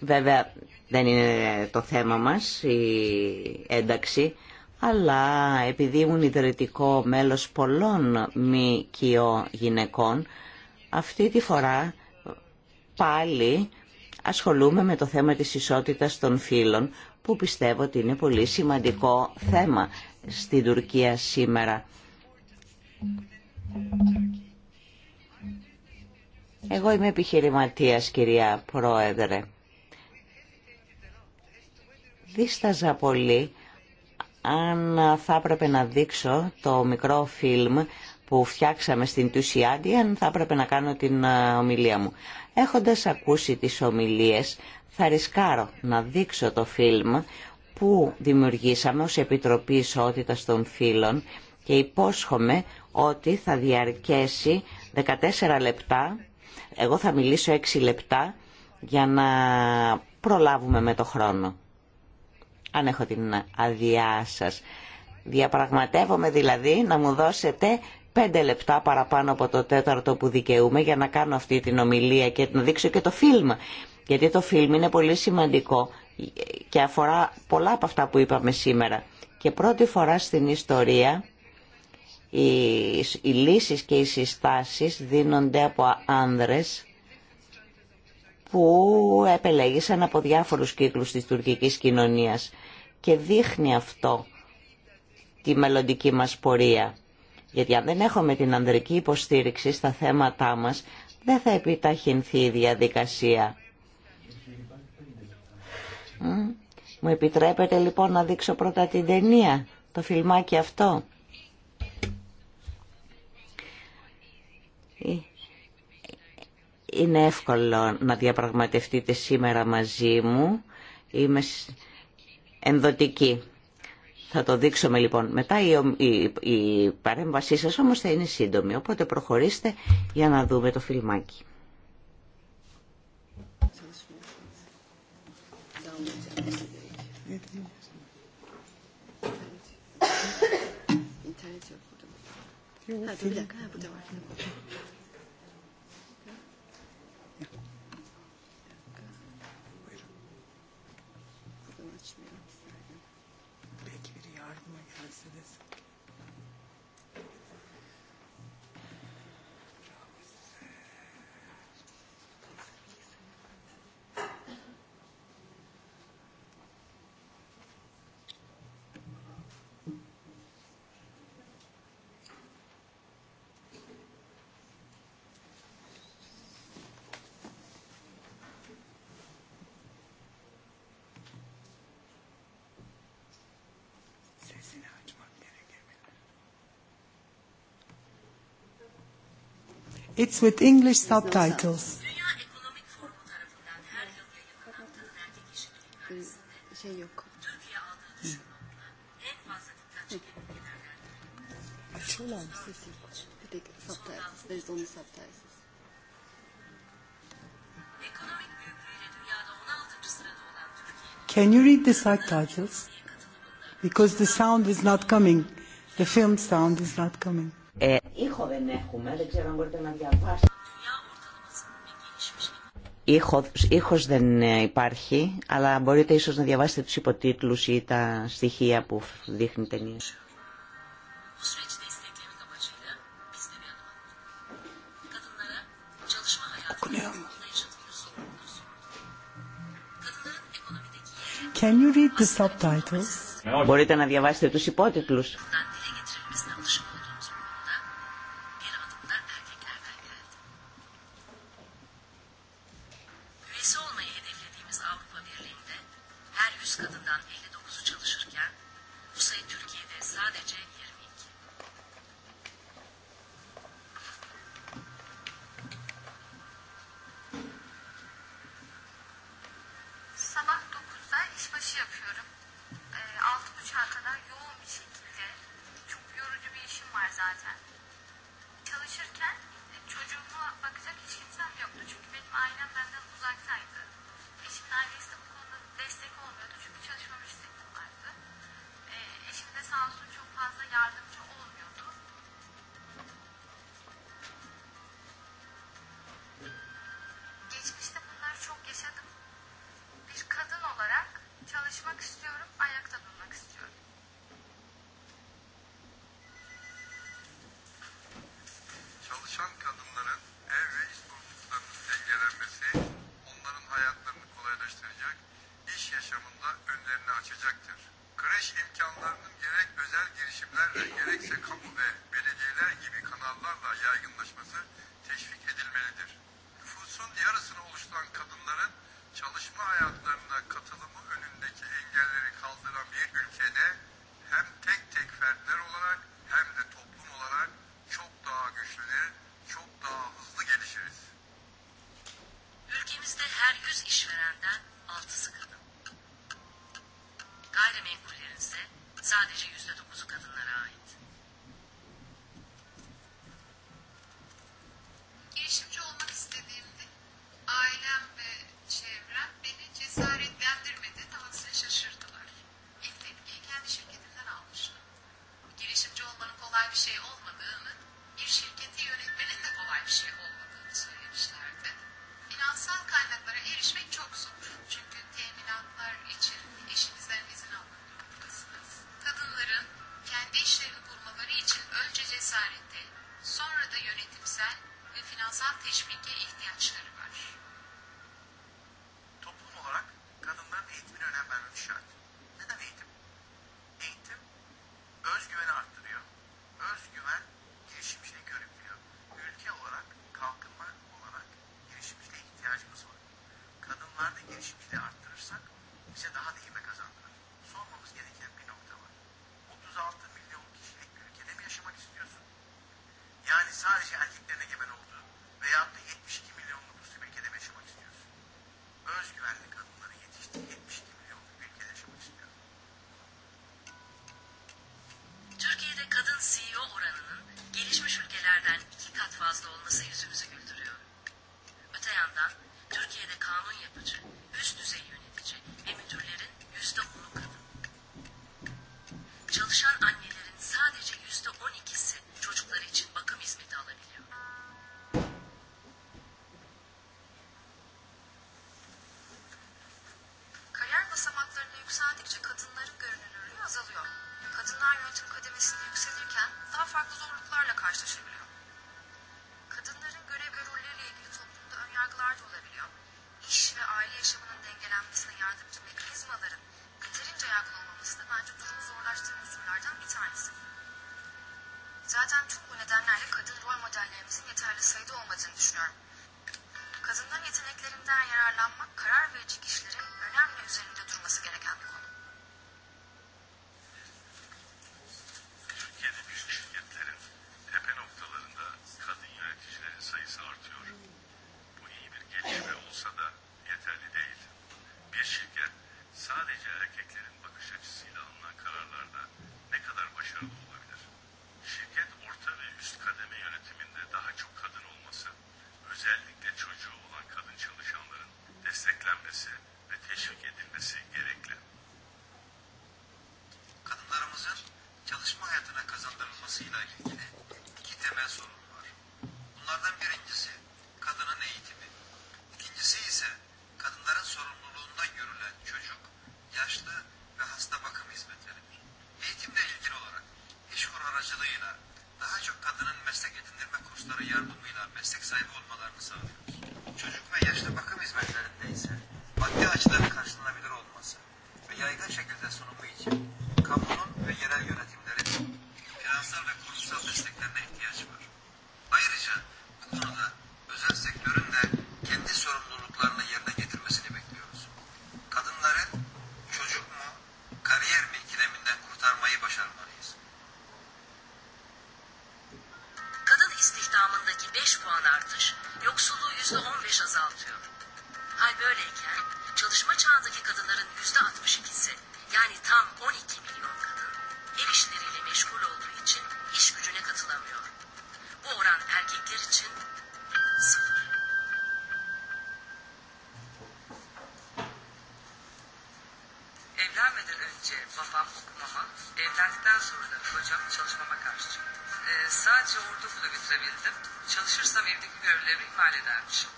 βέβαια δεν είναι το θέμα μας η ένταξη, αλλά επειδή ήμουν ιδρυτικό μέλος πολλών μη κοιό γυναικών, αυτή τη φορά πάλι ασχολούμαι με το θέμα της ισότητας των φύλων που πιστεύω ότι είναι πολύ σημαντικό θέμα στην Τουρκία σήμερα. Εγώ είμαι επιχειρηματίας κυρία Πρόεδρε. Δίσταζα πολύ αν θα έπρεπε να δείξω το μικρό φιλμ που φτιάξαμε στην Τουσιάντη αν θα έπρεπε να κάνω την ε, ομιλία μου. Έχοντας ακούσει τις ομιλίες θα ρισκάρω να δείξω το φιλμ που δημιουργήσαμε ως Επιτροπή Ισότητας των Φίλων... και υπόσχομαι ότι θα διαρκέσει 14 λεπτά, εγώ θα μιλήσω 6 λεπτά για να προλάβουμε με το χρόνο. Αν έχω την αδειά σας. Διαπραγματεύομαι δηλαδή να μου δώσετε πέντε λεπτά παραπάνω από το τέταρτο που δικαιούμαι για να κάνω αυτή την ομιλία και να δείξω και το φιλμ. Γιατί το φιλμ είναι πολύ σημαντικό και αφορά πολλά από αυτά που είπαμε σήμερα. Και πρώτη φορά στην ιστορία οι, οι λύσεις και οι συστάσεις δίνονται από άνδρες που επελέγησαν από διάφορους κύκλους της τουρκικής κοινωνίας και δείχνει αυτό τη μελλοντική μας πορεία. Γιατί αν δεν έχουμε την ανδρική υποστήριξη στα θέματά μας, δεν θα επιταχυνθεί η διαδικασία. Μου επιτρέπετε λοιπόν να δείξω πρώτα την ταινία, το φιλμάκι αυτό. Ε, είναι εύκολο να διαπραγματευτείτε σήμερα μαζί μου. Είμαι ενδοτική. Θα το δείξουμε λοιπόν. Μετά η, η, η παρέμβασή σας όμως θα είναι σύντομη, οπότε προχωρήστε για να δούμε το φιλμάκι. It's with English subtitles. Can you read the subtitles? Because the sound is not coming. The film sound is not coming. Ήχο δεν έχουμε, δεν ξέρω αν μπορείτε να διαβάσετε. Ήχος, ήχος δεν ε, υπάρχει, αλλά μπορείτε ίσως να διαβάσετε τους υποτίτλους ή τα στοιχεία που δείχνει η ταινία. Can you read the subtitles? Ε, μπορείτε να διαβάσετε τους υπότιτλους. Σαν καλό. vermeden önce babam okumama, evlendikten sonra da kocam çalışmama karşı çıktı. Ee, sadece ortaokulu bitirebildim. Çalışırsam evdeki görevleri ihmal edermişim.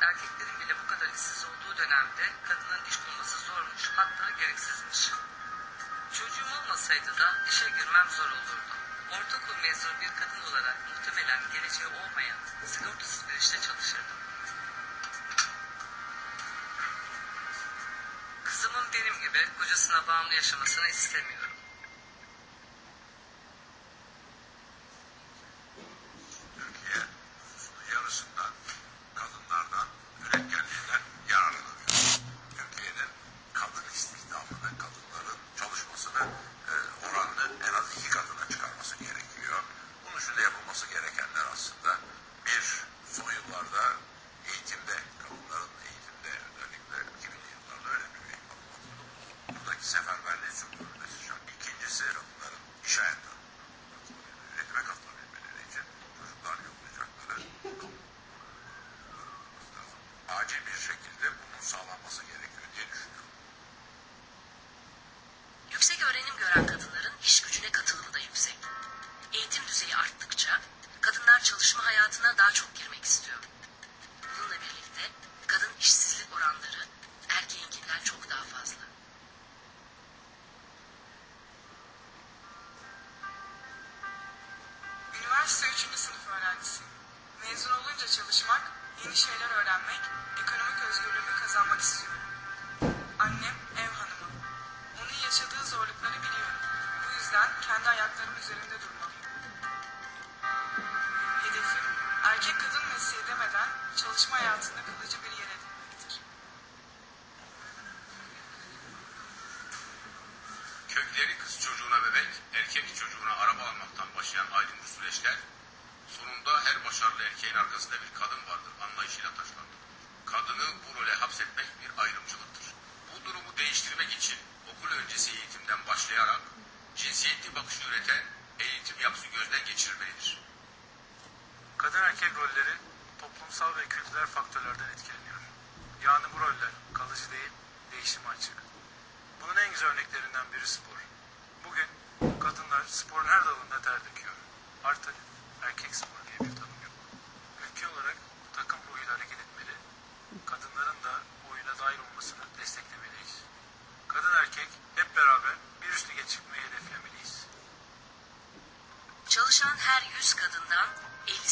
Erkeklerin bile bu kadar işsiz olduğu dönemde kadının iş bulması zormuş, hatta gereksizmiş. Çocuğum olmasaydı da işe girmem zor olurdu. Ortaokul mezunu bir kadın olarak muhtemelen geleceği olmayan, sigortasız bir işte çalışırdım. faydasına bağımlı yaşamasını istemiyor.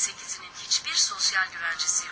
%8'inin hiçbir sosyal güvencesi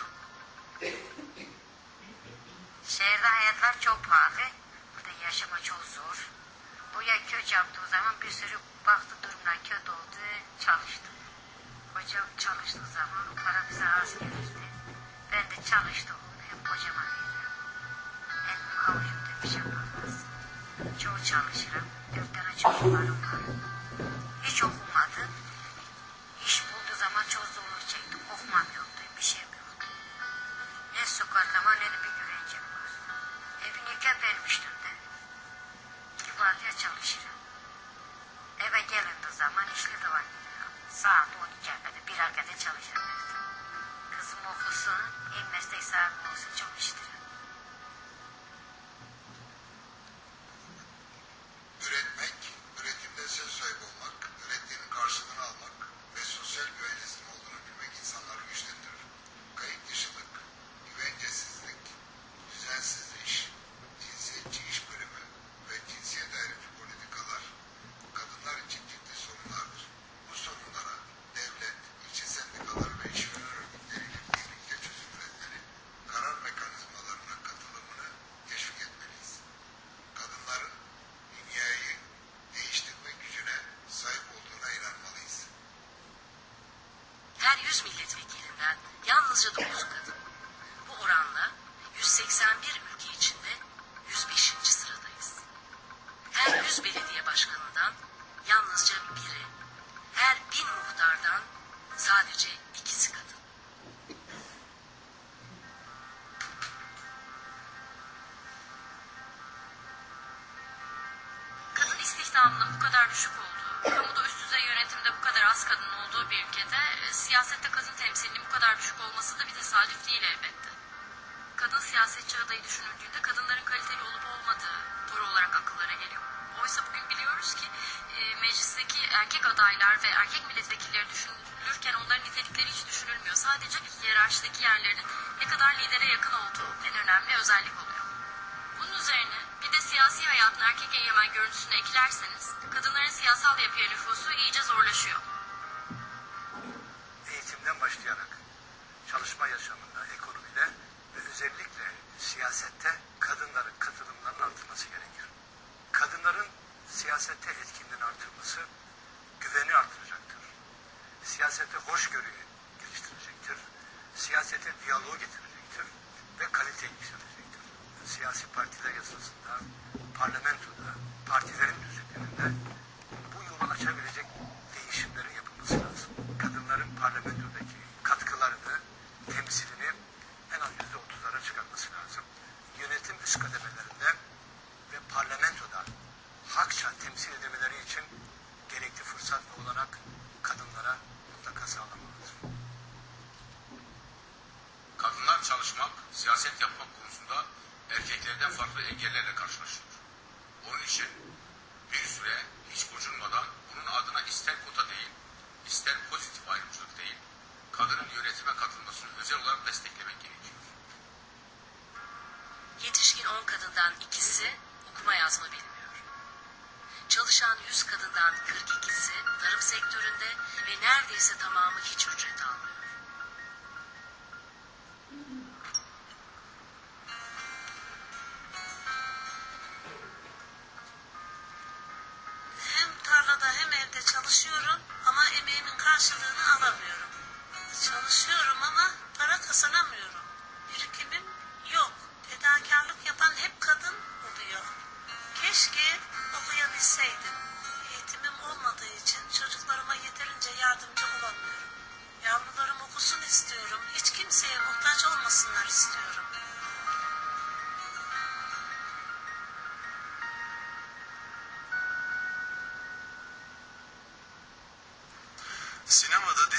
100 milletvekilinden yalnızca 9 kadın. Bu oranla 181 ülke içinde 105. sıradayız. Her 100 belediye başkanından yalnızca biri, her 1000 muhtardan sadece ikisi kadın. Kadın istihdamının bu kadar düşük olduğu, kamuda üst düzey yönetimde bu kadar az kadın olduğu bir ülkede siyasette kadın temsilinin bu kadar düşük olması da bir tesadüf değil elbette. Kadın siyasetçi adayı düşünüldüğünde kadınların kaliteli olup olmadığı doğru olarak akıllara geliyor. Oysa bugün biliyoruz ki e, meclisteki erkek adaylar ve erkek milletvekilleri düşünülürken onların nitelikleri hiç düşünülmüyor. Sadece hiyerarşideki yerlerin ne kadar lidere yakın olduğu en önemli özellik oluyor. Bunun üzerine bir de siyasi hayatın erkek egemen görüntüsünü eklerseniz kadınların siyasal yapıya nüfusu iyice zorlaşıyor başlayarak çalışma yaşamında, ekonomide ve özellikle siyasette kadınların katılımlarının artırılması gerekir. Kadınların siyasette etkinliğinin artırılması güveni artıracaktır. Siyasete hoşgörüyü geliştirecektir. Siyasete diyaloğu getirecektir ve kalite yükselecektir. Siyasi partiler yasasında, parlamentoda, partilerin düzenlerinde bu yolu açabilecektir.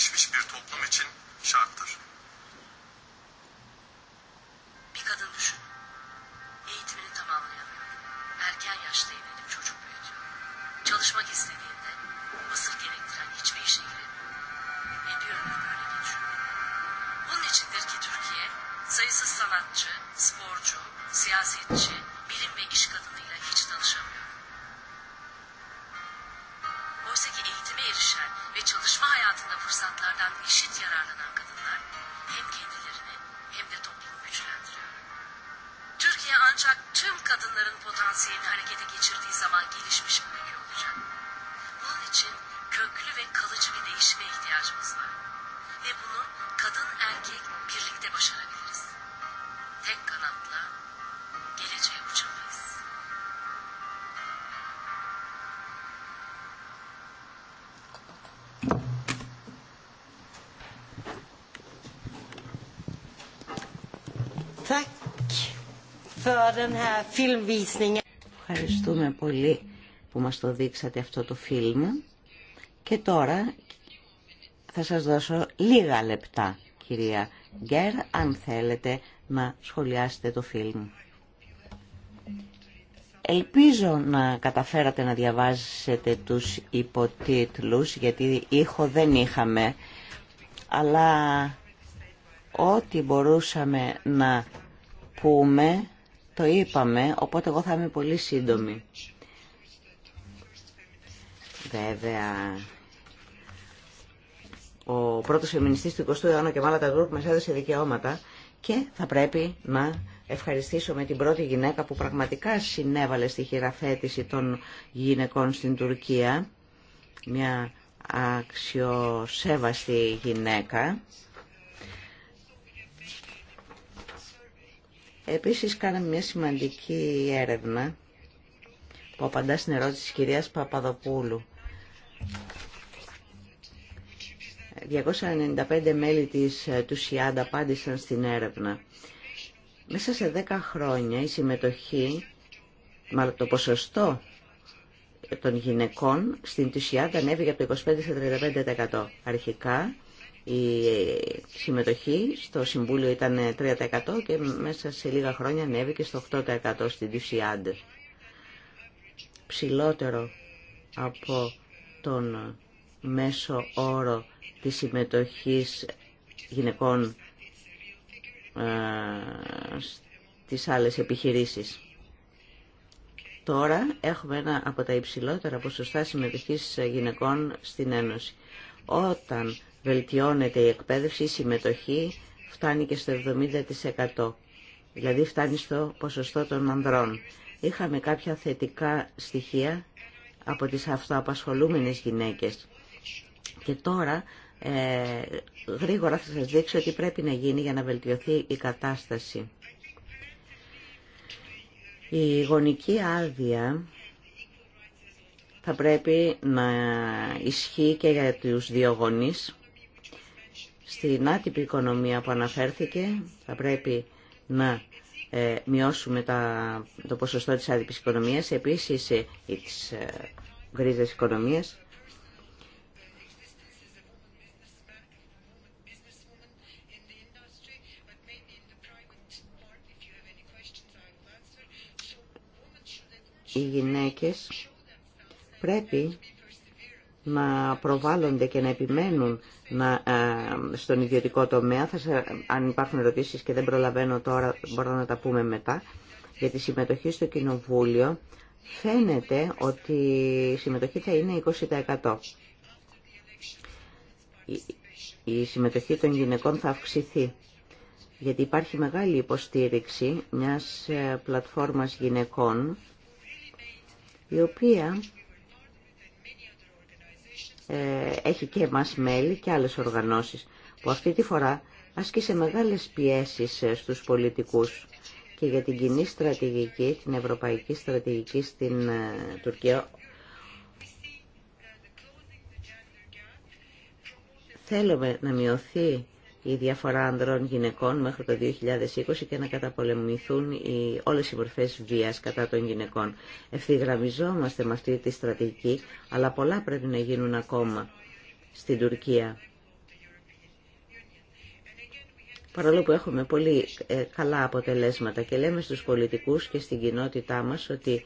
gelişmiş bir toplum için Ευχαριστούμε πολύ που μας το δείξατε αυτό το φιλμ. Και τώρα θα σας δώσω λίγα λεπτά, κυρία Γκέρ, αν θέλετε να σχολιάσετε το φιλμ. Ελπίζω να καταφέρατε να διαβάζετε τους υποτίτλους, γιατί ήχο δεν είχαμε, αλλά ό,τι μπορούσαμε να πούμε το είπαμε, οπότε εγώ θα είμαι πολύ σύντομη. Βέβαια, ο πρώτος φεμινιστής του 20ου αιώνα και μάλλον τα γκρουπ μας έδωσε δικαιώματα και θα πρέπει να ευχαριστήσω με την πρώτη γυναίκα που πραγματικά συνέβαλε στη χειραφέτηση των γυναικών στην Τουρκία, μια αξιοσέβαστη γυναίκα Επίσης κάναμε μια σημαντική έρευνα που απαντά στην ερώτηση της κυρίας Παπαδοπούλου. 295 μέλη της, ε, του ΣΙΑΝΤΑ απάντησαν στην έρευνα. Μέσα σε 10 χρόνια η συμμετοχή, μάλλον το ποσοστό των γυναικών στην Τουσιάντα ανέβηκε από το 25% σε 35%. Αρχικά η συμμετοχή στο Συμβούλιο ήταν 3% και μέσα σε λίγα χρόνια ανέβηκε στο 8% στην DCAD. Ψηλότερο από τον μέσο όρο της συμμετοχής γυναικών ε, στις άλλες επιχειρήσεις. Τώρα έχουμε ένα από τα υψηλότερα ποσοστά συμμετοχής γυναικών στην Ένωση. Όταν βελτιώνεται η εκπαίδευση, η συμμετοχή φτάνει και στο 70%. Δηλαδή φτάνει στο ποσοστό των ανδρών. Είχαμε κάποια θετικά στοιχεία από τις αυτοαπασχολούμενες γυναίκες. Και τώρα ε, γρήγορα θα σας δείξω τι πρέπει να γίνει για να βελτιωθεί η κατάσταση. Η γονική άδεια θα πρέπει να ισχύει και για τους δύο γονείς στην άτυπη οικονομία που αναφέρθηκε θα πρέπει να ε, μειώσουμε το ποσοστό της άτυπης οικονομίας, επίσης ε, της ε, οικονομίας. Οι γυναίκες πρέπει να προβάλλονται και να επιμένουν ε, στον ιδιωτικό τομέα. Θα, αν υπάρχουν ερωτήσεις και δεν προλαβαίνω τώρα, μπορώ να τα πούμε μετά. Για τη συμμετοχή στο Κοινοβούλιο φαίνεται ότι η συμμετοχή θα είναι 20%. Η, η συμμετοχή των γυναικών θα αυξηθεί γιατί υπάρχει μεγάλη υποστήριξη μιας ε, πλατφόρμας γυναικών η οποία ε, έχει και εμάς μέλη και άλλες οργανώσεις που αυτή τη φορά σε μεγάλες πιέσεις ε, στους πολιτικούς και για την κοινή στρατηγική, την ευρωπαϊκή στρατηγική στην ε, Τουρκία. Θέλουμε να μειωθεί η διαφορά ανδρών γυναικών μέχρι το 2020 και να καταπολεμηθούν οι, όλες οι μορφές βίας κατά των γυναικών. Ευθυγραμμιζόμαστε με αυτή τη στρατηγική, αλλά πολλά πρέπει να γίνουν ακόμα στην Τουρκία. Παρόλο που έχουμε πολύ ε, καλά αποτελέσματα και λέμε στους πολιτικούς και στην κοινότητά μας ότι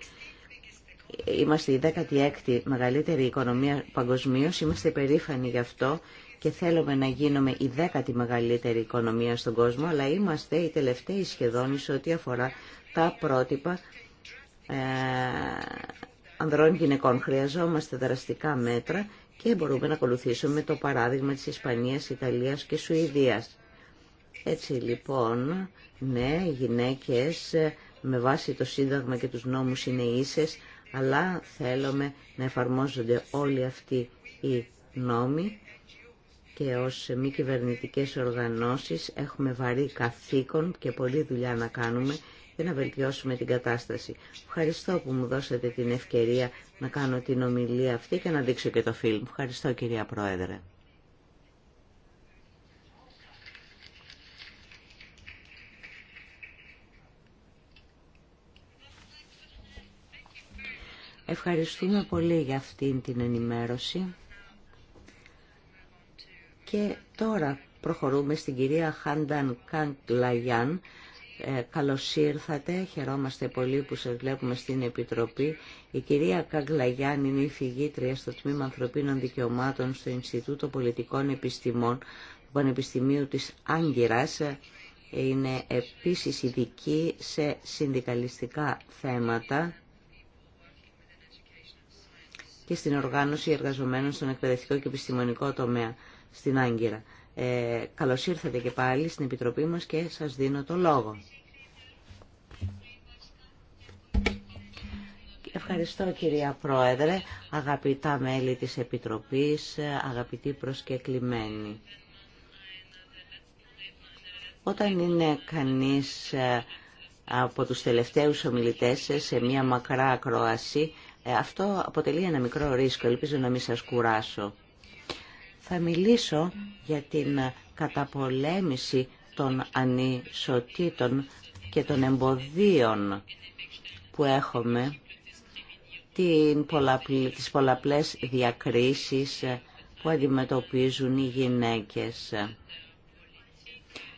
είμαστε η 16η μεγαλύτερη οικονομία παγκοσμίω, είμαστε περήφανοι γι' αυτό και θέλουμε να γίνουμε η δέκατη μεγαλύτερη οικονομία στον κόσμο, αλλά είμαστε οι τελευταίοι σχεδόν σε ό,τι αφορά τα πρότυπα ε, ανδρών γυναικών. Χρειαζόμαστε δραστικά μέτρα και μπορούμε να ακολουθήσουμε το παράδειγμα της Ισπανίας, Ιταλίας και Σουηδίας. Έτσι λοιπόν, ναι, οι γυναίκες ε, με βάση το Σύνταγμα και τους νόμους είναι ίσες, αλλά θέλουμε να εφαρμόζονται όλοι αυτοί οι νόμοι και ως μη κυβερνητικέ οργανώσεις έχουμε βαρύ καθήκον και πολλή δουλειά να κάνουμε για να βελτιώσουμε την κατάσταση. Ευχαριστώ που μου δώσατε την ευκαιρία να κάνω την ομιλία αυτή και να δείξω και το φιλμ. Ευχαριστώ κυρία Πρόεδρε. Ευχαριστούμε πολύ για αυτήν την ενημέρωση. Και τώρα προχωρούμε στην κυρία Χάνταν Κανκλαγιάν. Ε, καλώς ήρθατε, χαιρόμαστε πολύ που σας βλέπουμε στην Επιτροπή. Η κυρία Καγκλαγιάν είναι η φυγήτρια στο Τμήμα Ανθρωπίνων Δικαιωμάτων στο Ινστιτούτο Πολιτικών Επιστημών του Πανεπιστημίου της Άγκυρας. Ε, είναι επίσης ειδική σε συνδικαλιστικά θέματα και στην οργάνωση εργαζομένων στον εκπαιδευτικό και επιστημονικό τομέα στην Άγκυρα. Ε, καλώς ήρθατε και πάλι στην Επιτροπή μας και σας δίνω το λόγο. Ευχαριστώ κυρία Πρόεδρε, αγαπητά μέλη της Επιτροπής, αγαπητοί προσκεκλημένοι. Όταν είναι κανείς ε, από τους τελευταίους ομιλητές σε μια μακρά ακρόαση, ε, αυτό αποτελεί ένα μικρό ρίσκο, ελπίζω να μην σας κουράσω θα μιλήσω για την καταπολέμηση των ανισοτήτων και των εμποδίων που έχουμε, την πολλαπλή, τις πολλαπλές διακρίσεις που αντιμετωπίζουν οι γυναίκες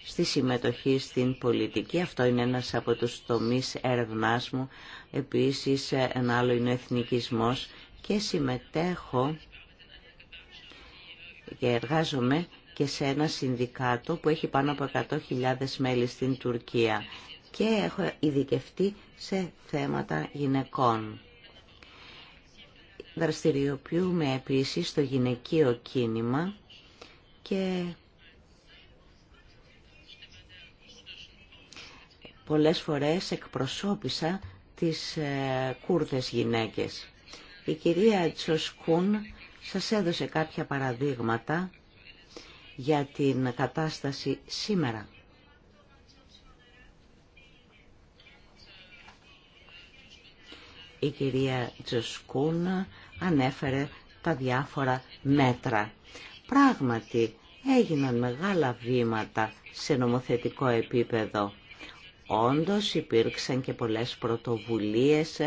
στη συμμετοχή στην πολιτική. Αυτό είναι ένας από τους τομείς έρευνάς μου. Επίσης, ένα άλλο είναι ο εθνικισμός και συμμετέχω και εργάζομαι και σε ένα συνδικάτο που έχει πάνω από 100.000 μέλη στην Τουρκία και έχω ειδικευτεί σε θέματα γυναικών. Δραστηριοποιούμε επίσης το γυναικείο κίνημα και πολλές φορές εκπροσώπησα τις ε, Κούρδες γυναίκες. Η κυρία Τσοσκούν σας έδωσε κάποια παραδείγματα για την κατάσταση σήμερα. Η κυρία Τζοσκούν ανέφερε τα διάφορα μέτρα. Πράγματι, έγιναν μεγάλα βήματα σε νομοθετικό επίπεδο. Όντως υπήρξαν και πολλές πρωτοβουλίες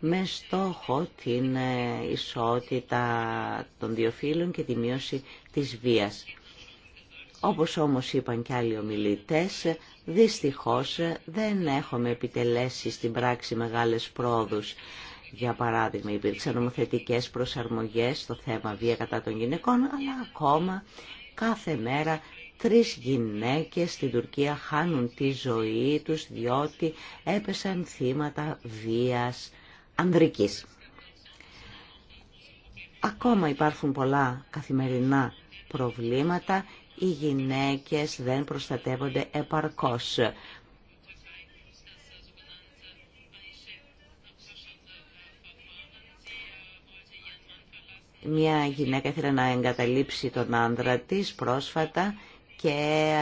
με στόχο την ε, ισότητα των δύο φύλων και τη μείωση της βίας. Όπως όμως είπαν και άλλοι ομιλητές, δυστυχώς δεν έχουμε επιτελέσει στην πράξη μεγάλες πρόοδους. Για παράδειγμα, υπήρξαν νομοθετικές προσαρμογές στο θέμα βία κατά των γυναικών, αλλά ακόμα κάθε μέρα τρεις γυναίκες στην Τουρκία χάνουν τη ζωή τους διότι έπεσαν θύματα βίας ανδρικής. Ακόμα υπάρχουν πολλά καθημερινά προβλήματα. Οι γυναίκες δεν προστατεύονται επαρκώς. Μια γυναίκα ήθελε να εγκαταλείψει τον άνδρα της πρόσφατα και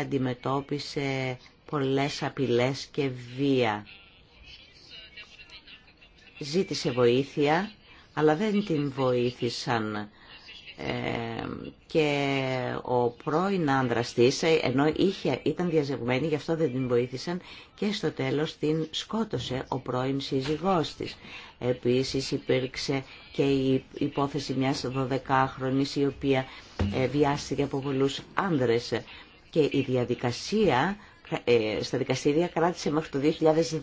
αντιμετώπισε πολλές απειλές και βία ζήτησε βοήθεια, αλλά δεν την βοήθησαν. Ε, και ο πρώην άνδρας της, ε, ενώ είχε, ήταν διαζευμένη, γι' αυτό δεν την βοήθησαν, και στο τέλος την σκότωσε ο πρώην σύζυγός της. Επίσης υπήρξε και η υπόθεση μιας 12χρονης η οποία ε, βιάστηκε από πολλούς άνδρες και η διαδικασία ε, στα δικαστήρια κράτησε μέχρι το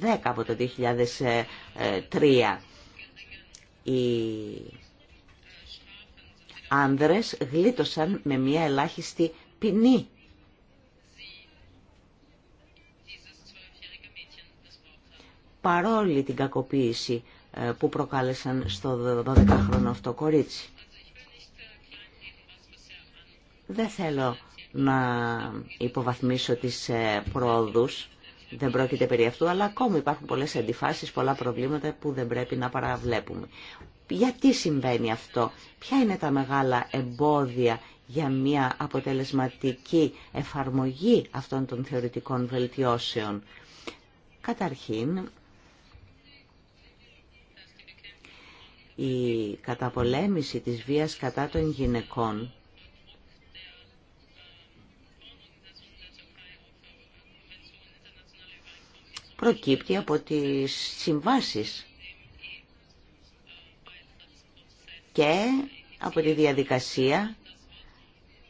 2010 από το 2003. Οι άνδρες γλίτωσαν με μια ελάχιστη ποινή. Παρόλη την κακοποίηση ε, που προκάλεσαν στο 12χρονο αυτό κορίτσι. Δεν θέλω να υποβαθμίσω τις ε, πρόοδους. Δεν πρόκειται περί αυτού, αλλά ακόμη υπάρχουν πολλές αντιφάσεις, πολλά προβλήματα που δεν πρέπει να παραβλέπουμε. Γιατί συμβαίνει αυτό, ποια είναι τα μεγάλα εμπόδια για μια αποτελεσματική εφαρμογή αυτών των θεωρητικών βελτιώσεων. Καταρχήν, η καταπολέμηση της βίας κατά των γυναικών προκύπτει από τις συμβάσεις και από τη διαδικασία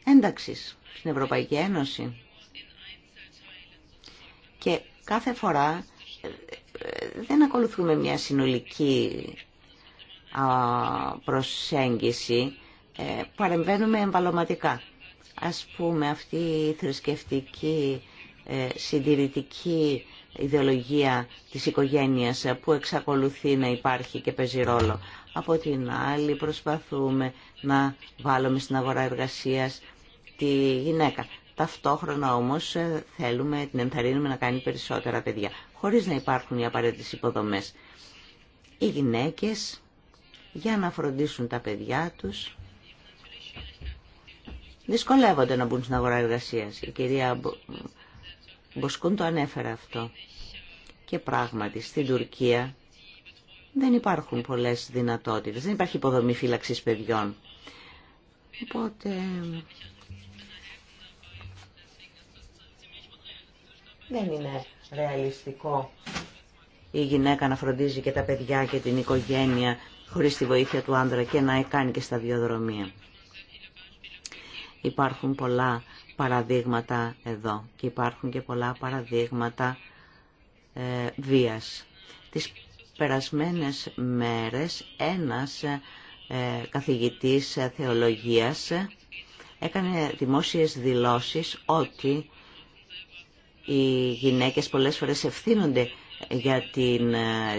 ένταξης στην Ευρωπαϊκή Ένωση. Και κάθε φορά ε, δεν ακολουθούμε μια συνολική προσέγγιση, ε, παρεμβαίνουμε εμβαλωματικά. Ας πούμε αυτή η θρησκευτική ε, συντηρητική ιδεολογία της οικογένειας που εξακολουθεί να υπάρχει και παίζει ρόλο. Από την άλλη προσπαθούμε να βάλουμε στην αγορά εργασίας τη γυναίκα. Ταυτόχρονα όμως ε, θέλουμε, την ενθαρρύνουμε να κάνει περισσότερα παιδιά, χωρίς να υπάρχουν οι απαραίτητες υποδομές. Οι γυναίκες για να φροντίσουν τα παιδιά τους δυσκολεύονται να μπουν στην αγορά εργασίας. Η Μποσκούν το ανέφερε αυτό. Και πράγματι, στην Τουρκία δεν υπάρχουν πολλές δυνατότητες. Δεν υπάρχει υποδομή φύλαξης παιδιών. Οπότε... Δεν είναι ρεαλιστικό η γυναίκα να φροντίζει και τα παιδιά και την οικογένεια χωρίς τη βοήθεια του άντρα και να κάνει και σταδιοδρομία. Υπάρχουν πολλά παραδείγματα εδώ και υπάρχουν και πολλά παραδείγματα ε, βίας. Τις περασμένες μέρες ένας ε, καθηγητής ε, θεολογίας έκανε δημόσιες δηλώσεις ότι οι γυναίκες πολλές φορές ευθύνονται για, την,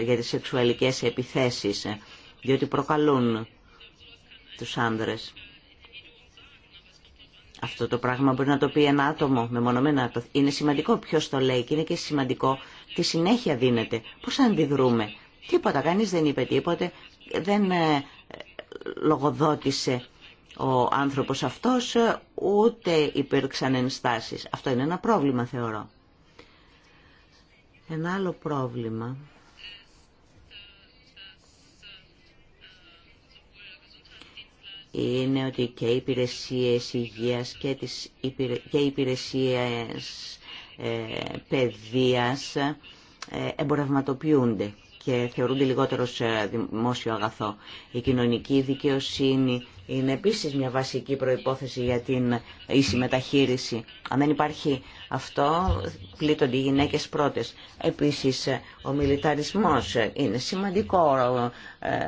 για τις σεξουαλικές επιθέσεις, διότι προκαλούν τους άνδρες. Αυτό το πράγμα μπορεί να το πει ένα άτομο με μεμονωμένα. Είναι σημαντικό ποιο το λέει και είναι και σημαντικό τι συνέχεια δίνεται. Πώ αντιδρούμε. Τίποτα. Κανεί δεν είπε τίποτε. Δεν ε, λογοδότησε ο άνθρωπος αυτός ε, ούτε υπήρξαν ενστάσεις. Αυτό είναι ένα πρόβλημα θεωρώ. Ένα άλλο πρόβλημα είναι ότι και οι υπηρεσίες υγείας και, τις και οι υπηρεσίες ε, παιδείας ε, εμπορευματοποιούνται και θεωρούνται λιγότερο δημόσιο αγαθό. Η κοινωνική δικαιοσύνη είναι επίσης μια βασική προϋπόθεση για την ίση μεταχείριση. Αν δεν υπάρχει αυτό, πλήττονται οι γυναίκες πρώτες. Επίσης, ο μιλιταρισμός είναι σημαντικό ε,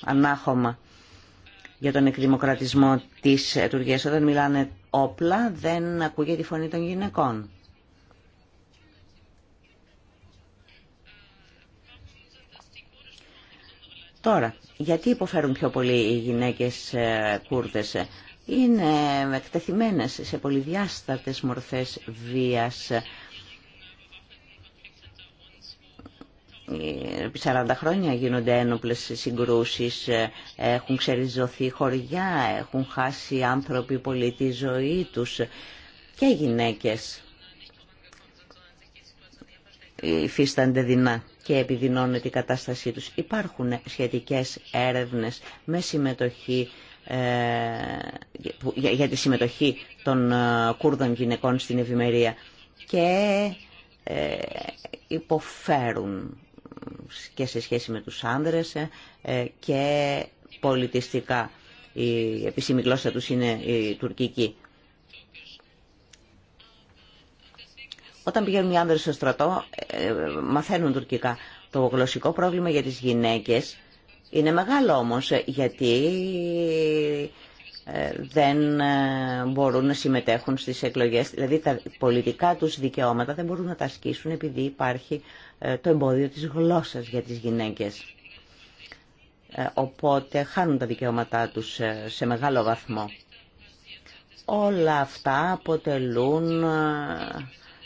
ανάχωμα για τον εκδημοκρατισμό της Τουρκίας. Όταν μιλάνε όπλα δεν ακούγεται τη φωνή των γυναικών. Τώρα, γιατί υποφέρουν πιο πολύ οι γυναίκες ε, Κούρδες. Είναι εκτεθειμένες σε πολυδιάστατες μορφές βίας Επί 40 χρόνια γίνονται ένοπλες συγκρούσεις, έχουν ξεριζωθεί χωριά, έχουν χάσει άνθρωποι πολύ τη ζωή τους και γυναίκες υφίστανται δεινά και επιδεινώνεται η κατάστασή τους. Υπάρχουν σχετικές έρευνες με συμμετοχή ε, για τη συμμετοχή των ε, Κούρδων γυναικών στην ευημερία και ε, υποφέρουν και σε σχέση με τους άνδρες ε, ε, και πολιτιστικά. Η επίσημη γλώσσα τους είναι η τουρκική. Όταν πηγαίνουν οι άνδρες στο στρατό, ε, μαθαίνουν τουρκικά. Το γλωσσικό πρόβλημα για τις γυναίκες είναι μεγάλο όμως, γιατί δεν μπορούν να συμμετέχουν στις εκλογές. Δηλαδή τα πολιτικά τους δικαιώματα δεν μπορούν να τα ασκήσουν επειδή υπάρχει ε, το εμπόδιο της γλώσσας για τις γυναίκες. Ε, οπότε χάνουν τα δικαιώματά τους ε, σε μεγάλο βαθμό. Όλα αυτά αποτελούν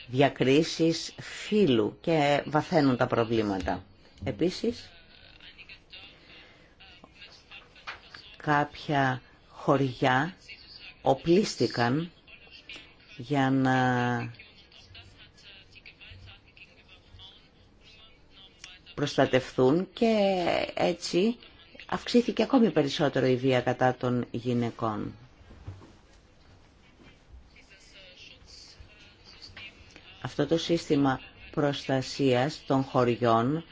διακρίσεις φύλου και βαθαίνουν τα προβλήματα. Επίσης, κάποια χωριά οπλίστηκαν για να προστατευθούν και έτσι αυξήθηκε ακόμη περισσότερο η βία κατά των γυναικών. Αυτό το σύστημα προστασίας των χωριών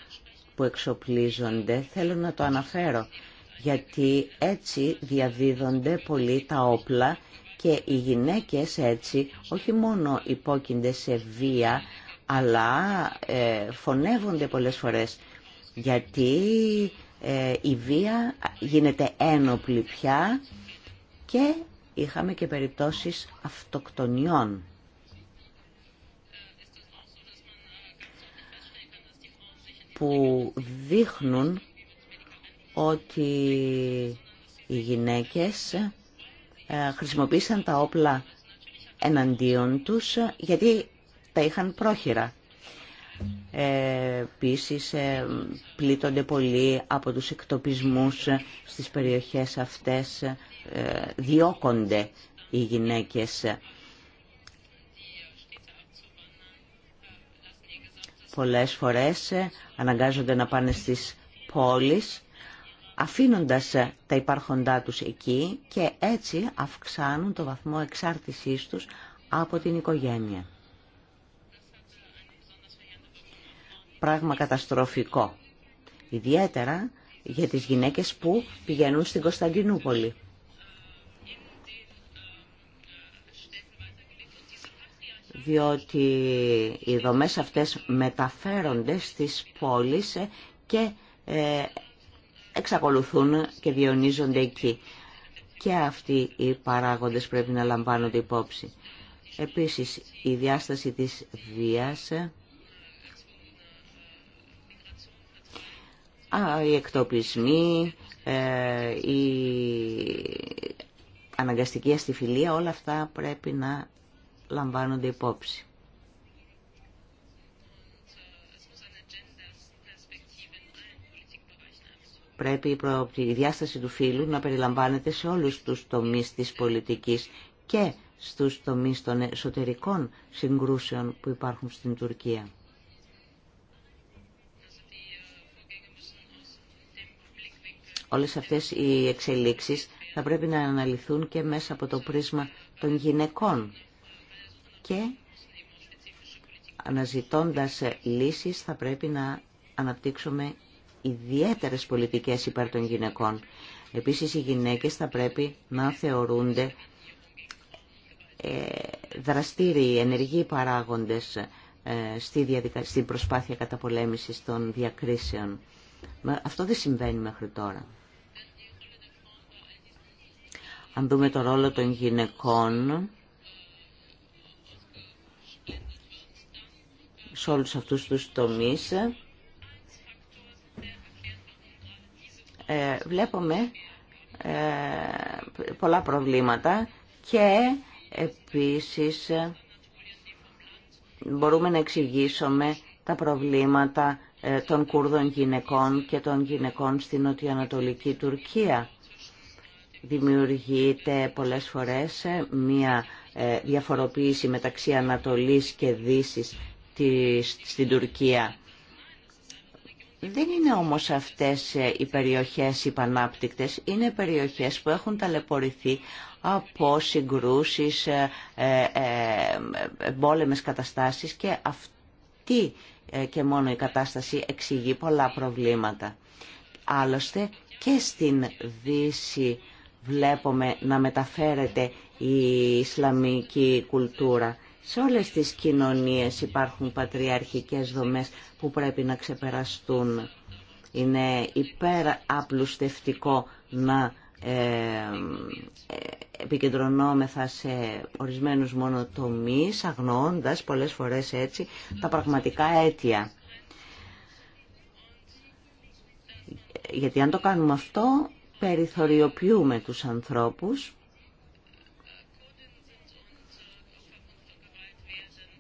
που εξοπλίζονται θέλω να το αναφέρω γιατί έτσι διαδίδονται πολύ τα όπλα και οι γυναίκες έτσι όχι μόνο υπόκεινται σε βία αλλά ε, φωνεύονται πολλές φορές γιατί ε, η βία γίνεται ένοπλη πια και είχαμε και περιπτώσεις αυτοκτονιών. που δείχνουν ότι οι γυναίκες ε, χρησιμοποίησαν τα όπλα εναντίον τους γιατί τα είχαν πρόχειρα. Ε, Επίση ε, πλήττονται πολύ από τους εκτοπισμούς στις περιοχές αυτές, ε, διώκονται οι γυναίκες. Πολλές φορές ε, αναγκάζονται να πάνε στις πόλεις, αφήνοντας τα υπάρχοντά τους εκεί και έτσι αυξάνουν το βαθμό εξάρτησής τους από την οικογένεια. πράγμα καταστροφικό. Ιδιαίτερα για τις γυναίκες που πηγαίνουν στην Κωνσταντινούπολη. διότι οι δομές αυτές μεταφέρονται στις πόλεις ε, και ε, εξακολουθούν και διονίζονται εκεί. Και αυτοί οι παράγοντες πρέπει να λαμβάνονται υπόψη. Επίσης, η διάσταση της βίας ε, Α, οι εκτοπισμοί, ε, η αναγκαστική αστιφιλία, όλα αυτά πρέπει να λαμβάνονται υπόψη. Πρέπει η διάσταση του φύλου να περιλαμβάνεται σε όλους τους τομείς της πολιτικής και στους τομείς των εσωτερικών συγκρούσεων που υπάρχουν στην Τουρκία. Όλες αυτές οι εξελίξεις θα πρέπει να αναλυθούν και μέσα από το πρίσμα των γυναικών και αναζητώντας λύσεις θα πρέπει να αναπτύξουμε ιδιαίτερες πολιτικές υπέρ των γυναικών. Επίσης οι γυναίκες θα πρέπει να θεωρούνται ε, δραστήριοι, ενεργοί παράγοντες ε, στη διαδικα... στην προσπάθεια καταπολέμησης των διακρίσεων. Αυτό δεν συμβαίνει μέχρι τώρα. Αν δούμε το ρόλο των γυναικών σε όλους αυτούς τους τομείς, ε, βλέπουμε ε, πολλά προβλήματα και επίσης μπορούμε να εξηγήσουμε τα προβλήματα ε, των Κούρδων γυναικών και των γυναικών στην νοτιοανατολική Τουρκία δημιουργείται πολλές φορές ε, μία ε, διαφοροποίηση μεταξύ Ανατολής και Δύσης στην Τουρκία. Δεν είναι όμως αυτές ε, οι περιοχές υπανάπτυκτες, είναι περιοχές που έχουν ταλαιπωρηθεί από συγκρούσεις, πόλεμες καταστάσεις και αυτή και μόνο η κατάσταση εξηγεί πολλά προβλήματα. Άλλωστε και στην Δύση βλέπουμε να μεταφέρεται η Ισλαμική κουλτούρα. Σε όλες τις κοινωνίες υπάρχουν πατριαρχικές δομές που πρέπει να ξεπεραστούν. Είναι υπεραπλουστευτικό να ε, ε επικεντρωνόμεθα σε ορισμένους μονοτομείς, αγνοώντας πολλές φορές έτσι τα πραγματικά αίτια. Γιατί αν το κάνουμε αυτό περιθωριοποιούμε τους ανθρώπους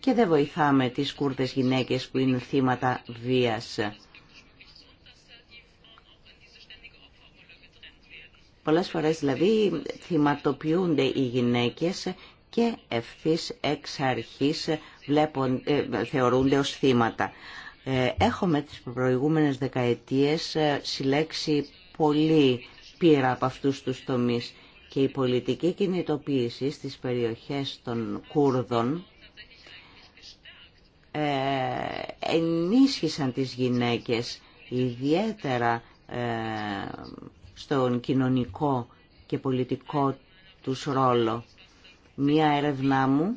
και δεν βοηθάμε τις κούρτες γυναίκες που είναι θύματα βίας. Πολλές φορές δηλαδή θυματοποιούνται οι γυναίκες και ευθύς εξ αρχής ε, θεωρούνται ως θύματα. Ε, έχουμε τις προηγούμενες δεκαετίες ε, συλλέξει πολύ Πήρα από αυτούς τους τομείς και η πολιτική κινητοποίηση στις περιοχές των Κούρδων ε, ενίσχυσαν τις γυναίκες ιδιαίτερα ε, στον κοινωνικό και πολιτικό τους ρόλο. Μία έρευνά μου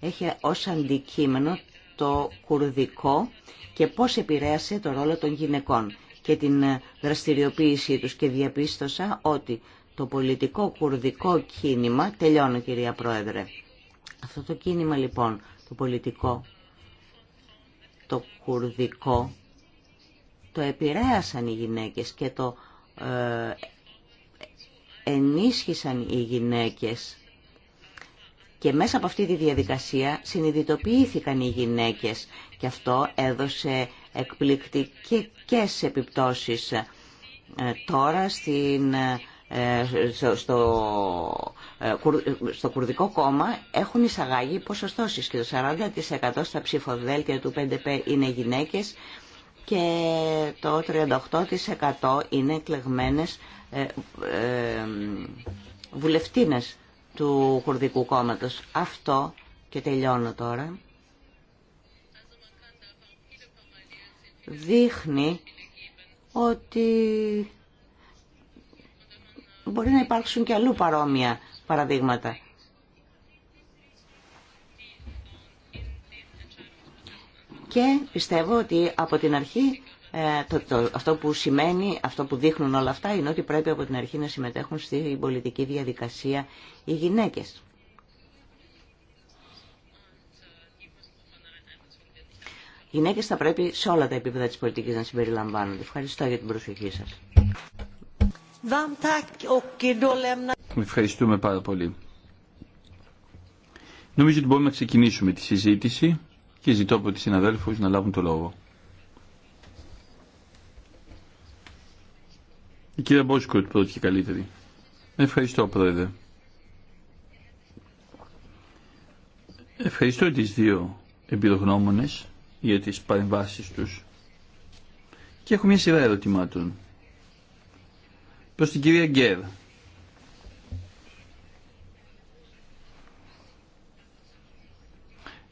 έχει ως αντικείμενο το κουρδικό και πώς επηρέασε το ρόλο των γυναικών και την ε, δραστηριοποίησή τους και διαπίστωσα ότι το πολιτικό κουρδικό κίνημα, τελειώνω κυρία Πρόεδρε, αυτό το κίνημα λοιπόν, το πολιτικό, το κουρδικό, το επηρέασαν οι γυναίκες και το ε, ενίσχυσαν οι γυναίκες και μέσα από αυτή τη διαδικασία συνειδητοποιήθηκαν οι γυναίκες και αυτό έδωσε εκπληκτικές επιπτώσεις ε, τώρα στην, ε, στο, ε, στο Κουρδικό Κόμμα έχουν εισαγάγει ποσοστώσεις και το 40% στα ψηφοδέλτια του 5P είναι γυναίκες και το 38% είναι εκλεγμένες ε, βουλευτίνες του Κουρδικού Κόμματος. Αυτό και τελειώνω τώρα δείχνει ότι μπορεί να υπάρξουν και αλλού παρόμοια παραδείγματα. Και πιστεύω ότι από την αρχή ε, το, αυτό που σημαίνει, αυτό που δείχνουν όλα αυτά είναι ότι πρέπει από την αρχή να συμμετέχουν στην πολιτική διαδικασία οι γυναίκες. γυναίκες θα πρέπει σε όλα τα επίπεδα της πολιτικής να συμπεριλαμβάνονται. Ευχαριστώ για την προσοχή σας. Ευχαριστούμε πάρα πολύ. Νομίζω ότι μπορούμε να ξεκινήσουμε τη συζήτηση και ζητώ από τις συναδέλφους να λάβουν το λόγο. Η κυρία Μπόσκοτ πρώτη και καλύτερη. Ευχαριστώ πρόεδρε. Ευχαριστώ τις δύο εμπειρογνώμονες για τις παρεμβάσεις τους. Και έχω μια σειρά ερωτημάτων. Προς την κυρία Γκέρ.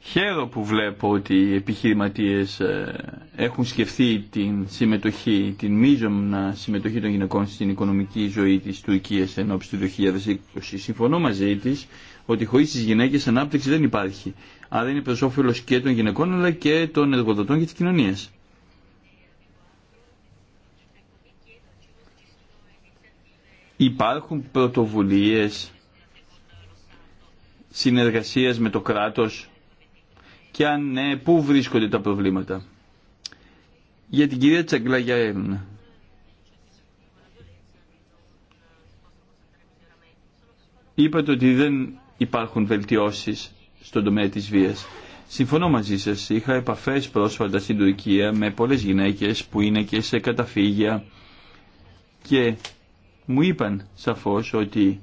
Χαίρο που βλέπω ότι οι επιχειρηματίες ε, έχουν σκεφτεί την συμμετοχή, την μείζωνα συμμετοχή των γυναικών στην οικονομική ζωή της Τουρκίας ενώπιση του 2020. Συμφωνώ μαζί της ότι χωρί τις γυναίκε ανάπτυξη δεν υπάρχει. Άρα είναι προς και των γυναικών αλλά και των εργοδοτών και τη κοινωνία. Υπάρχουν πρωτοβουλίε συνεργασία με το κράτο. και αν ναι, πού βρίσκονται τα προβλήματα. Για την κυρία Τσαγκλάγια έρευνα. Είπατε ότι δεν υπάρχουν βελτιώσεις στον τομέα της βίας. Συμφωνώ μαζί σας, είχα επαφές πρόσφατα στην Τουρκία με πολλές γυναίκες που είναι και σε καταφύγια και μου είπαν σαφώς ότι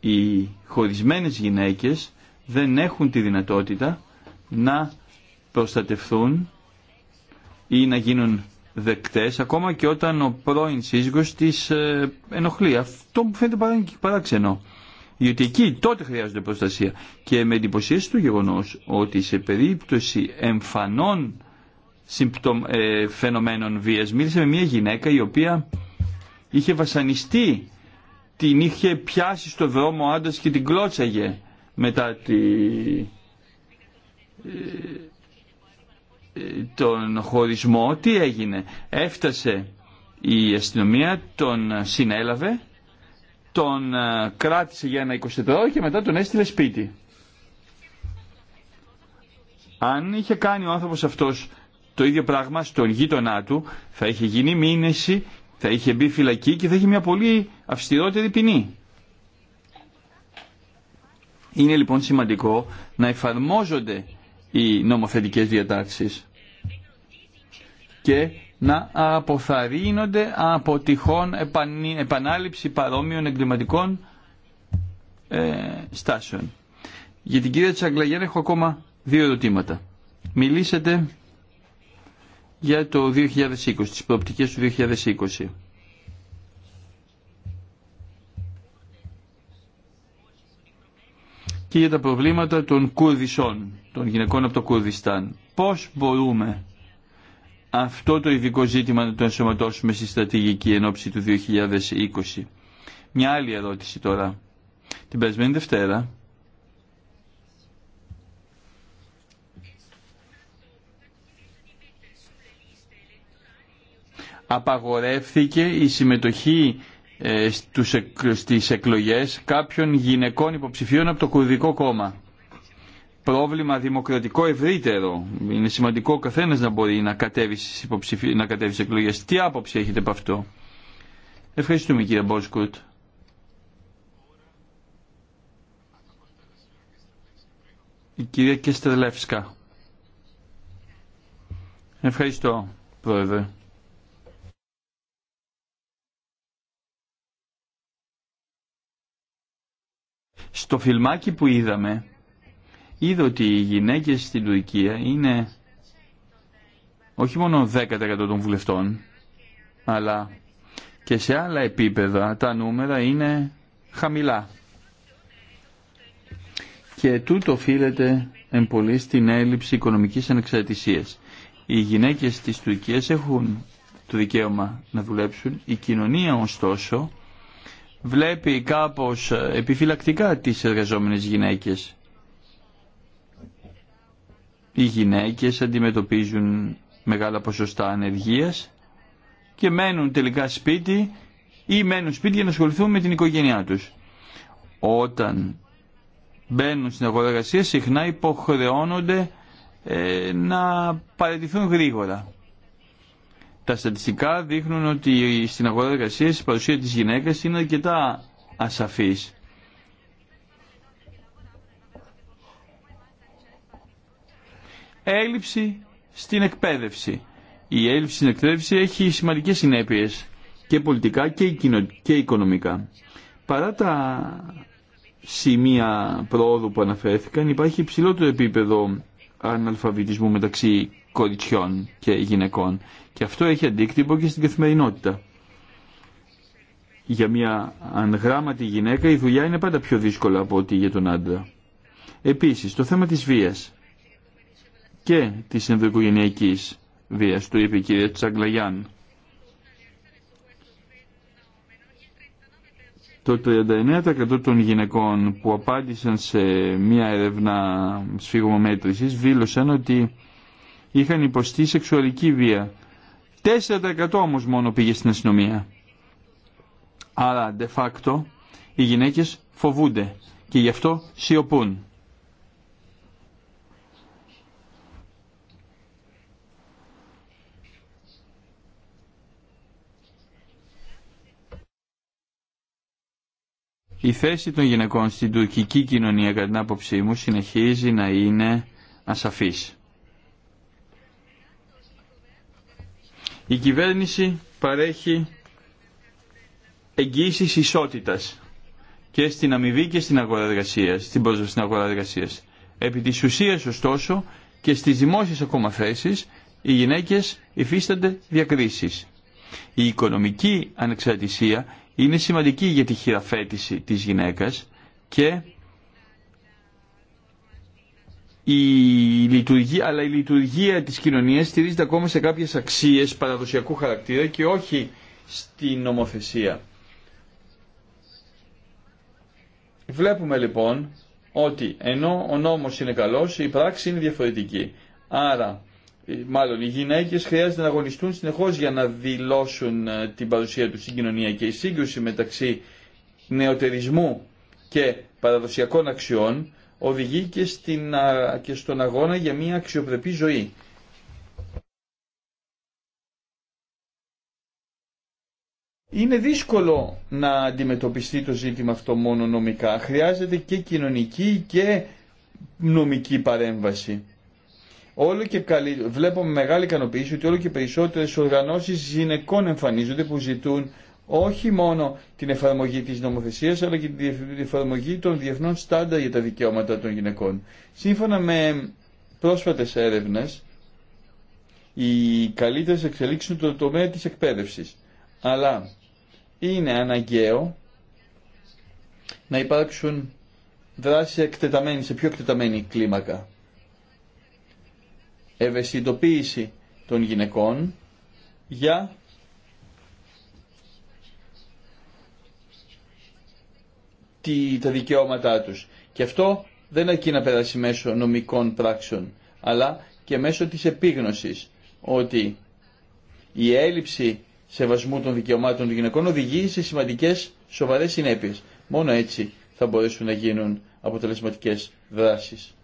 οι χωρισμένες γυναίκες δεν έχουν τη δυνατότητα να προστατευθούν ή να γίνουν δεκτές ακόμα και όταν ο πρώην σύζυγος της ε, ενοχλεί. Αυτό μου φαίνεται παράξενο διότι εκεί τότε χρειάζονται προστασία. Και με εντυπωσία του γεγονός ότι σε περίπτωση εμφανών ε, φαινομένων βίας μίλησε με μια γυναίκα η οποία είχε βασανιστεί, την είχε πιάσει στο δρόμο άντρας και την κλώτσαγε μετά τη... Ε, ε, τον χωρισμό. Τι έγινε. Έφτασε η αστυνομία, τον συνέλαβε τον ε, κράτησε για ένα 24 και μετά τον έστειλε σπίτι. Αν είχε κάνει ο άνθρωπος αυτός το ίδιο πράγμα στον γείτονά του, θα είχε γίνει μήνεση, θα είχε μπει φυλακή και θα είχε μια πολύ αυστηρότερη ποινή. Είναι λοιπόν σημαντικό να εφαρμόζονται οι νομοθετικές διατάξεις και να αποθαρρύνονται από τυχόν επανάληψη παρόμοιων εγκληματικών ε, στάσεων. Για την κυρία Τσαγκλαγιάν έχω ακόμα δύο ερωτήματα. Μιλήσατε για το 2020, τις προοπτικές του 2020. και για τα προβλήματα των Κουρδισών, των γυναικών από το Κουρδιστάν. Πώς μπορούμε αυτό το ειδικό ζήτημα να το ενσωματώσουμε στη στρατηγική ενόψη του 2020. Μια άλλη ερώτηση τώρα. Την περασμένη Δευτέρα απαγορεύθηκε η συμμετοχή ε, στους, στις εκλογές κάποιων γυναικών υποψηφίων από το Κουρδικό κόμμα πρόβλημα δημοκρατικό ευρύτερο. Είναι σημαντικό ο καθένα να μπορεί να κατέβει στι να εκλογέ. Τι άποψη έχετε από αυτό. Ευχαριστούμε κύριε Μπόσκουρτ. Η κυρία Κεστρελεύσκα. Ευχαριστώ, Πρόεδρε. Στο φιλμάκι που είδαμε, είδε ότι οι γυναίκες στην Τουρκία είναι όχι μόνο 10% των βουλευτών, αλλά και σε άλλα επίπεδα τα νούμερα είναι χαμηλά. Και τούτο οφείλεται εν πολύ στην έλλειψη οικονομικής ανεξαρτησίας. Οι γυναίκες της τουρκία έχουν το δικαίωμα να δουλέψουν. Η κοινωνία ωστόσο βλέπει κάπως επιφυλακτικά τις εργαζόμενες γυναίκες οι γυναίκες αντιμετωπίζουν μεγάλα ποσοστά ανεργίας και μένουν τελικά σπίτι ή μένουν σπίτι για να ασχοληθούν με την οικογένειά τους. Όταν μπαίνουν στην αγορά εργασία συχνά υποχρεώνονται ε, να παραιτηθούν γρήγορα. Τα στατιστικά δείχνουν ότι στην αγορά εργασία η παρουσία της γυναίκας είναι αρκετά ασαφής. έλλειψη στην εκπαίδευση. Η έλλειψη στην εκπαίδευση έχει σημαντικές συνέπειες και πολιτικά και, οικονομικά. Παρά τα σημεία πρόοδου που αναφέρθηκαν υπάρχει υψηλότερο επίπεδο αναλφαβητισμού μεταξύ κοριτσιών και γυναικών και αυτό έχει αντίκτυπο και στην καθημερινότητα. Για μια ανγράμματη γυναίκα η δουλειά είναι πάντα πιο δύσκολα από ό,τι για τον άντρα. Επίσης, το θέμα της βίας και της ενδοοικογενειακής βίας, του είπε η κυρία Τσαγκλαγιάν. Το 39% των γυναικών που απάντησαν σε μία έρευνα σφίγγωμα μέτρησης δήλωσαν ότι είχαν υποστεί σεξουαλική βία. 4% όμως μόνο πήγε στην αστυνομία. Άρα, de facto, οι γυναίκες φοβούνται και γι' αυτό σιωπούν. Η θέση των γυναικών στην τουρκική κοινωνία κατά την άποψή μου συνεχίζει να είναι ασαφής. Η κυβέρνηση παρέχει εγγύηση ισότητας και στην αμοιβή και στην αγορά εργασία, στην πρόσβαση στην αγορά εργασία. Επί τη ουσία, ωστόσο και στις δημόσιε ακόμα θέσει, οι γυναίκες υφίστανται διακρίσεις. Η οικονομική ανεξαρτησία είναι σημαντική για τη χειραφέτηση της γυναίκας και η λειτουργία, αλλά η λειτουργία της κοινωνίας στηρίζεται ακόμα σε κάποιες αξίες παραδοσιακού χαρακτήρα και όχι στην νομοθεσία. Βλέπουμε λοιπόν ότι ενώ ο νόμος είναι καλός, η πράξη είναι διαφορετική. Άρα ε, μάλλον οι γυναίκε χρειάζεται να αγωνιστούν συνεχώ για να δηλώσουν ε, την παρουσία του στην κοινωνία και η σύγκρουση μεταξύ νεοτερισμού και παραδοσιακών αξιών οδηγεί και, στην, και στον αγώνα για μια αξιοπρεπή ζωή. Είναι δύσκολο να αντιμετωπιστεί το ζήτημα αυτό μόνο νομικά. Χρειάζεται και κοινωνική και νομική παρέμβαση. Όλο και καλύ... βλέπω με μεγάλη ικανοποίηση ότι όλο και περισσότερε οργανώσει γυναικών εμφανίζονται που ζητούν όχι μόνο την εφαρμογή της νομοθεσίας αλλά και την εφαρμογή των διεθνών στάντα για τα δικαιώματα των γυναικών. Σύμφωνα με πρόσφατες έρευνες, οι καλύτερες είναι το τομέα της εκπαίδευσης. Αλλά είναι αναγκαίο να υπάρξουν δράσεις εκτεταμένη, σε πιο εκτεταμένη κλίμακα ευαισθητοποίηση των γυναικών για τη, τα δικαιώματά τους. Και αυτό δεν αρκεί να περάσει μέσω νομικών πράξεων, αλλά και μέσω της επίγνωσης ότι η έλλειψη σεβασμού των δικαιωμάτων των γυναικών οδηγεί σε σημαντικές σοβαρές συνέπειες. Μόνο έτσι θα μπορέσουν να γίνουν αποτελεσματικές δράσεις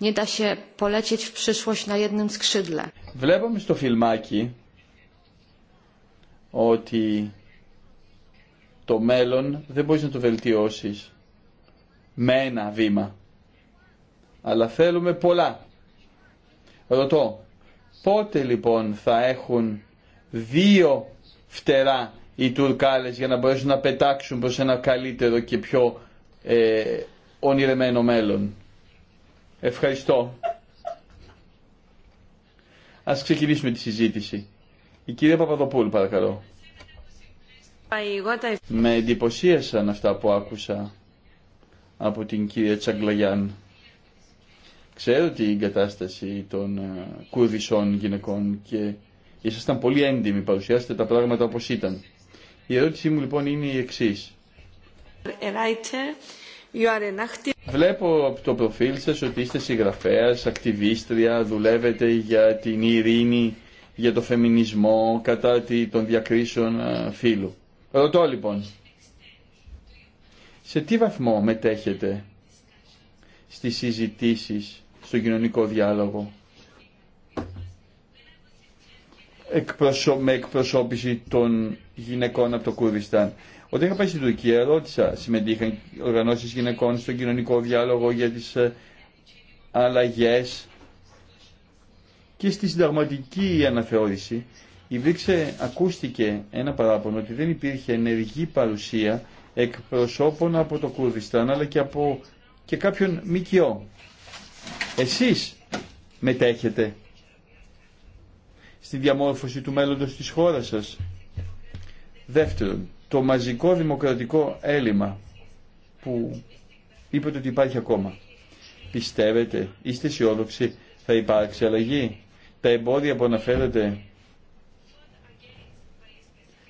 nie da się polecieć w przyszłość na jednym skrzydle. στο φιλμάκι ότι το μέλλον δεν μπορείς να το βελτιώσεις με ένα βήμα. Αλλά θέλουμε πολλά. Ρωτώ, πότε λοιπόν θα έχουν δύο φτερά οι Τουρκάλες για να μπορέσουν να πετάξουν προς ένα καλύτερο και πιο ε, ονειρεμένο μέλλον. Ευχαριστώ. Ας ξεκινήσουμε τη συζήτηση. Η κυρία Παπαδοπούλου παρακαλώ. Με εντυπωσίασαν αυτά που άκουσα από την κυρία Τσαγκλαγιάν. Ξέρω την κατάσταση των ε, κουρδισών γυναικών και ήσασταν πολύ έντιμοι, παρουσιάσετε τα πράγματα όπως ήταν. Η ερώτησή μου λοιπόν είναι η εξής. Βλέπω από το προφίλ σας ότι είστε συγγραφέας, ακτιβίστρια, δουλεύετε για την ειρήνη, για το φεμινισμό, κατά των διακρίσεων ε, φύλου. Ρωτώ λοιπόν, σε τι βαθμό μετέχετε στις συζητήσεις, στο κοινωνικό διάλογο, με εκπροσώπηση των γυναικών από το Κουρδιστάν. Όταν είχα πάει στην Τουρκία, ρώτησα, συμμετείχαν οργανώσεις γυναικών στον κοινωνικό διάλογο για τις ε, αλλαγές και στη συνταγματική αναθεώρηση υπήρξε, ακούστηκε ένα παράπονο ότι δεν υπήρχε ενεργή παρουσία εκπροσώπων από το Κούρδισταν αλλά και από και κάποιον ΜΚΟ. Εσείς μετέχετε στη διαμόρφωση του μέλλοντος της χώρας σας. Δεύτερον, το μαζικό δημοκρατικό έλλειμμα που είπατε ότι υπάρχει ακόμα. Πιστεύετε, είστε αισιόδοξοι, θα υπάρξει αλλαγή. Τα εμπόδια που αναφέρατε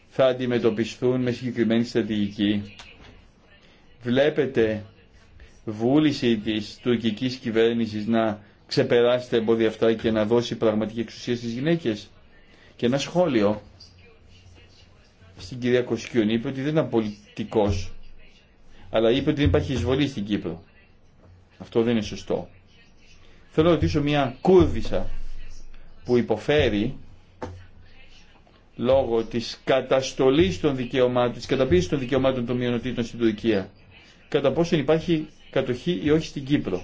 θα αντιμετωπιστούν με συγκεκριμένη στρατηγική. Βλέπετε βούληση της τουρκικής κυβέρνησης να ξεπεράσει τα εμπόδια αυτά και να δώσει πραγματική εξουσία στις γυναίκες. Και ένα σχόλιο στην κυρία Κοσκιούν. Είπε ότι δεν είναι πολιτικό, αλλά είπε ότι δεν υπάρχει εισβολή στην Κύπρο. Αυτό δεν είναι σωστό. Θέλω να ρωτήσω μια Κούρδισσα που υποφέρει λόγω της καταστολής των δικαιωμάτων, τη καταπίεσης των δικαιωμάτων των μειονοτήτων στην Τουρκία. Κατά πόσο υπάρχει κατοχή ή όχι στην Κύπρο.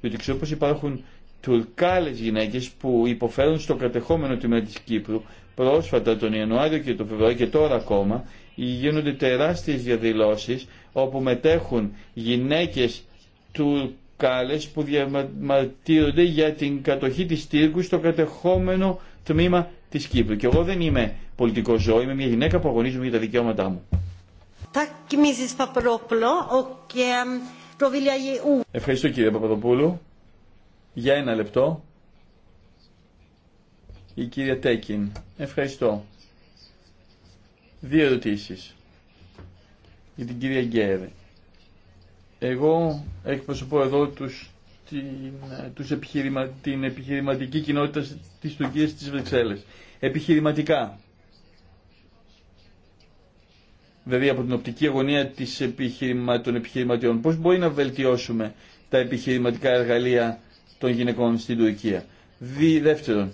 Διότι ξέρω πως υπάρχουν τουρκάλες γυναίκες που υποφέρουν στο κατεχόμενο τμήμα της Κύπρου Πρόσφατα τον Ιανουάριο και τον Φεβρουάριο και τώρα ακόμα γίνονται τεράστιες διαδηλώσεις όπου μετέχουν γυναίκες του κάλες που διαμαρτύρονται για την κατοχή της Τύρκου στο κατεχόμενο τμήμα της Κύπρου. Και εγώ δεν είμαι πολιτικό ζώο, είμαι μια γυναίκα που αγωνίζομαι για τα δικαιώματά μου. Ευχαριστώ κύριε Παπαδοπούλου. Για ένα λεπτό η κυρία Τέκιν. Ευχαριστώ. Δύο ερωτήσεις για την κυρία Γκέρ. Εγώ εκπροσωπώ εδώ τους, την, τους επιχειρημα, την επιχειρηματική κοινότητα της Τουρκίας της Βρυξέλλες. Επιχειρηματικά. Δηλαδή από την οπτική αγωνία της επιχειρημα, των επιχειρηματιών. Πώς μπορεί να βελτιώσουμε τα επιχειρηματικά εργαλεία των γυναικών στην Τουρκία. Δι, δεύτερον,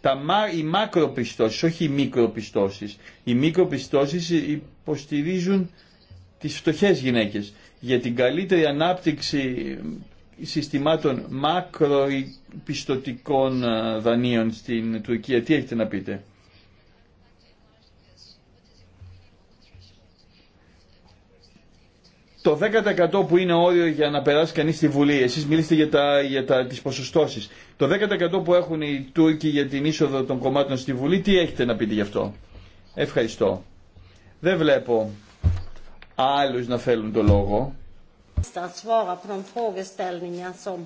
τα, οι μακροπιστώσεις, όχι οι μικροπιστώσεις. Οι μικροπιστώσεις υποστηρίζουν τις φτωχές γυναίκες για την καλύτερη ανάπτυξη συστημάτων μακροπιστωτικών ε, δανείων στην Τουρκία. Τι έχετε να πείτε. το 10% που είναι όριο για να περάσει κανείς στη Βουλή, εσείς μιλήσετε για, τα, για τις ποσοστώσεις, το 10% που έχουν οι Τούρκοι για την είσοδο των κομμάτων στη Βουλή, τι έχετε να πείτε γι' αυτό. Ευχαριστώ. Δεν βλέπω άλλου να θέλουν το λόγο.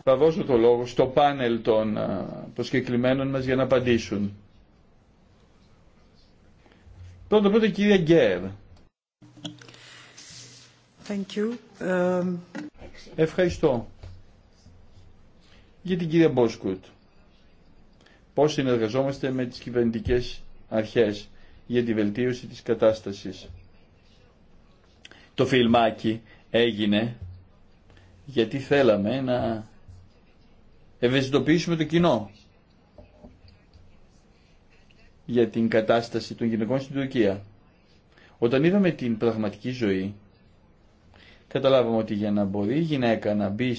Θα δώσω το λόγο στο πάνελ των προσκεκλημένων μας για να απαντήσουν. Πρώτα πρώτα κυρία Γκέρ. Um, Ευχαριστώ. Για την κυρία Μπόσκουτ Πώς συνεργαζόμαστε με τις κυβερνητικές αρχές για τη βελτίωση της κατάστασης. Το φιλμάκι έγινε γιατί θέλαμε να ευαισθητοποιήσουμε το κοινό για την κατάσταση των γυναικών στην Τουρκία. Όταν είδαμε την πραγματική ζωή καταλάβαμε ότι για να μπορεί η γυναίκα να μπει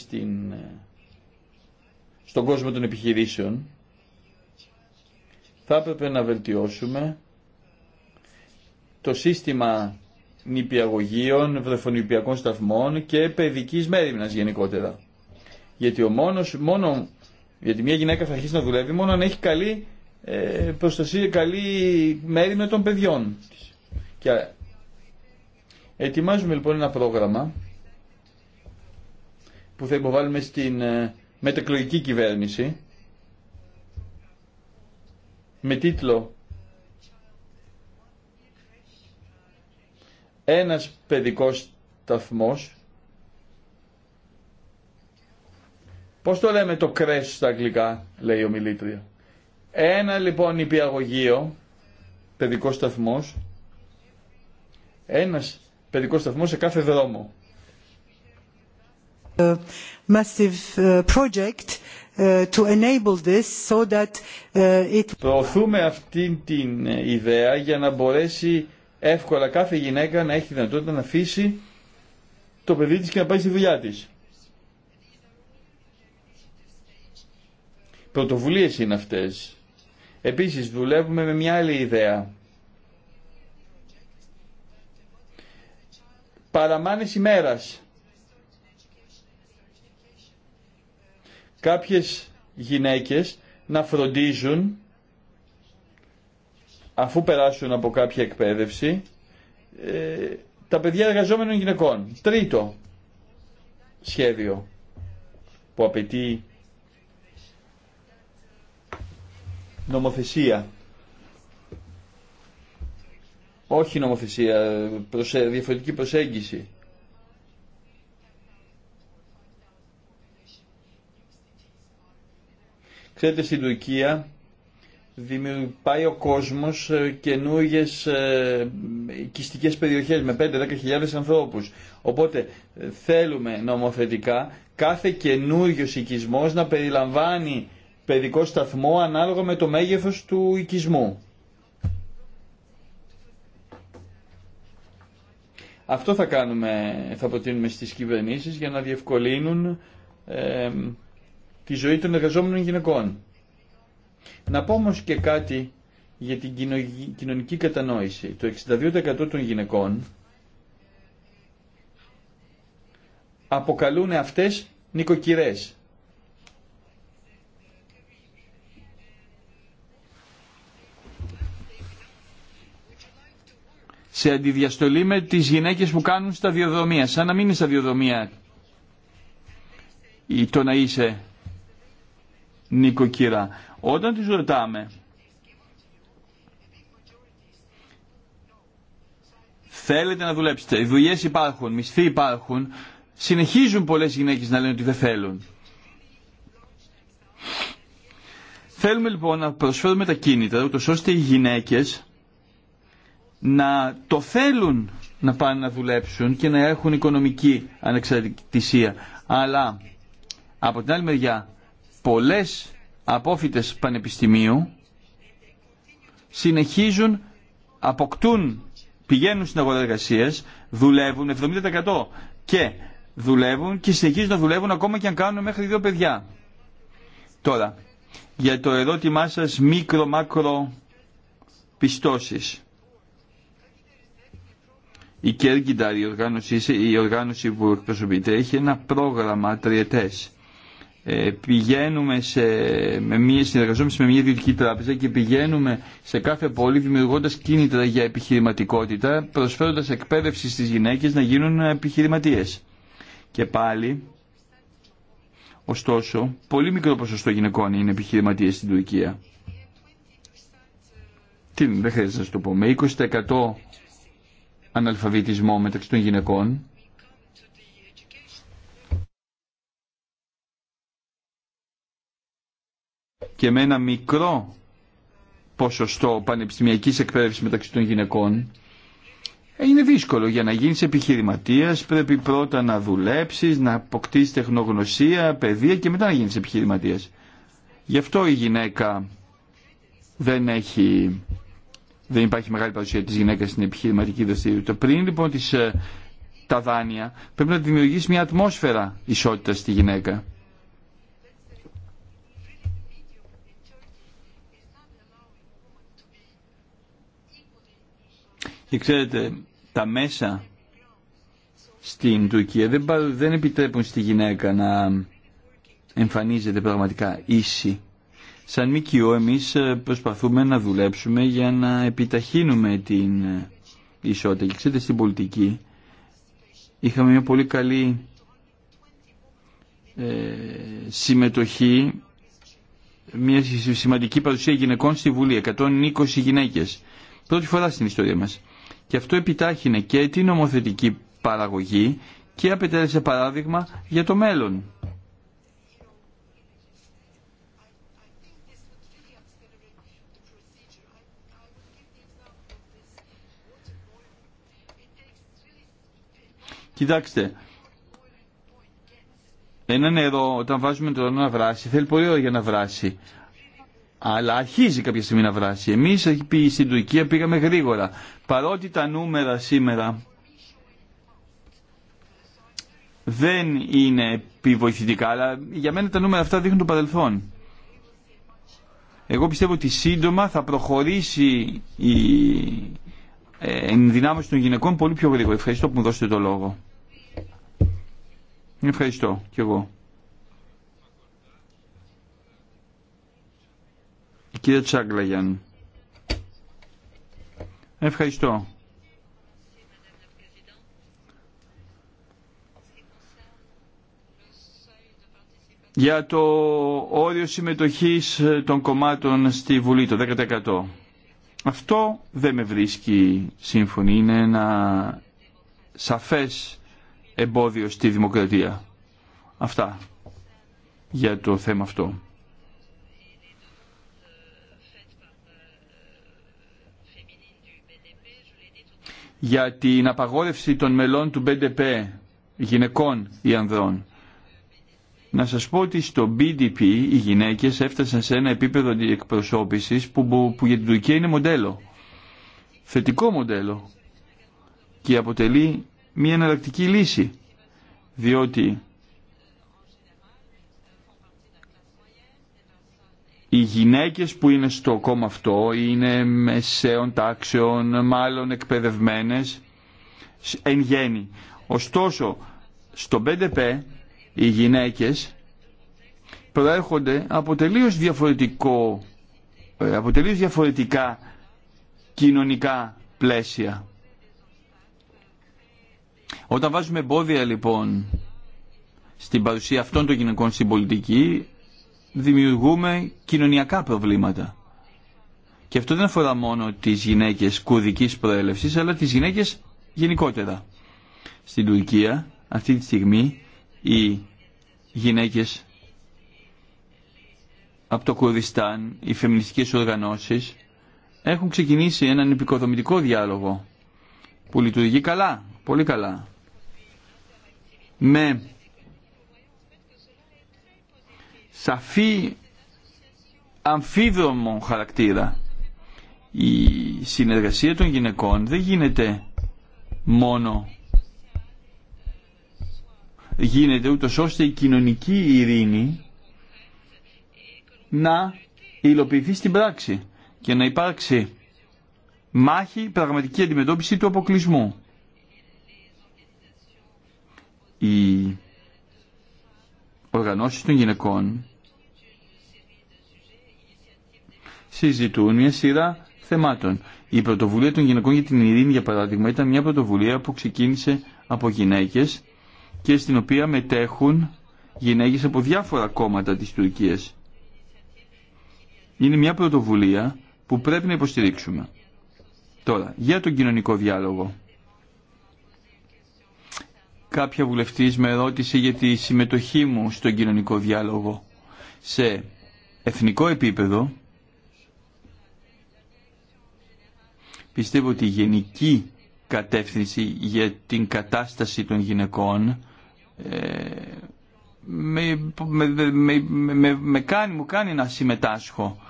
στον κόσμο των επιχειρήσεων θα έπρεπε να βελτιώσουμε το σύστημα νηπιαγωγείων, βρεφονηπιακών σταθμών και παιδικής μέρημνας γενικότερα. Γιατί ο μόνος, μόνο, γιατί μια γυναίκα θα αρχίσει να δουλεύει μόνο αν έχει καλή ε, προστασία, καλή μέρημνα των παιδιών. Και ετοιμάζουμε λοιπόν ένα πρόγραμμα που θα υποβάλουμε στην ε, μετεκλογική κυβέρνηση με τίτλο «Ένας παιδικός σταθμός» Πώς το λέμε το κρέσ στα αγγλικά, λέει ο Μιλήτρια. Ένα λοιπόν υπηαγωγείο, παιδικός σταθμός, ένας παιδικός σταθμός σε κάθε δρόμο massive uh, project uh, to uh, Προωθούμε αυτή την ε, ιδέα για να μπορέσει εύκολα κάθε γυναίκα να έχει δυνατότητα να αφήσει το παιδί της και να πάει στη δουλειά της. Πρωτοβουλίες είναι αυτές. Επίσης δουλεύουμε με μια άλλη ιδέα. Παραμάνες ημέρας κάποιες γυναίκες να φροντίζουν αφού περάσουν από κάποια εκπαίδευση ε, τα παιδιά εργαζόμενων γυναικών. Τρίτο σχέδιο που απαιτεί νομοθεσία. Όχι νομοθεσία, προσε, διαφορετική προσέγγιση. Ξέρετε, στην Τουρκία πάει ο κόσμο καινούριε οικιστικέ περιοχέ με 5 10000 ανθρώπου. ανθρώπους. Οπότε ε, θέλουμε νομοθετικά κάθε καινούριο οικισμό να περιλαμβάνει παιδικό σταθμό ανάλογα με το μέγεθος του οικισμού. Αυτό θα κάνουμε, θα προτείνουμε στις κυβερνήσεις για να διευκολύνουν ε, τη ζωή των εργαζόμενων γυναικών. Να πω όμως και κάτι για την κοινωνική κατανόηση. Το 62% των γυναικών αποκαλούν αυτές νοικοκυρές. σε αντιδιαστολή με τις γυναίκες που κάνουν σταδιοδρομία, σαν να μην είναι σταδιοδρομία ή το να είσαι νοικοκυρά. Όταν τους ρωτάμε θέλετε να δουλέψετε, οι δουλειές υπάρχουν, μισθοί υπάρχουν, συνεχίζουν πολλές γυναίκες να λένε ότι δεν θέλουν. Θέλουμε λοιπόν να προσφέρουμε τα κίνητρα, ούτως ώστε οι γυναίκες να το θέλουν να πάνε να δουλέψουν και να έχουν οικονομική ανεξαρτησία. Αλλά από την άλλη μεριά πολλές απόφοιτες πανεπιστημίου συνεχίζουν, αποκτούν, πηγαίνουν στην αγορά εργασία, δουλεύουν 70% και δουλεύουν και συνεχίζουν να δουλεύουν ακόμα και αν κάνουν μέχρι δύο παιδιά. Τώρα, για το ερώτημά σας μικρο-μάκρο πιστώσεις. Η Κέργκινταρ, η οργάνωση, η οργάνωση που εκπροσωπείται, έχει ένα πρόγραμμα τριετές ε, πηγαίνουμε σε, με μια, συνεργαζόμαστε με μια ιδιωτική τράπεζα και πηγαίνουμε σε κάθε πόλη δημιουργώντα κίνητρα για επιχειρηματικότητα, προσφέροντα εκπαίδευση στις γυναίκες να γίνουν επιχειρηματίες. Και πάλι, ωστόσο, πολύ μικρό ποσοστό γυναικών είναι επιχειρηματίες στην Τουρκία. Τι, δεν χρειάζεται να σα το πω, με 20% αναλφαβητισμό μεταξύ των γυναικών, και με ένα μικρό ποσοστό πανεπιστημιακής εκπαίδευσης μεταξύ των γυναικών, είναι δύσκολο. Για να γίνεις επιχειρηματίας πρέπει πρώτα να δουλέψεις, να αποκτήσεις τεχνογνωσία, παιδεία και μετά να γίνεις επιχειρηματίας. Γι' αυτό η γυναίκα δεν έχει... Δεν υπάρχει μεγάλη παρουσία της γυναίκας στην επιχειρηματική δραστηριότητα. Πριν λοιπόν ε, τα δάνεια πρέπει να δημιουργήσει μια ατμόσφαιρα ισότητας στη γυναίκα. Και ξέρετε, τα μέσα στην Τουρκία δεν, δεν επιτρέπουν στη γυναίκα να εμφανίζεται πραγματικά ίση. Σαν ΜΚΟ εμείς ε, προσπαθούμε να δουλέψουμε για να επιταχύνουμε την ε, ισότητα. Και ξέρετε στην πολιτική είχαμε μια πολύ καλή ε, συμμετοχή, μια σημαντική παρουσία γυναικών στη Βουλή, 120 γυναίκες. Πρώτη φορά στην ιστορία μας. Και αυτό επιτάχυνε και την νομοθετική παραγωγή και απαιτέλεσε παράδειγμα για το μέλλον. Κοιτάξτε, ένα νερό όταν βάζουμε το νερό να βράσει θέλει πολύ ώρα για να βράσει αλλά αρχίζει κάποια στιγμή να βράσει. Εμεί στην Τουρκία πήγαμε γρήγορα. Παρότι τα νούμερα σήμερα δεν είναι επιβοηθητικά, αλλά για μένα τα νούμερα αυτά δείχνουν το παρελθόν. Εγώ πιστεύω ότι σύντομα θα προχωρήσει η ε, ενδυνάμωση των γυναικών πολύ πιο γρήγορα. Ευχαριστώ που μου δώσετε το λόγο. Ευχαριστώ κι εγώ. Κύριε Τσάγκλαγιαν. Ευχαριστώ. για το όριο συμμετοχής των κομμάτων στη Βουλή, το 10%. Αυτό δεν με βρίσκει σύμφωνη, είναι ένα σαφές εμπόδιο στη δημοκρατία. Αυτά για το θέμα αυτό. για την απαγόρευση των μελών του BDP, γυναικών ή ανδρών. Να σας πω ότι στο BDP οι γυναίκες έφτασαν σε ένα επίπεδο εκπροσώπησης που, που για την Τουρκία είναι μοντέλο. Θετικό μοντέλο. Και αποτελεί μια εναλλακτική λύση. Διότι οι γυναίκες που είναι στο κόμμα αυτό είναι μεσαίων τάξεων, μάλλον εκπαιδευμένες, εν γέννη. Ωστόσο, στο 5P οι γυναίκες προέρχονται από τελείως, διαφορετικό, ε, από διαφορετικά κοινωνικά πλαίσια. Όταν βάζουμε εμπόδια λοιπόν στην παρουσία αυτών των γυναικών στην πολιτική, δημιουργούμε κοινωνιακά προβλήματα. Και αυτό δεν αφορά μόνο τις γυναίκες κουρδικής προέλευσης, αλλά τις γυναίκες γενικότερα. Στην Τουρκία αυτή τη στιγμή οι γυναίκες από το Κουρδιστάν, οι φεμινιστικές οργανώσεις, έχουν ξεκινήσει έναν επικοδομητικό διάλογο που λειτουργεί καλά, πολύ καλά. Με σαφή αμφίδρομο χαρακτήρα. Η συνεργασία των γυναικών δεν γίνεται μόνο γίνεται ούτω ώστε η κοινωνική ειρήνη να υλοποιηθεί στην πράξη και να υπάρξει μάχη πραγματική αντιμετώπιση του αποκλεισμού οργανώσεις των γυναικών συζητούν μια σειρά θεμάτων. Η πρωτοβουλία των γυναικών για την ειρήνη, για παράδειγμα, ήταν μια πρωτοβουλία που ξεκίνησε από γυναίκες και στην οποία μετέχουν γυναίκες από διάφορα κόμματα της Τουρκίας. Είναι μια πρωτοβουλία που πρέπει να υποστηρίξουμε. Τώρα, για τον κοινωνικό διάλογο κάποια βουλευτής με ρώτησε για τη συμμετοχή μου στον κοινωνικό διάλογο σε εθνικό επίπεδο πιστεύω ότι η γενική κατεύθυνση για την κατάσταση των γυναικών ε, με, με, μου κάνει να συμμετάσχω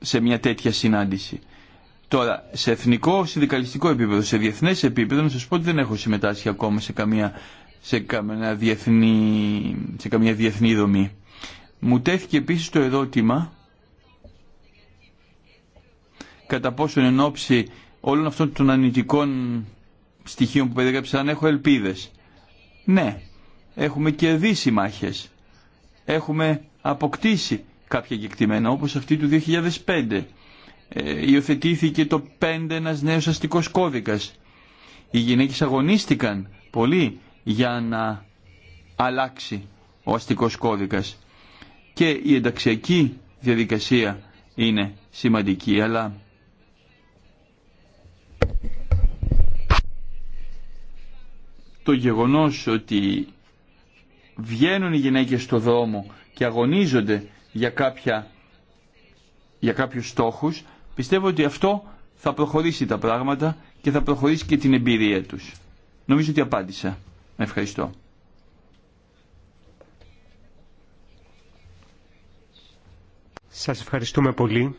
σε μια τέτοια συνάντηση. Τώρα, σε εθνικό συνδικαλιστικό επίπεδο, σε διεθνές επίπεδο, να σα πω ότι δεν έχω συμμετάσχει ακόμα σε καμία, σε καμία, διεθνή, σε καμία διεθνή δομή. Μου τέθηκε επίσης το ερώτημα κατά πόσον εν ώψη όλων αυτών των ανητικών στοιχείων που περιγράψα, αν έχω ελπίδες. Ναι, έχουμε κερδίσει μάχε. Έχουμε αποκτήσει κάποια κεκτημένα, όπω αυτή του 2005 ε, υιοθετήθηκε το πέντε ένας νέος αστικός κώδικας. Οι γυναίκες αγωνίστηκαν πολύ για να αλλάξει ο αστικός κώδικας. Και η ενταξιακή διαδικασία είναι σημαντική, αλλά το γεγονός ότι βγαίνουν οι γυναίκες στο δρόμο και αγωνίζονται για, κάποια, για κάποιους στόχους Πιστεύω ότι αυτό θα προχωρήσει τα πράγματα και θα προχωρήσει και την εμπειρία τους. Νομίζω ότι απάντησα. Ευχαριστώ. Σας ευχαριστούμε πολύ.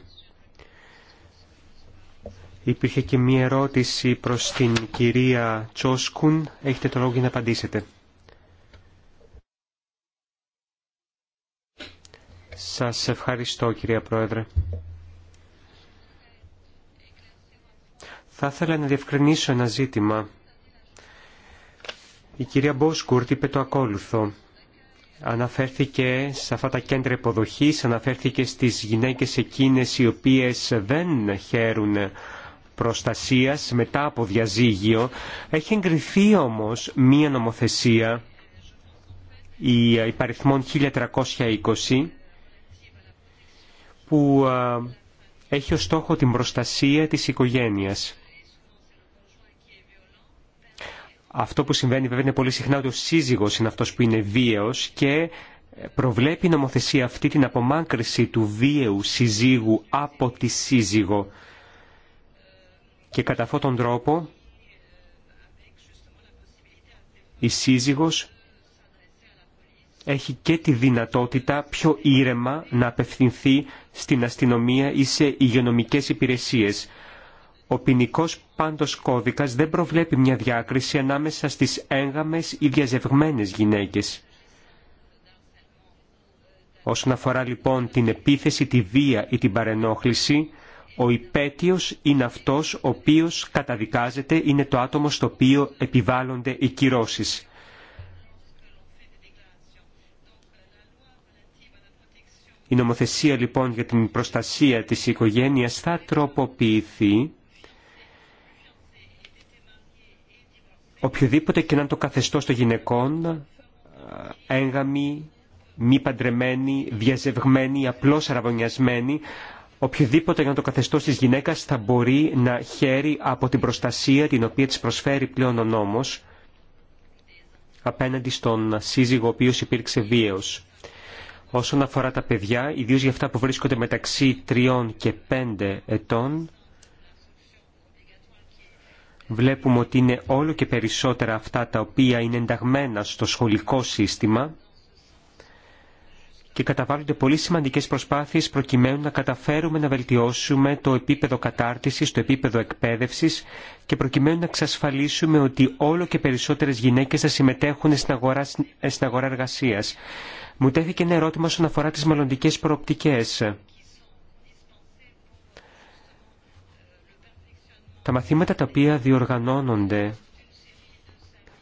Υπήρχε και μία ερώτηση προς την κυρία Τσόσκουν. Έχετε το λόγο για να απαντήσετε. Σας ευχαριστώ κυρία Πρόεδρε. Θα ήθελα να διευκρινίσω ένα ζήτημα. Η κυρία Μπόσκουρτ είπε το ακόλουθο. Αναφέρθηκε σε αυτά τα κέντρα υποδοχής, αναφέρθηκε στις γυναίκες εκείνες οι οποίες δεν χαίρουν προστασίας μετά από διαζύγιο. Έχει εγκριθεί όμως μία νομοθεσία, η υπαριθμών 1320, που έχει ως στόχο την προστασία της οικογένειας. Αυτό που συμβαίνει βέβαια είναι πολύ συχνά ότι ο σύζυγος είναι αυτός που είναι βίαιος και προβλέπει η νομοθεσία αυτή την απομάκρυση του βίαιου συζύγου από τη σύζυγο. Και κατά αυτόν τον τρόπο η σύζυγος έχει και τη δυνατότητα πιο ήρεμα να απευθυνθεί στην αστυνομία ή σε υγειονομικές υπηρεσίες. Ο ποινικό πάντω κώδικα δεν προβλέπει μια διάκριση ανάμεσα στι έγγαμε ή διαζευγμένε γυναίκε. Όσον αφορά λοιπόν την επίθεση, τη βία ή την παρενόχληση, ο υπέτειος είναι αυτός ο οποίος καταδικάζεται, είναι το άτομο στο οποίο επιβάλλονται οι κυρώσεις. Η νομοθεσία λοιπόν για την προστασία της οικογένειας θα τροποποιηθεί οποιοδήποτε και να το καθεστώ των γυναικών, έγγαμοι, μη παντρεμένοι, διαζευγμένοι, απλώς αραβωνιασμένοι, οποιοδήποτε και να το καθεστώ στις γυναίκες θα μπορεί να χαίρει από την προστασία την οποία της προσφέρει πλέον ο νόμος απέναντι στον σύζυγο ο οποίος υπήρξε βίαιος. Όσον αφορά τα παιδιά, ιδίως για αυτά που βρίσκονται μεταξύ τριών και 5 ετών, Βλέπουμε ότι είναι όλο και περισσότερα αυτά τα οποία είναι ενταγμένα στο σχολικό σύστημα και καταβάλλονται πολύ σημαντικές προσπάθειες προκειμένου να καταφέρουμε να βελτιώσουμε το επίπεδο κατάρτισης, το επίπεδο εκπαίδευσης και προκειμένου να εξασφαλίσουμε ότι όλο και περισσότερες γυναίκες θα συμμετέχουν στην αγορά, στην αγορά εργασίας. Μου τέθηκε ένα ερώτημα όσον αφορά τις μελλοντικέ προοπτικές. Τα μαθήματα τα οποία διοργανώνονται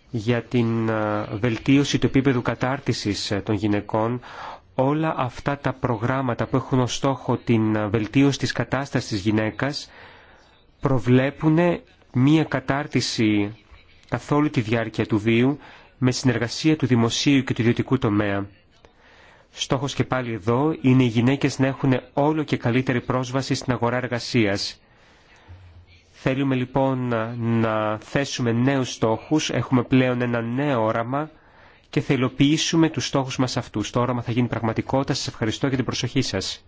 για την βελτίωση του επίπεδου κατάρτισης ε, των γυναικών, όλα αυτά τα προγράμματα που έχουν ως στόχο την βελτίωση της κατάστασης της γυναίκας, προβλέπουν μία κατάρτιση καθ' όλη τη διάρκεια του βίου με συνεργασία του δημοσίου και του ιδιωτικού τομέα. Στόχος και πάλι εδώ είναι οι γυναίκες να έχουν όλο και καλύτερη πρόσβαση στην αγορά εργασίας. Θέλουμε λοιπόν να θέσουμε νέους στόχους, έχουμε πλέον ένα νέο όραμα και θα υλοποιήσουμε τους στόχους μας αυτούς. Το όραμα θα γίνει πραγματικότητα. Σας ευχαριστώ για την προσοχή σας.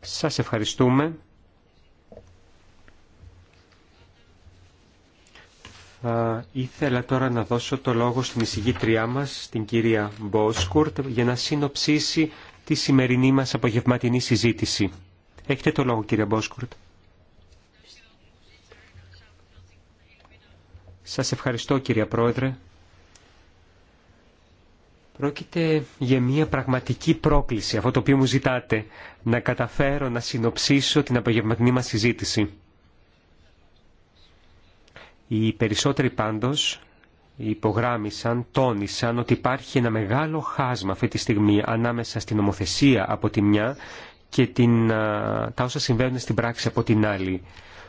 Σας ευχαριστούμε. Θα ήθελα τώρα να δώσω το λόγο στην εισηγήτριά μας, την κυρία Μπόσκουρτ, για να συνοψίσει τη σημερινή μας απογευματινή συζήτηση. Έχετε το λόγο, κυρία Μπόσκουρτ. Σας ευχαριστώ κυρία Πρόεδρε. Πρόκειται για μια πραγματική πρόκληση, αυτό το οποίο μου ζητάτε, να καταφέρω να συνοψίσω την απογευματινή μας συζήτηση. Οι περισσότεροι πάντως υπογράμμισαν, τόνισαν ότι υπάρχει ένα μεγάλο χάσμα αυτή τη στιγμή ανάμεσα στην ομοθεσία από τη μια και την, τα όσα συμβαίνουν στην πράξη από την άλλη.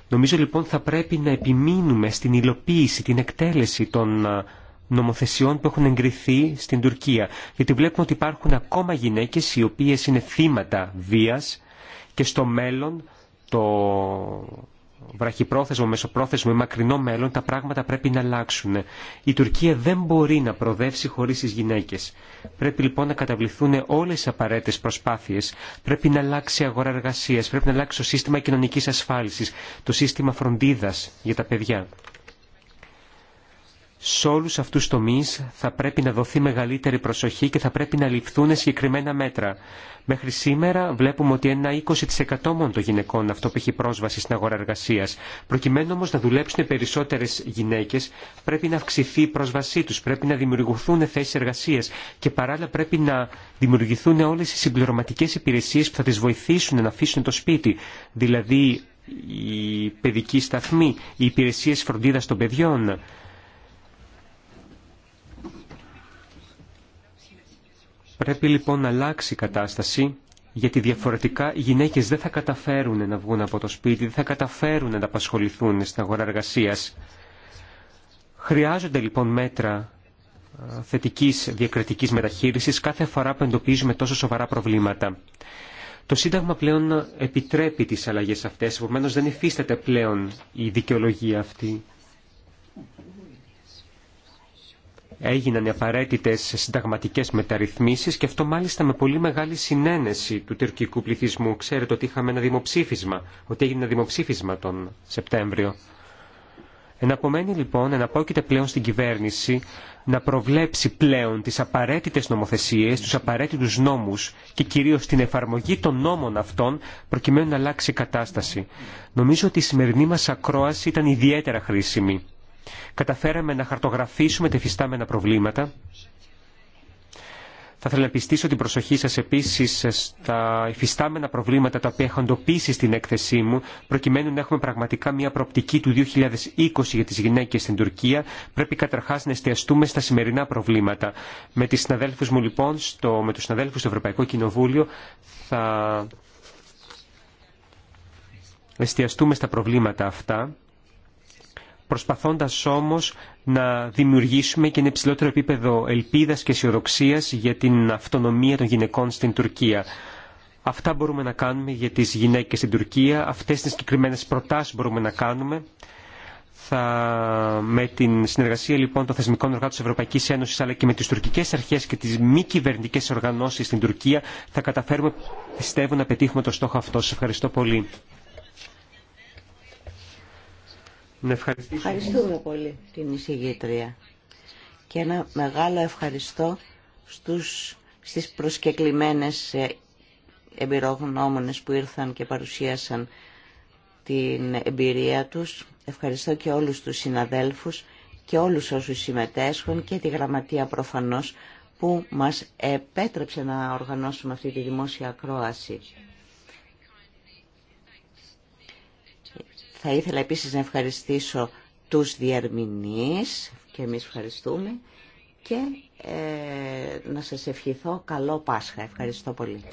Νομίζω λοιπόν θα πρέπει να επιμείνουμε στην υλοποίηση, την εκτέλεση των νομοθεσιών που έχουν εγκριθεί στην Τουρκία. Γιατί βλέπουμε ότι υπάρχουν ακόμα γυναίκες οι οποίες είναι θύματα βίας και στο μέλλον το βραχυπρόθεσμο, μεσοπρόθεσμο ή μακρινό μέλλον τα πράγματα πρέπει να αλλάξουν. Η Τουρκία δεν μπορεί να προοδεύσει χωρίς τις γυναίκες. Πρέπει λοιπόν να καταβληθούν όλες οι απαραίτητες προσπάθειες. Πρέπει να αλλάξει η αγορά εργασίας, πρέπει να προοδευσει όλε οι απαραίτε πρεπει λοιπον να καταβληθουν ολε οι απαραιτητες προσπαθειες πρεπει να αλλαξει η αγορα εργασια πρεπει να αλλαξει το σύστημα κοινωνική ασφάλισης, το σύστημα φροντίδα για τα παιδιά σε όλου αυτού του τομεί θα πρέπει να δοθεί μεγαλύτερη προσοχή και θα πρέπει να ληφθούν συγκεκριμένα μέτρα. Μέχρι σήμερα βλέπουμε ότι ένα 20% μόνο των γυναικών αυτό που έχει πρόσβαση στην αγορά εργασία. Προκειμένου όμω να δουλέψουν περισσότερε γυναίκε, πρέπει να αυξηθεί η πρόσβασή του, πρέπει να δημιουργηθούν θέσει εργασία και παράλληλα πρέπει να δημιουργηθούν όλε οι συμπληρωματικέ υπηρεσίε που θα τι βοηθήσουν να αφήσουν το σπίτι. Δηλαδή η παιδική σταθμή, οι υπηρεσίε φροντίδα των παιδιών, Πρέπει λοιπόν να αλλάξει η κατάσταση γιατί διαφορετικά οι γυναίκες δεν θα καταφέρουν να βγουν από το σπίτι, δεν θα καταφέρουν να απασχοληθούν στην αγορά εργασίας. Χρειάζονται λοιπόν μέτρα θετικής διακριτικής μεταχείρισης κάθε φορά που εντοπίζουμε τόσο σοβαρά προβλήματα. Το Σύνταγμα πλέον επιτρέπει τις αλλαγές αυτές, επομένως δεν υφίσταται πλέον η δικαιολογία αυτή. έγιναν οι απαραίτητε συνταγματικές μεταρρυθμίσεις και αυτό μάλιστα με πολύ μεγάλη συνένεση του τουρκικού πληθυσμού. Ξέρετε ότι είχαμε ένα δημοψήφισμα, ότι έγινε ένα δημοψήφισμα τον Σεπτέμβριο. Εναπομένει λοιπόν, εναπόκειται πλέον στην κυβέρνηση να προβλέψει πλέον τι απαραίτητε νομοθεσίε, του απαραίτητου νόμου και κυρίω την εφαρμογή των νόμων αυτών προκειμένου να αλλάξει η κατάσταση. Νομίζω ότι η σημερινή μα ακρόαση ήταν ιδιαίτερα χρήσιμη. Καταφέραμε να χαρτογραφήσουμε τα εφιστάμενα προβλήματα. Θα ήθελα να πιστήσω την προσοχή σας επίσης στα υφιστάμενα προβλήματα τα οποία έχω εντοπίσει στην έκθεσή μου, προκειμένου να έχουμε πραγματικά μια προοπτική του 2020 για τις γυναίκες στην Τουρκία. Πρέπει καταρχάς να εστιαστούμε στα σημερινά προβλήματα. Με, τις συναδέλφους μου, λοιπόν, με τους συναδέλφους στο Ευρωπαϊκό Κοινοβούλιο θα εστιαστούμε στα προβλήματα αυτά προσπαθώντας όμως να δημιουργήσουμε και ένα υψηλότερο επίπεδο ελπίδας και αισιοδοξία για την αυτονομία των γυναικών στην Τουρκία. Αυτά μπορούμε να κάνουμε για τις γυναίκες στην Τουρκία, αυτές τις συγκεκριμένε προτάσεις μπορούμε να κάνουμε. Θα, με την συνεργασία λοιπόν των θεσμικών οργάνων της Ευρωπαϊκής Ένωσης αλλά και με τις τουρκικές αρχές και τις μη κυβερνητικέ οργανώσεις στην Τουρκία θα καταφέρουμε πιστεύω να πετύχουμε το στόχο αυτό. Σα ευχαριστώ πολύ. Ευχαριστούμε πολύ την εισηγήτρια και ένα μεγάλο ευχαριστώ στους, στις προσκεκλημένες ε, εμπειρογνώμονες που ήρθαν και παρουσίασαν την εμπειρία τους. Ευχαριστώ και όλους τους συναδέλφους και όλους όσους συμμετέσχουν και τη γραμματεία προφανώς που μας επέτρεψε να οργανώσουμε αυτή τη δημόσια ακρόαση. Θα ήθελα επίσης να ευχαριστήσω τους διερμηνείς και εμείς ευχαριστούμε και ε, να σας ευχηθώ καλό Πάσχα. Ευχαριστώ πολύ.